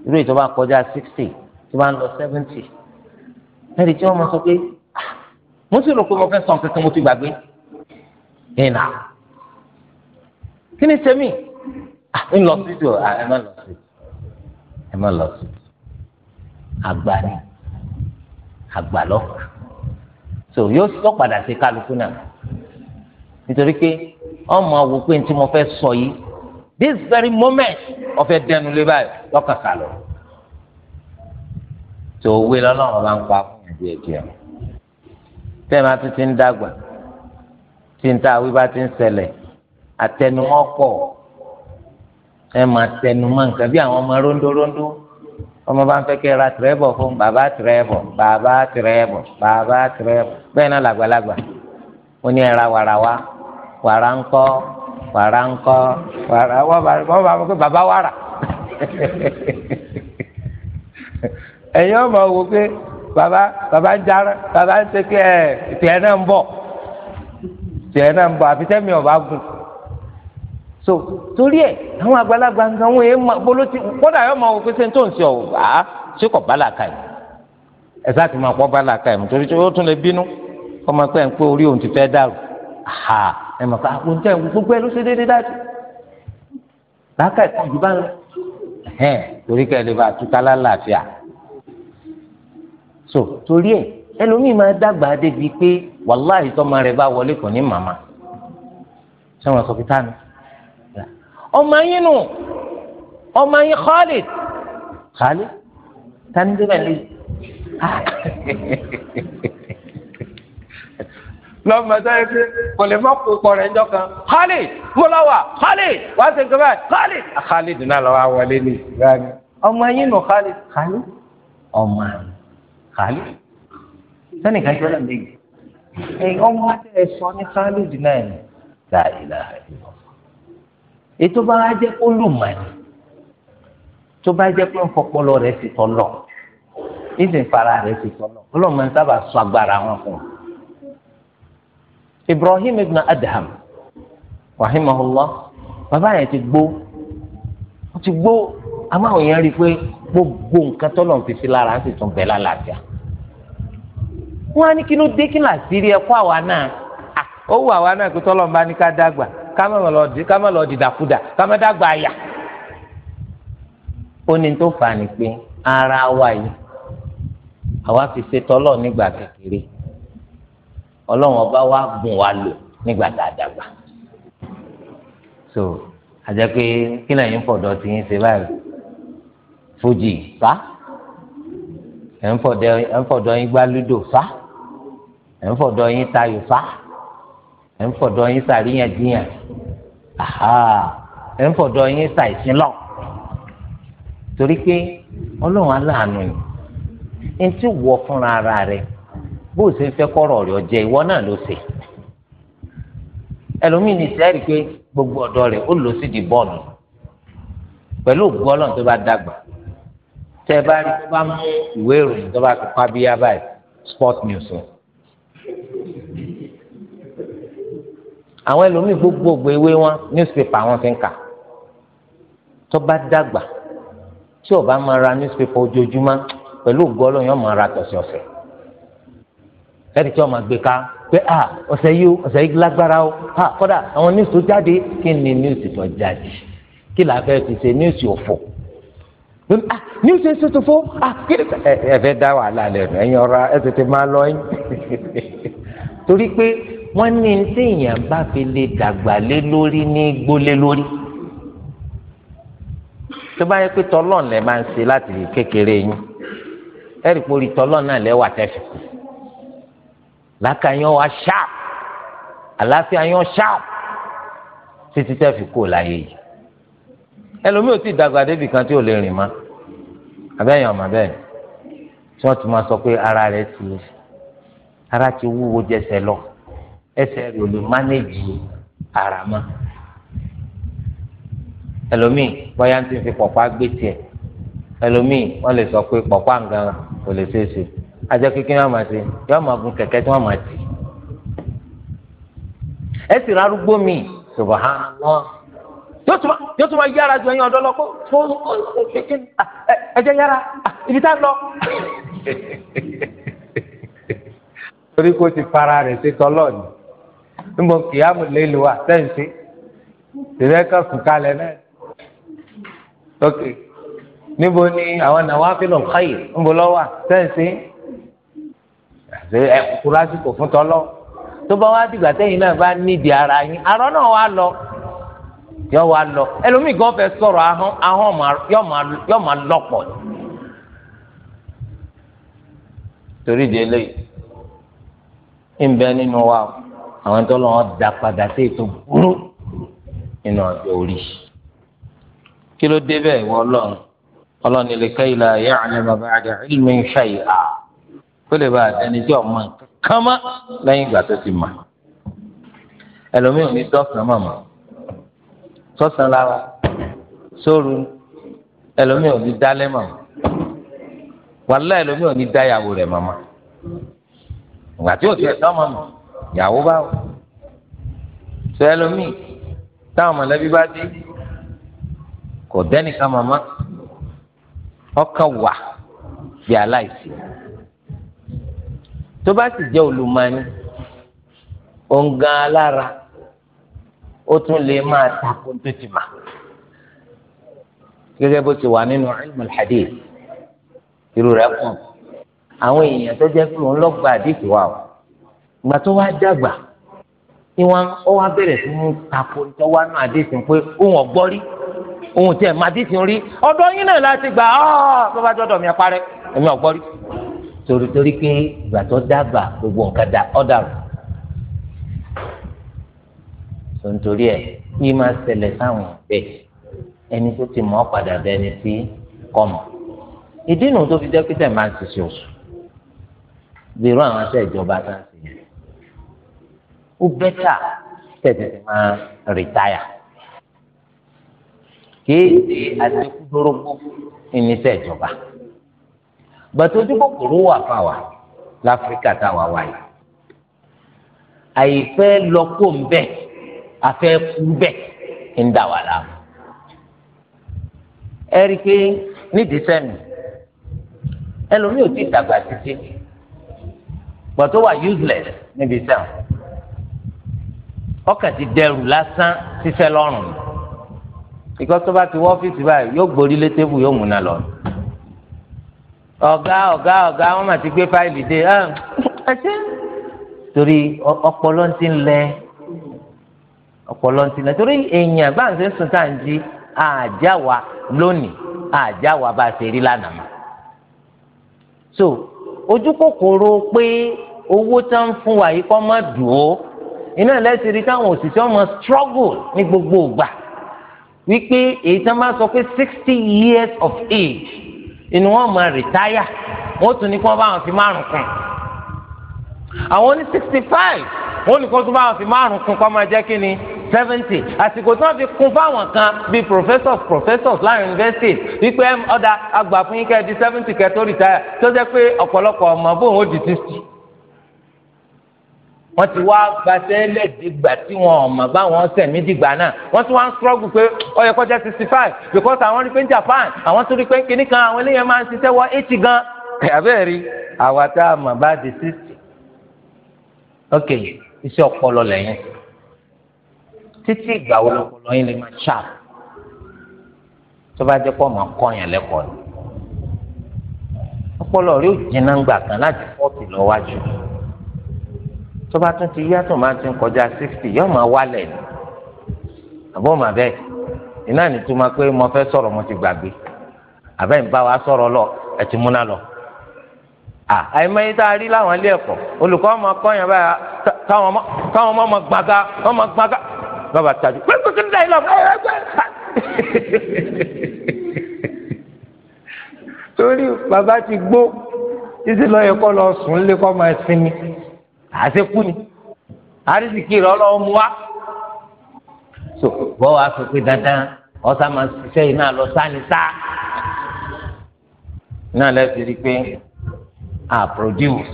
Speaker 1: irú ètò bá kọjá sixty tó bá ń lọ seventy ẹni tí wọ́n máa sọ pé ah, mo sì rò pé mo fẹ́ sọ nǹkan kan mo ti gbàgbé ìnà kí ni sẹ́mi
Speaker 2: ah, ń lọ sí ìdò ah, ẹ má lọ sí
Speaker 1: ẹ má lọ sí àgbà ni àgbà lọ́kàn so yóò sọ padà sí kálukú náà nítorí pé ọmọ wò pé ní tí mo fẹ́ sọ yìí this very moment ọ̀fẹ́ dẹnu lé báyìí lọ́kàn sálọ. tó o wé lọ́nà wọn máa ń pa fún ìdí ẹ̀jẹ̀ rẹ̀ tẹ́ẹ̀mà tó ti ń dàgbà tí ń ta àwí bá ti ń ṣẹlẹ̀ àtẹnumọ́ pọ̀ ẹ máa tẹnumọ́ nǹkan bí àwọn ọmọ rondórondó ọmọ bá ń fẹ́ kẹ́ ra tìrẹ́bọ̀ fún bàbá tìrẹ́bọ̀ bàbá tìrẹ́bọ̀ bàbá tìrẹ́bọ̀ bẹ́ẹ̀ náà làgbàlagbà ó ní ẹ ra wàrà wa wàrà wàrà ńkọ́ wàrà wọ́n bá mọ̀ pé bàbá wàrà ẹ̀yin ọmọ wò pé bàbá bàbá ń jára bàbá ń seke ẹ̀ tìẹ̀ náà ń bọ̀ tìẹ̀ náà ń bọ̀ àfi tẹ́mi ọ̀bá gùn so torí ẹ̀ àwọn àgbàlagbà nǹkan wọn èèyàn máa bolo ti kódà yóò máa wò pé sẹ́ńtò ń sọ wà á ṣé kò bá làákà yìí ẹ̀ sáà ti máa pọ́ bá làákà yìí torí ó tún lè bínú ọmọ pé ẹ̀ ń pé orí òun ti fẹ́ dàrú ẹ mọ̀ pé àpòǹtẹ̀ ah, gbogbo ẹ ló ṣe déédéé dájú lákàtà ìdí bá ń lọ ẹ̀hẹ́n torí kẹ́ ẹ lè bá túká lálàáfíà so torí ẹ ẹlòmíì máa dàgbà débi pé wàláhì tọ́mọ rẹ̀ bá wọlé kò ní màmá ṣé wọn sọ pé tánu ọmọ yín nù ọmọ yín Khalid Khalid tani débẹ̀
Speaker 2: [laughs]
Speaker 1: lọ́mọ tó yẹ pé kò lè má kó pọ̀ rẹ̀ ńjọ kan Khalid mọ́láwà Khalid wàá ṣe nǹkan báyìí Khalid ah, Khalid náà lọ́wọ́ àwọlé ni ìgbàanì ọmọ yín nù Khalid Khalid ọmọ Khalid sani kan tó lọ́mọ yìí ẹ̀yin ọmọ ẹ sọ ní Khalid náà ni láìlá ètò bá wá jẹ́ kó lùmọ̀ ni tó bá jẹ́ pé ọpọlọ rẹ̀ ti tọ́ lọ ìsìn fara rẹ̀ ti tọ́ lọ ọlọ́mọ sábà sọ agbára wọn fún un ibrahim ibn adham rahimahullah bàbá yẹn ti gbó ó ti gbó àmọ́ àwọn èèyàn rí i pé gbogbo nǹkan tọ́lọ̀ ń fi sí lára ń sì tún bẹ̀ lálàáfíà wọ́n á ní kí ló dé kí làásìrí ẹ̀kọ́ àwa náà ó wù àwa náà kó tọ́lọ̀ bá ní ká dàgbà ká má lọ dìdàkudà ká má dàgbà àyà ó ní tó fà á ní pé ara wa yìí àwa fi ṣe tọ́lọ̀ nígbà kékeré ọlọ́run ọba wa gùn wa lò nígbà tá a dàgbà so àjẹ pé kí lẹ́yìn fọ̀dọ̀ tí yín ṣe báyìí fújì fa ẹ̀ ń fọ̀dọ̀ yín gbá lúdò fa ẹ̀ ń fọ̀dọ̀ yín tayò fa ẹ̀ yín sàríyànjiyàn aha ẹ̀ ń fọ̀dọ̀ yín sàìsínlọ̀ torí pé ọlọ́run aláàánú yìí ẹ̀ ń tí wọ́ fúnra ara rẹ̀ bó o ṣe fẹ́ kọ́rọ̀ rẹ̀ ọ̀jẹ̀ ìwọ náà ló ṣe ẹlòmíín ní sẹ́ẹ̀rì pé gbogbo ọ̀dọ́ rẹ̀ ó lò sí di bọ́ọ̀lù pẹ̀lú ògbó ọlọ́run tó bá dàgbà tẹ́ ẹ bá rí tó bá mú ìwé ìròyìn tó bá fi pa báyìí sport news o àwọn ẹlòmíín gbogbogbò ewé wọn newspaper wọn fi ń kà tó bá dàgbà tí ó bá máa ra newspaper ojoojúmọ́ pẹ̀lú ògbó ọlọ́run yóò máa ra tọ̀sọ̀ọ̀sẹ̀ lẹ́ni tí wọ́n máa gbé ká pé a ọ̀sẹ̀ yìí ọ̀sẹ̀ yìí lágbára o a kọ́dà àwọn níwùsì tó jáde kí ni níwùsì tó jáde kí là fẹ́ ti ṣe níwùsì òfò níwùsì èso tó fó a kí ni ẹ fẹ́ dá wàhálà lẹ́nu ẹ̀yin ọ̀rọ̀ ẹ tètè máa lọ yín [laughs] torí pé wọ́n ní téèyàn bá fi lè dàgbà lé lórí ní gbólé lórí tó bá yẹ pé tọ́lọ́ọ̀n lẹ́ máa ń ṣe láti kékeré yín ẹ̀rì pé orí tọ́lọ́ọ̀n náà lẹ́wà tẹ́fẹ̀ẹ́ làákàyàn wa ṣáàp àlàáfíà yàn ṣáàp títí tẹ́ fi kó láyé yìí ẹlòmíì ò tí ì dàgbà débi kan tí ò lè rìn mọ́ abẹ́yẹn ọ̀mọ bẹ́ẹ̀ tí wọ́n ti máa sọ pé ara rẹ̀ ti ara ti wúwo jẹsẹ̀ lọ ẹsẹ̀ rẹ̀ ò lè mánéjì ara mọ́ ẹlòmíì bóyá ń ti fi pọ̀pá gbé tiẹ̀ ẹlòmíì wọ́n lè sọ pé pọ̀pá nǹkan kò lè ṣeé ṣe ajá kékeré wọn máa ṣe yọọ máa gun kẹ̀kẹ́ tí wọn máa tì ẹ sì rárúgbó mi subhanallah yóò tún máa yára ju ẹyin ọ̀dọ́ lọ kó ah, ẹjẹ yára ibi tá a lọ. torí kó ti para rẹ̀ ṣe tọ́lọ̀ ni níbo kìámù lélu wa sẹ́ǹsì tẹ̀lé kan sùn kalẹ̀ náà. ok níbo ni àwọn nàwa fi lọ káyè níbo lọ wà sẹ́ǹsì ṣe ẹ kúrò àsìkò fún tọ́lọ́ tó bá wá dìgbà tẹ́yìn náà bá nídìí ara yín arọ́ náà wá lọ yọ wá lọ ẹlòmíì gan fẹ́ sọ̀rọ̀ ahọ́n ahọ́n yọ máa lọ́pọ̀ torí di eléyìí ń bẹ nínú wa àwọn tó lọ́wọ́ da padà sí ètò burú nínú ọjọ́ orí kí ló dé bẹ́ẹ̀ wọ́ ọlọ́run ọlọ́run ilé kẹ́yìlá ya'lam ba'da ilmin shay'a kó lè bá àtẹni tí ọmọ nǹkan mọ́ lẹ́yìn ìgbà tó ti mọ̀ ẹlòmíì ò ní dọ́sàn mọ̀ mọ́ sọ́sàn lára sóru ẹlòmíì ò ní dálẹ́ mọ̀ wàlá ẹlòmíì ní dá ìyàwó rẹ̀ mọ̀ mọ́ ìgbà tí ò tiẹ̀ tán mọ̀ mọ́ ìyàwó báwo sọ ẹlòmíì táwọn mọ̀lẹ́bí bá dé kò dẹ́nìkan mọ̀ ọkàn wà bí aláìsí tó bá sì jẹ́ olùmọ̀ọ́ni òǹgàn alára ó tún lè máa takò tó ti mà gẹ́gẹ́ bó ti wà nínú ilmul hadith irú rẹ̀ kù àwọn èèyàn tó jẹ́ pé òun lọ́gba àdìsí wa o ìgbà tó wá dàgbà ni wọn ó wá bẹ̀rẹ̀ sí ní takò tó wá nù àdìsí pé òun ọ̀gbọ́ rí òun tẹ̀ mà rí ọ̀dọ̀ yín náà láti gbà ọ́ bàbá jọ́dọ̀ mi ẹ̀ parẹ́ ẹ̀mi ọ̀gbọ́ rí torí torí pé ìgbà tó dábàá gbogbo nǹkan dà ọ̀dàrú tó ń torí ẹ̀ kí máa ṣẹlẹ̀ sáwọn bẹ́ẹ̀ ẹni tó ti mọ̀ ọ́ padà bẹ́ẹ̀ ni tí kọ́ mọ̀ ìdí nu tó fi jẹ́ pé tẹ̀ máa ń ṣiṣẹ́ oṣù bí irú àwọn aṣọ ìjọba tá à ń ṣe yẹn ó bẹ́tà tẹ̀tẹ̀tẹ̀ máa rìtáyà kí àti kúdórógbó ìníṣẹ́ ìjọba bàtà ojú kòkòrò wà fáwa láfíríkà táwa wáyé àyífẹ́ lọ́kọ̀ ń bẹ̀ afẹ́ kú bẹ̀ ń dà wà láàmú. ẹ pé nídìí sẹ́nu ẹlòmíì ò tí dàgbà títí bàtà wà useless níbi sẹ́wọ̀n ọkàn ti dẹrù lásán sísẹ́ lọ́rùn ìkọ́sọ́ bá ti wọ́ ọ́fíìsì báyìí yóò gborí lé tébù yóò múná lọ́rùn ọ̀gá ọ̀gá ọ̀gá wọn mà ti gbé fáìlì dé ah. ẹṣẹ torí ọpọlọ ti ń lẹ ọpọlọ ti ń lẹ torí èèyàn bá ń ṣe sùn tá à ń jí àjà wa lónìí àjà wa bá a ṣe rí lánàá so ojú kòkòrò pé owó tá ń fún wa yìí kọ́ má dùn ó iná lẹ́sìn rí káwọn òṣìṣẹ́ ọmọ struggle ní gbogbo ìgbà wípé èyí tá máa sọ pé sixty years of age inú wọn máa rìtáyà wọn tún ní kí wọn bá wọn fi márùn kún àwọn ní sixty five wọn ní kí wọn tún bá wọn fi márùn kún kọ́ máa jẹ́ kí ni seventy àsìkò tí wọn fi kún fáwọn kan bíi professors professors láàrin university wípé ọ̀dà àgbà fún yín kẹ́ ẹ di seventy kẹ́ tó rìtáyà tó jẹ́ pé ọ̀pọ̀lọpọ̀ ọmọ bóun ó di sixty wọ́n ti wá gbàtẹ́lẹ̀ dìgbà tí wọn ò mọ̀ báwọn sẹ̀mí dìgbà náà wọ́n ti wá ń struggle pé ó yẹ kọjá sixty five because àwọn rí pé Japan àwọn tó rí pé kínní kan àwọn eléyẹn máa ń ṣiṣẹ́ wọ eighty gan àbẹ́ẹ̀ rí àwa tá a mọ̀ bá di sixty ok iṣẹ́ ọpọlọ lẹ́yìn títí ìgbà wo lọpọlọ yín lè máa ṣáà tó bá jẹ́ pọ̀ máa kọ́ yẹn lẹ́kọ̀ọ́ ni ọpọlọ rí òjìnnà gbà kan láti fọ́ọ̀tì lọ́wájú tó bá tún ti yàtọ̀ máa ti ń kọjá sixty yóò máa wálẹ̀ ni àbọ̀ mà bẹ́ẹ̀ iná ní túmọ̀ pé mo fẹ́ sọ̀rọ̀ mo ti gbàgbé àbẹ́ ń bá wa sọ̀rọ̀ lọ ẹ̀ ti múná lọ. à àìmọye tá a rí láwọn ilé ẹ̀kọ́ olùkọ́ ọmọ akọ́yàn báyà táwọn ọmọ ọmọ gbàgà ọmọ gbàgà bàbá tajú pé kò kí n dá yìí lọ [laughs] torí bàbá ti gbó títí lọ́yẹ̀kọ́ lọ sùn lé kọ́ máa sinmi àṣekú ni àrísìkì rẹ ọlọ́wọ́ mu wá so bọ́ wa sọ pé dandan ọ̀sán máa ṣiṣẹ́ yìí náà lọ sáni sá náà lẹ́sìn rí i pé a produce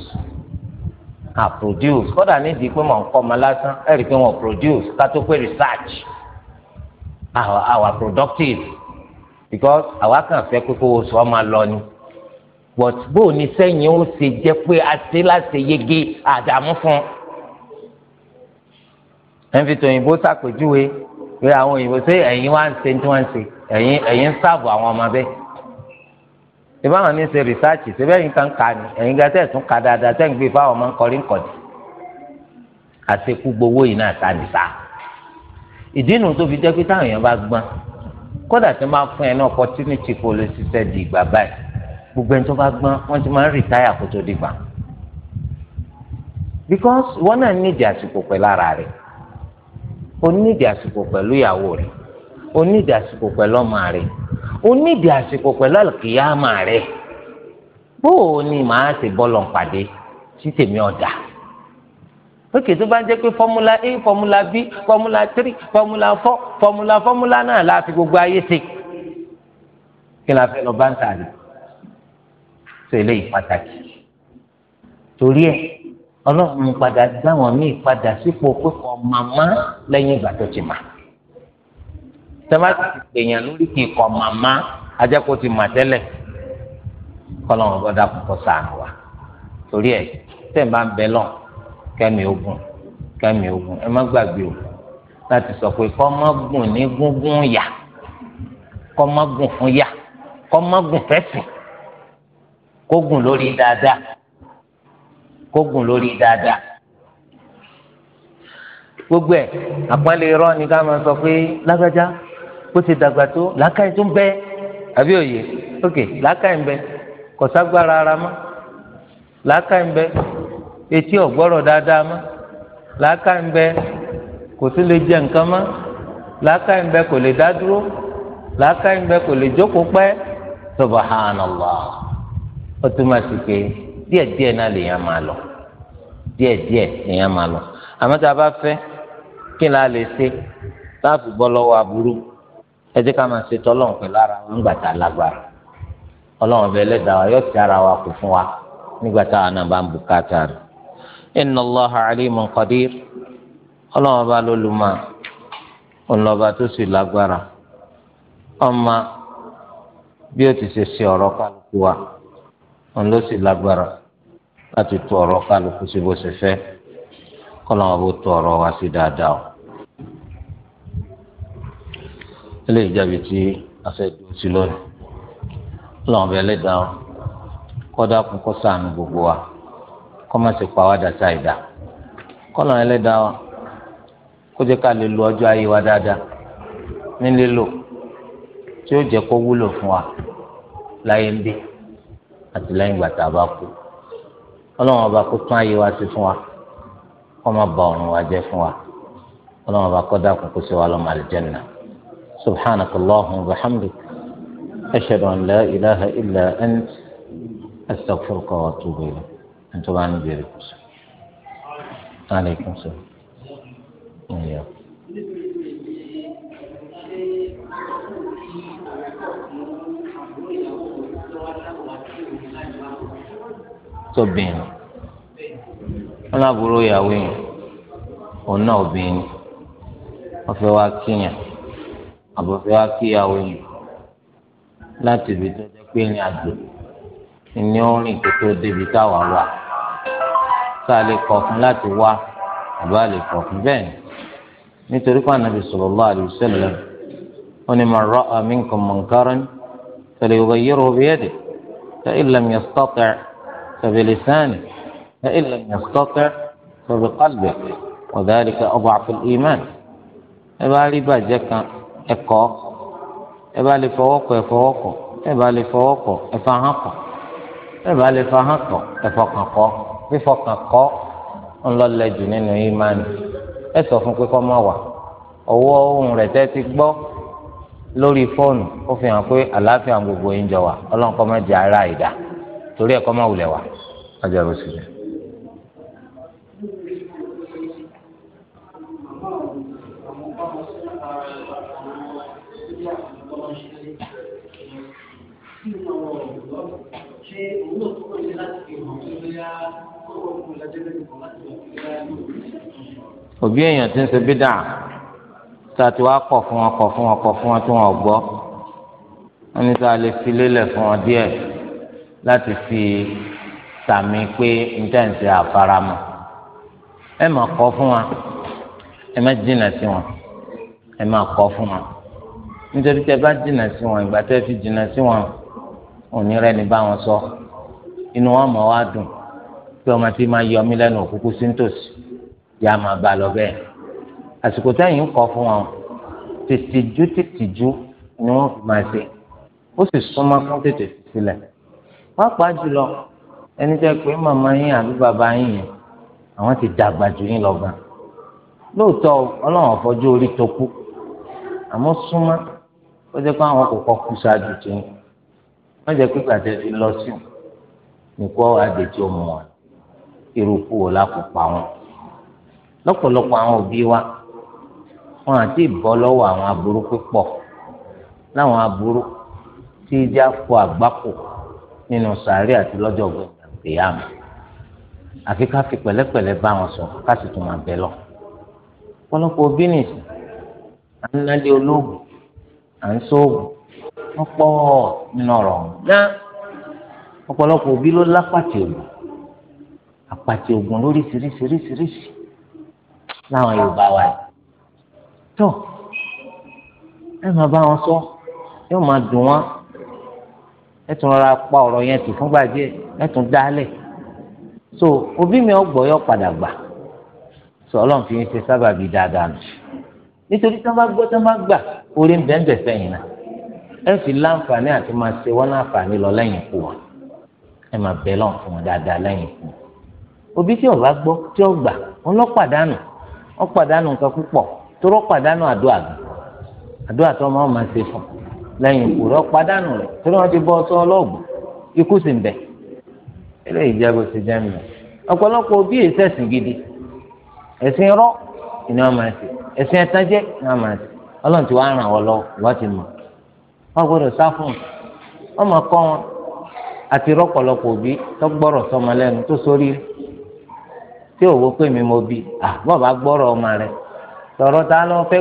Speaker 1: a produce kódà nídìí pé mò ń kọ́ ọmọ lásán ẹ̀ rí i pé wọ́n produce ká tó pé research our our productive because àwa kàn fẹ́ pé kó o lọ ni but bó o ní sẹ́yìn ó ṣe jẹ́ pé àti láti yege àdàmú fún un. ẹ̀ ń fi tòyìnbó ṣàpèjúwe pé àwọn òyìnbó ṣe ẹ̀yin wá ń ṣe tí wọ́n ń ṣe ẹ̀yin ẹ̀yin ń sáàbù àwọn ọmọ bẹ́ẹ̀. ìbá wọn ní ṣe rìsáàcì ṣe bẹ́ẹ̀ yín kan kà ní ẹ̀yin gan tẹ̀ tún ka dáadáa tẹ̀ ń gbé fáwọn ọmọ ńkọrí ńkọdì. àṣekú gbowó yìí náà sáà nìta. ìdí nu tó fi jẹ́ pé táwọn èèyàn bá gbọ́n kódà tí wọ́n bá fún ẹ ní gbogbo ẹni tó bá gbọ́n wọ́n ti máa ń rìtáyà kó tó dìgbà because wọ́n náà nídìí àsìkò pẹ̀lú ara rẹ̀ o nídìí àsìkò pẹ̀lú ìyàwó rẹ̀ o nídìí àsìkò pẹ̀lú ọmọ rẹ̀ o nídìí àsìkò pẹ̀lú àlùkìyàmà rẹ̀ bóò ni màá ti bọ́lọ̀ pàdé tí tèmi ọ̀dà lókè tó bá ń jẹ́ pé fọ́múlà a fọ́múlà b fọ́múlà three fọ́múlà four fọ́múlà fọ́múlà náà la fi gbogbo ayé ṣe kí la fẹ́ lọ bá ń sàlẹ̀ ṣe eléyìí pàtàkì torí ẹ ọlọ́run padà dáwọn míì padà sípò pípọ̀ màmá lẹ́yìn ìgbà tó ti mà tẹ́lẹ̀ ti pèèyàn lórí kì í kọ màmá ajẹ́kọ̀ọ́ ti mà tẹ́lẹ̀ kọ́lọ́run bọ́dá púpọ̀ sànù wa torí ẹ tẹ̀ ń bá ń bẹ lọ kẹ́mi ogun kẹ́mi ogun ẹ má gbàgbé o láti sọ pé kọ́ má gùn ní gúngún yà kọ́ má gùn fún yà kọ́ má gùn fẹ́sìn kó gùn lórí dáadáa kó gùn lórí dáadáa gbogbo ẹ àpọ́nlé irọ́ ni ká máa sọ pé lágbájá bó ti dàgbà tó làákàyè tó ń bẹ àbí òye ok làákàyè ń bẹ kò ságbára ara mọ́ làákàyè ń bẹ etí ọ̀gbọ́rọ̀ dáadáa mọ́ làákàyè ń bẹ kò tún lè jẹ nǹkan mọ́ làákàyè ń bẹ kò lè dá dúró làákàyè ń bẹ kò lè jókòó pẹ́ subhanallah. ó túmọ̀ sí pé na náà lèèyàn máa lọ díẹ̀díẹ̀ lèèyàn máa lọ àmọ́ tá a bá fẹ́ kí n la lè ṣe láàfù aburú ẹ ara wa nígbà tá a lágbára wa yóò ti ara wa kù fún wa nígbà tá a náà bá ń ọba wọn ló sì lágbára láti tu ọ̀rọ̀ kálukú sí bó ṣe fẹ́ kọlọ wọn bó tu ọ̀rọ̀ wá sí dáadáa o ilé ìjàbí tí afẹ́dù sí lónìí lọ́wọ́n bẹ lẹ́dàá kọ́dá kún kó ṣàánú gbogbo wa kọ́ má ṣe pa wá dàtà ìdá kọ́lọ̀ ẹlẹ́dàá kó jẹ́ ká lè lo ọjọ́ ayé wa dáadáa ní lílò tí ó jẹ́ kó wúlò fún wa láyé ń bí àti lẹ́yìn ìgbà tá a bá kú ọlọ́run ọba kó tún ayé wa sí fún wa kó má bà ọ̀run wa jẹ́ fún wa ọlọ́run ọba kó dákun kó sí wa lọ́mọ àlùjẹ́nà subhanaka allahumma wa bihamdik an la ilaha illa ant astaghfiruka wa atubu ilayk ẹni tó bá ń bèrè kùsùn. alaikum salam. tóbìnrin wọn lábúrò ìyàwó yẹn òun náà obìnrin wọn fẹ́ wá kíyàn àbọ̀ fẹ́ wá kíyàwó yẹn láti ibi tó jẹ́ pé ìrìn àjò ni ó rìn kó tó débi táwa wà tá a lè kọ̀ fún láti wá àbá lè kọ̀ fún bẹ́ẹ̀ ni nítorí pé ànábì sallallahu alaihi wasallam ó ní man ra'a minkum munkaran falyughayyirhu biyadihi fa in lam yastati'. فبلسانك فإن لم يستطع فبقلبك وذلك أضعف الإيمان إبا لي باجك إقاق إبا لي فوق إفوق إبا لي فوق إفهق إبا لي فهق إفقق إفقق ńlọ lẹjù nínú ìmánì ẹ sọ fún pé kọ́ máa wà ọwọ́ ohun rẹ̀ tẹ́ ti gbọ́ lórí fóònù ó fi hàn pé àlàáfíà gbogbo yín jọ wà ọlọ́run kọ́ máa jẹ ara ìdá torí ẹ̀kọ́ máa wulẹ̀ wá ọjà bó sì jẹ́. òbí èèyàn ti ń ṣe bídà tá a ti wá kọ̀ fún wọn kọ̀ fún wọn kọ̀ fún wọn tí wọn ò gbọ́ wọn ní sáà lè fi lélẹ̀ fún wọn díẹ̀ láti fi sàmì pé níta ń ṣe àfaramọ́ ẹ máa kọ́ fún wa ẹ má jìnnà sí wọn ẹ máa kọ́ fún wa nítorí tẹ bá jìnnà sí wọn ìgbà tẹ fi jìnnà sí wọn òní rẹ ní bá wọn sọ inú wọn mọ wá dùn pé ọmọ tí máa yọ mí lẹ́nu òkúkú sí yá máa bá lọ bẹ́ẹ̀ àsìkò tẹ̀yìn ń kọ́ fún wọn tètèjú tètèjú ni wọ́n fi máa ṣe ó sì súnmọ́ kó tètè fi sílẹ̀ pàápàá jùlọ ẹni tẹ́ pé màmá yín àbí bàbá yín yẹn àwọn ti dàgbà jù yín lọ gan lóòótọ́ Ọlọ́run ọfọjú orí tó kú àmọ́ súnmọ́ ó jẹ́ pé àwọn kò kọ kú ṣáájú tó yín wọ́n jẹ́ pé gbàtẹ fi lọ sí nìkọ àdètí ọmọ wọn irúkú wò lákòópa wọn lọ́pọ̀lọpọ̀ àwọn òbí wa wọn àti ìbọ lọ́wọ́ àwọn aburú pípọ̀ láwọn aburú tí ìjà kó àgbákò nínú sàárì àti lọ́jọ́ gbẹ̀yàmù àfi ká fi pẹ̀lẹ́pẹ̀lẹ́ bá wọn sọ ká sì tún máa bẹ̀ lọ. pọ̀lọpọ̀ bínìsì à ń nálé olóògùn à ń sóògùn wọ́n pọ̀ nínú ọ̀rọ̀ ọ̀hún náà ọ̀pọ̀lọpọ̀ òbí ló lápàtì ògùn àpàtì ògùn lóríṣiríṣiríṣiríṣi láwọn Yorùbá wa yìí tó ẹ máa bá wọn sọ yóò máa dùn wọn ẹ tún rọra pa ọ̀rọ̀ yẹn tì fúngbà díẹ̀ ẹ tún so òbí mi ọgbọ yọ padà gbà sọ Ọlọ́run fi ń ṣe sábàbí dáadáa nù nítorí tí wọn bá gbọ́ tí wọn bá gbà orí ń bẹ́ẹ̀ bẹ́ẹ̀ fẹ́yìn náà ẹ fi láǹfààní àti máa ṣe wọn láǹfààní lọ lẹ́yìn ikú wọn ẹ máa bẹ lọ́n fún wọn dáadáa lẹ́yìn ikú òbí tí ọba gbọ́ tí ó gbà wọn lọ pàdánù wọn pàdánù nǹkan púpọ̀ tó rọ pàdánù àdúrà àdúrà tó máa ń máa ṣe fún un lẹ́yìn ikú rẹ̀ ọ̀padànù rẹ̀ torí wọ́n ti bọ́ ọtọ́ ọlọ́ọ̀gbọ̀n ikú sì ń bẹ̀ eléyìí jẹ́ bó ṣe mi gidi esi rọ ni wọ́n máa ṣe ẹ̀sìn ẹ̀tajẹ́ ni wọ́n máa ṣe ọlọ́run ti wá ràn wọ́n lọ ti mọ wọ́n gbọdọ sá fún wọn mọ̀ kọ́ wọn àti rọ́pọ̀lọpọ̀ òbí tó sọmọ tó sórí tí òwò mo bí àbọ̀ bá gbọ́rọ̀ ọmọ ta ló fẹ́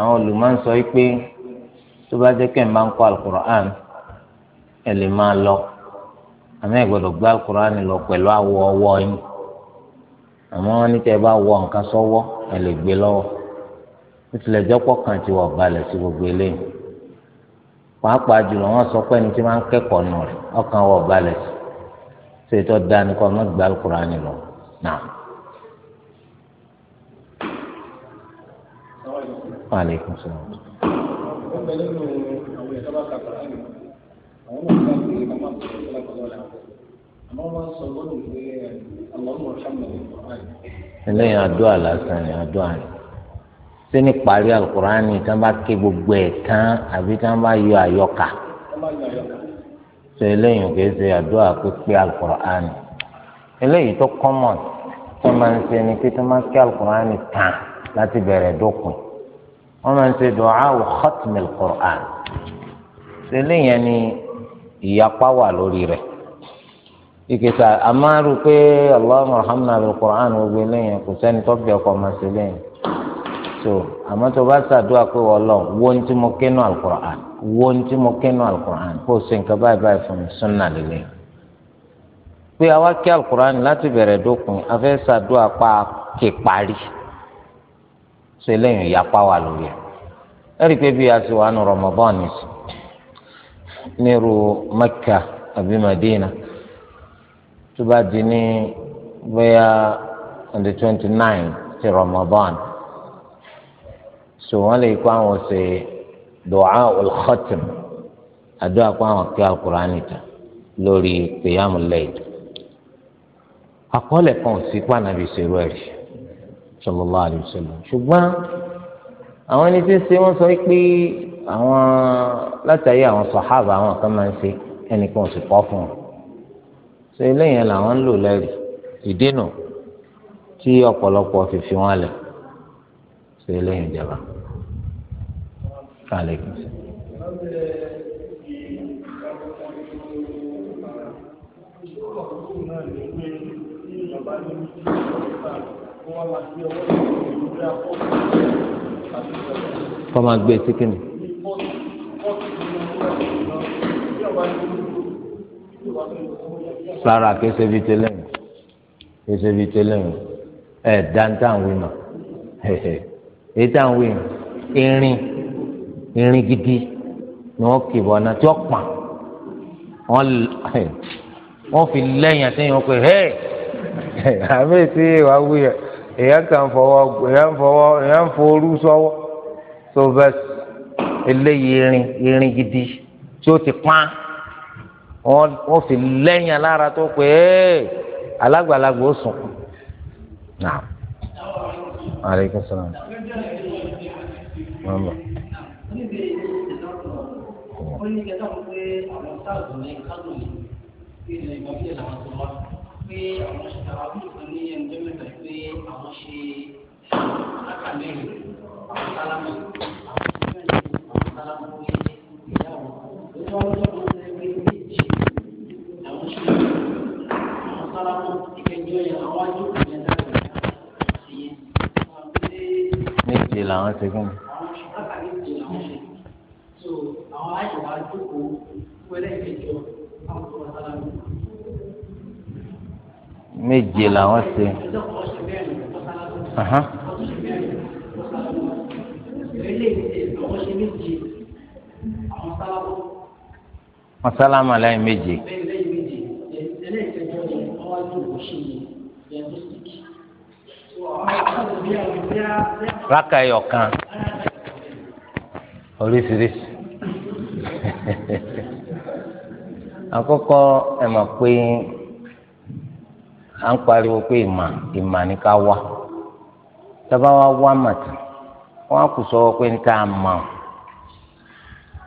Speaker 1: àwọn olùmọ̀ọ́sọ yìí pé tó bá jẹ́ kẹ́hìn bá ń kọ́ alukur'an ẹ̀ lè máa lọ àmọ́ ẹ̀ gbọ́dọ̀ gbé alukur'an lọ pẹ̀lú awọ ọwọ́ yín àmọ́ wọn ẹ bá wọ nǹkan sọ́wọ́ ẹ̀ lè gbé lọ́wọ́ kan ti wọ̀ balẹ̀ sí gbogbo eléyìí pàápàá jùlọ wọn sọ pé ẹni tí wọn kẹ́kọ̀ọ́ nù rẹ̀ ọkàn wọ̀ balẹ̀ sí ṣètò dáníkọ́ alukur'an lọ náà. Wa alaikum salaam. eléyìí àdúrà lásán ni àdúrà ni ṣé ní parí alukurani tí wọn bá ké gbogbo ẹ̀ tán àbí tí wọn bá yọ àyọkà ṣe eléyìí kìí ṣe àdúrà pípé alukurani eléyìí tó kọ́mọ̀n tí wọn máa ń ṣe ni pé tí wọn bá ké alukurani tán láti bẹ̀rẹ̀ dópin wọ́n máa ń ṣe du'a wa khatmil Qur'an ṣẹlẹ̀ yẹn ni ìyapa wà lórí rẹ̀ ìkẹta àmàrù pé Allahumma arhamna bil Qur'an gbogbo eléyìn kò sẹ́ni tó bẹ̀ ọkọ̀ máa ṣe lẹ́yìn so àmọ́ tó bá ṣàdúrà pé Ọlọ́run wo ní tí mo kẹ́nu al-Qur'an wo ní tí mo kẹ́nu al-Qur'an kó o ṣe nǹkan báyìí báyìí fún mi sunna lélẹ́yìn pé àwa kí al láti bẹ̀rẹ̀ dókun afẹ́ ṣàdúrà pa kè parí so eléyìí ìyapa wà lórí ẹ̀ ẹ̀rí pé bí aṣèwà nù Ramadan nírú Mẹ́kà àbí Madina tó bá di ní bóyá on the twenty nine ti Ramadan so wọ́n lè kó àwọn ṣe du'a ul-khatm àdúrà kó àwọn kí Al-Qur'ani tán lórí qiyamul layl àkọọ́lẹ̀ kan ò sí pàànàbì ṣerú ẹ̀rí sallallahu alaihi wasallam ṣùgbọ́n àwọn ẹni tí ń ṣe wọ́n sọ pé àwọn látàrí àwọn sàhábà àwọn kan máa ń ṣe ẹnìkan ò sì kọ́ fún wọn ṣe eléyìí làwọn ń lò lẹ́rìí ìdènà tí ọ̀pọ̀lọpọ̀ fìfì wọn lẹ̀ ṣe eléyìí ìjọba. Alaikum
Speaker 2: salaam.
Speaker 1: kọ́ máa gbé síkìnì. rárá kése bíi tẹ́lẹ̀ mi kése bíi tẹ́lẹ̀ mi ẹ̀ dáńtà ń wí mà èyí tá ń wí irin irin gidi ni wọ́n kì bọ̀ náà tí wọ́n pà wọ́n fi lẹ́yìn àtẹ̀yìn wọn pé ẹ̀ [laughs] àbẹ́sẹ̀ wàá wí èèyàn kan fọwọ́ èèyàn fọwọ́ èèyàn forú sọ́wọ́ tó verse eléyìí irin irin gidi tí ó ti pán wọ́n fi lẹ́yìn alára tó pé alágbàlagbà ó sùn kù. Aleykum salaam. Mama.
Speaker 2: Mama. ti ní ẹnjọ́ mẹ́ta pé àwọn ṣe alákàmẹ́rin sálámù àwọn sálámù pé ìyá wọn lọ́jọ́ ọjọ́ wọn ṣe pé méjì àwọn ṣe àwọn sálámù ìkẹjọ yẹn àwọn àjòkù yẹn dára ìyẹn.
Speaker 1: méje làwọn ṣe fún mi.
Speaker 2: àwọn ṣe alákàmẹ́rin làwọn ṣe
Speaker 1: méje làwọn ṣe. wọ́n sálámà láì méje. rákà ẹyọ kan oríṣiríṣi [laughs] àkọ́kọ́ ẹ mọ̀ pé à ń pariwo pé ìmà ìmà ní ká wá tábà wá wá màtà wọn á kù sọ pé ń tá a mà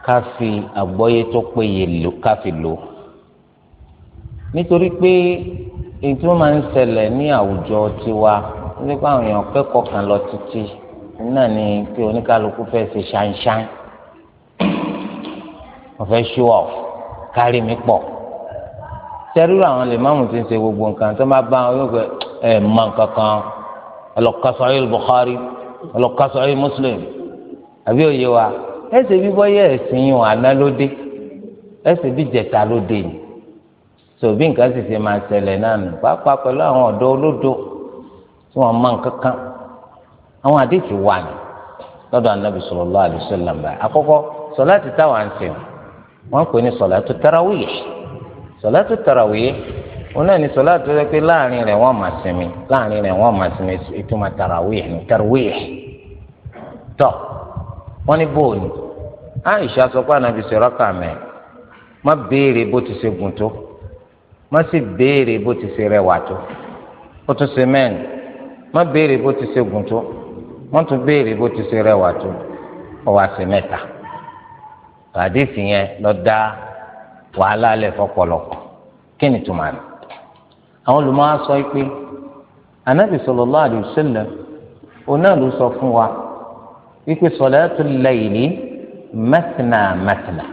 Speaker 1: ká fi àgbọ́yé tó péye lò ká fi lò nítorí pé èyí tí wọ́n máa ń ṣẹlẹ̀ ní àwùjọ tiwa nípa àwọn èèyàn kẹ́kọ̀ọ́ kan lọ títí náà ni pé oníkálukú fẹ́ ṣe ṣáńṣáń wọ́n fẹ́ show off kárí mi pọ̀ sẹ́rú àwọn lè máàmù ti ń ṣe gbogbo nǹkan tó máa bá wọn yóò ẹ̀ mọ nǹkan kan ọlọ́kasọ ayé Bukhari ọlọ́kasọ ayé Muslim àbí òye wa ẹsẹ̀ bí bọ́yẹ̀ ẹ̀sìn yìí wọn àná ló dé ẹsẹ̀ bí jẹ̀ta ló dé ni so bí nǹkan sì ṣe máa ṣẹlẹ̀ náà nù pàápàá pẹ̀lú àwọn ọ̀dọ́ olódo tí wọ́n mọ nǹkan kan àwọn àdéhì wà ní lọ́dọ̀ anábì sallallahu alaihi wasallam àkọ́kọ́ sọ̀láàtì táwọn à ń sìn wọ́n pè ní sọ̀láàtì tarawih sọ̀látù tarawih wọn náà ní sọ̀látù rẹ pé láàrin rẹ̀ wọ́n máa sinmi láàrin rẹ̀ wọ́n máa sinmi ìtumọ̀ tarawih ní tarawih tọ̀ wọ́n ní bóòlù Aisha sọ pé ànábi sọ̀rọ̀ kà mẹ́ má béèrè bó ti ṣe gùn tó má sì béèrè bó ti ṣe rẹwà tó ó tún ṣe mẹ́rin má béèrè bó ti ṣe gùn tó wọ́n tún béèrè bó ti ṣe rẹwà tó ọwọ́ àṣẹ mẹ́ta àdéhùn yẹn lọ dáa wàhálà lẹ̀ fọ́pọ̀lọpọ̀ kí ni tuma rẹ̀ àwọn olùmọ̀ á sọ pé anabi sallallahu alaihi wasallam oná ló sọ fún wa wípé salatul layli mẹtìnà mẹtìnà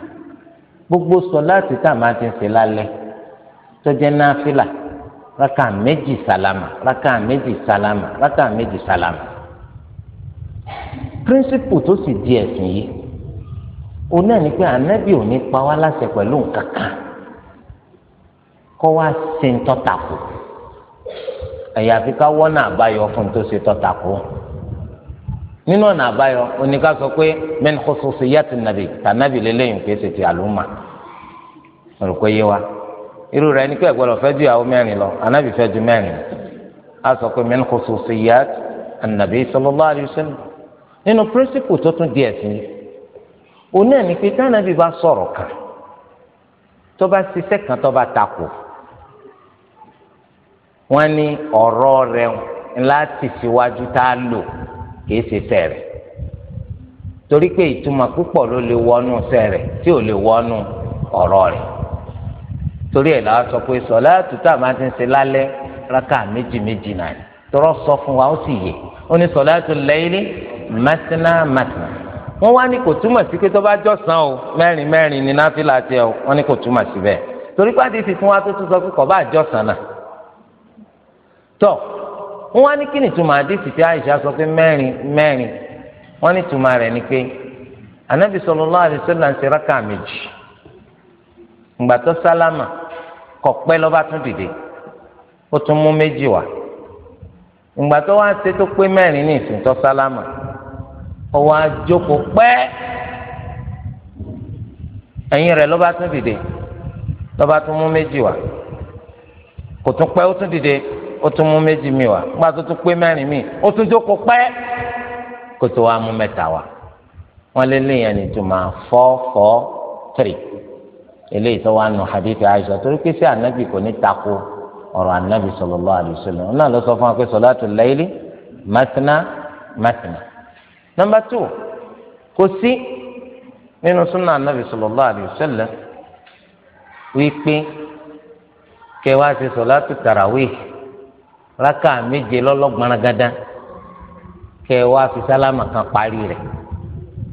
Speaker 1: gbogbo sọláàtì tá a máa ti ń ṣe lálẹ́ tó jẹ́ náfìlà méjì sálámà rákà méjì sálámà rákà méjì sálámà píríncípù tó sì di ẹ̀sìn yìí o náà ní pé ànábì ò ní pa wá láṣẹ pẹ̀lú nǹkan kan kọ́ wá ṣe ń tọ́tàkù àyàfi ká wọ́nà àbáyọ fún tó ṣe tọ́tàkù nínú ọ̀nà àbáyọ oníkà sọ pé min khususiyyati nàbì tànàbì lélẹ́yìn pé ṣètì àlùmà rò pé yé wa irú rẹ̀ ní pé ẹ̀gbọ́dọ̀ fẹ́ ju ìyàwó mẹ́rin lọ ànábì fẹ́ ju mẹ́rin á sọ pé min khususiyyati nàbì sallallahu alaihi wasallam nínú pírísìpù tó tún di ẹ̀sìn yìí òun náà ni pé tánàbí bá sọ̀rọ̀ kan tó bá ṣiṣẹ́ kan tó bá takò wọ́n ní ọ̀rọ̀ rẹ̀ ńlá ti síwájú tá a lò kìí ṣe sẹ́rẹ̀ torí pé ìtumọ̀ púpọ̀ ló lè wọnú sẹ́rẹ̀ tí ò lè wọnú ọ̀rọ̀ rẹ̀ torí ẹ̀ làwọn sọ pé sọ̀lá tuntun àmà ti ń ṣe lálẹ́ rákà méjì méjì náà tọrọ sọ fún wa ó sì yẹ ó ní sọ̀lá tó lẹ́yìn mẹ́tínà mẹ́tínà. wọ́n wá ní kò túmọ̀ sí pé tó bá jọ̀sán o mẹ́rin mẹ́rin ni náfìlà tiẹ̀ o wọ́n ní kò túmọ̀ sí bẹ́ẹ̀ torí pàdé ti tún wá tó tún sọ pé kò bá jọ̀sán náà tọ́ wọ́n wá ní kí ni túmọ̀ àdìsí tí sọ pé mẹ́rin mẹ́rin ní túmọ̀ rẹ̀ ni pé Ànábì sallallahu alaihi rákà méjì ìgbà sálámà pẹ́ tún dìde ó tún mú méjì wá ọwọ́ àjòkò pẹ́ ẹ̀yìn rẹ̀ lọ́ba tún dìde lọ́ba tún mú méjì wá kò tún pẹ́ ó tún dìde ó tún mú méjì mi wá nígbà tó tún pé mẹ́rin mi ó tún jókòó pẹ́ kó tó wá mú mẹ́ta wá wọ́n lé lẹ́yìn ẹni tó máa four four three eléyìí tó wá nù hadithi Aisha torí pé sí anabi kò ní tako ọ̀rọ̀ anabi sallallahu alaihi wasallam náà ló fún wa pé salatul layli matna matna. nọmba tù kò sí nínú súnà anábì sallallahu alaihi wasallam wípé kẹwàá ti sọ̀látù tàràwíì rákà méje lọ́lọ́gbọ̀nrán kẹwàá fi sálámà kan parí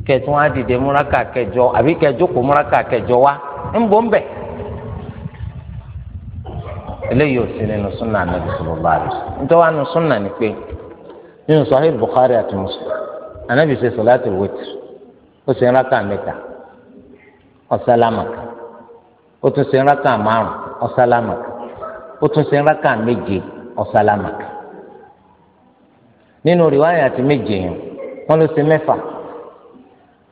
Speaker 1: kẹtùn kẹjọ àbí kẹjókòó múraka kẹjọ wa ń bọ̀ ń eléyìí ò sí nínú súnà nàbì sallallahu alaihi wasallam nítorí wà nínú súnà ni pé anabi ṣe sọláàtì wẹtì ó ṣe ńlá kan mẹ́ta ọsálámà ó tún ṣe ńlá kan márùn ọsálámà ó tún ṣe ńlá kan méje ọsálámà nínú rìwáyà àti méje yẹn wọn ló ṣe mẹ́fà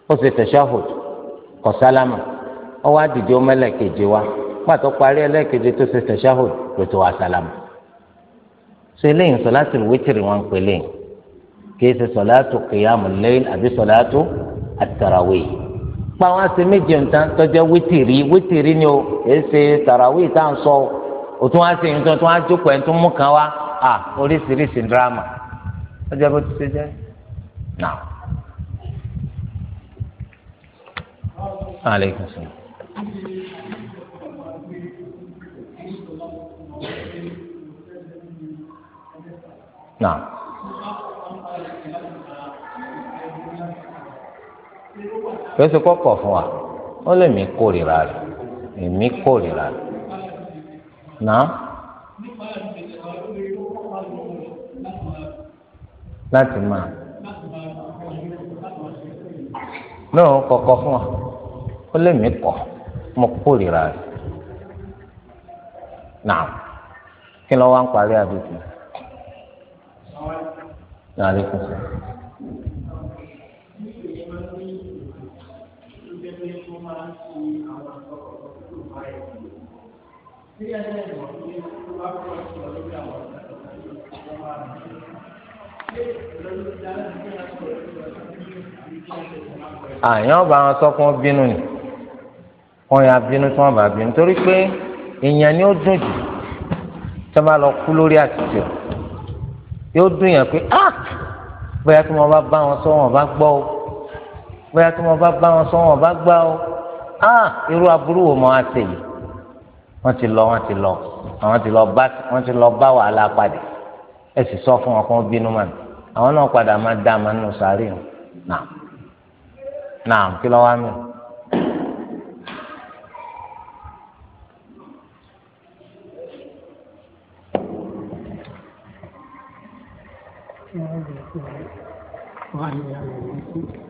Speaker 1: ó ṣe tẹṣáhùd ọsálámà ó wá dìde wa pàtó parí ẹlẹ́ẹ̀keje tó ṣe tẹṣáhùd ló wá sálámà ṣe lẹ́yìn sọláàtì wẹtì wọn ń kìí ṣe sọ̀láàtù kìyàmù lẹ́yìn àbí sọ̀láàtù àtàràwì. pa àwọn àti méje nǹkan tọ́jọ́ wítìrì wítìrì ni o kìí ṣe tàràwì tá à ń sọ o tún wá sí nǹkan tó wá jókòó ẹni tó mú kan wá à oríṣiríṣi dírámà ọjọ́ bó ti ṣe jẹ́ nà. aleykum salaam. fẹsẹ kọkọ fún wa ó lè mí kórìíra rẹ èmi kórìíra rẹ náà láti máa náà kọkọ fún wa ó lè mí kọ mo kórìíra rẹ náà kí ló wá ń parí àdúgbò. Alaikum àyàn ah, ọba àwọn sọkún bínú ni wọn yà bínú tí wọn bá bínú torí pé èèyàn ni ó dùn jù tí wọn bá lọ kú lórí àtìtì yóò dùn yàn pé ah bóyá tí wọn bá bá wọn sọ wọn bá gbọ́ o bóyá tí wọn bá bá wọn sọ wọn bá gbà o ah irú aburú wo mọ àtẹyìí wọ́n ti lọ wọ́n ti lọ àwọn ti lọ bá wọ́n ti lọ bá wàhálà padì ẹ sì sọ fún wọn kó bínú mà àwọn náà padà máa dá àmà nínú sàárè hàn náà náà kí ló wá mí.
Speaker 2: Thank you.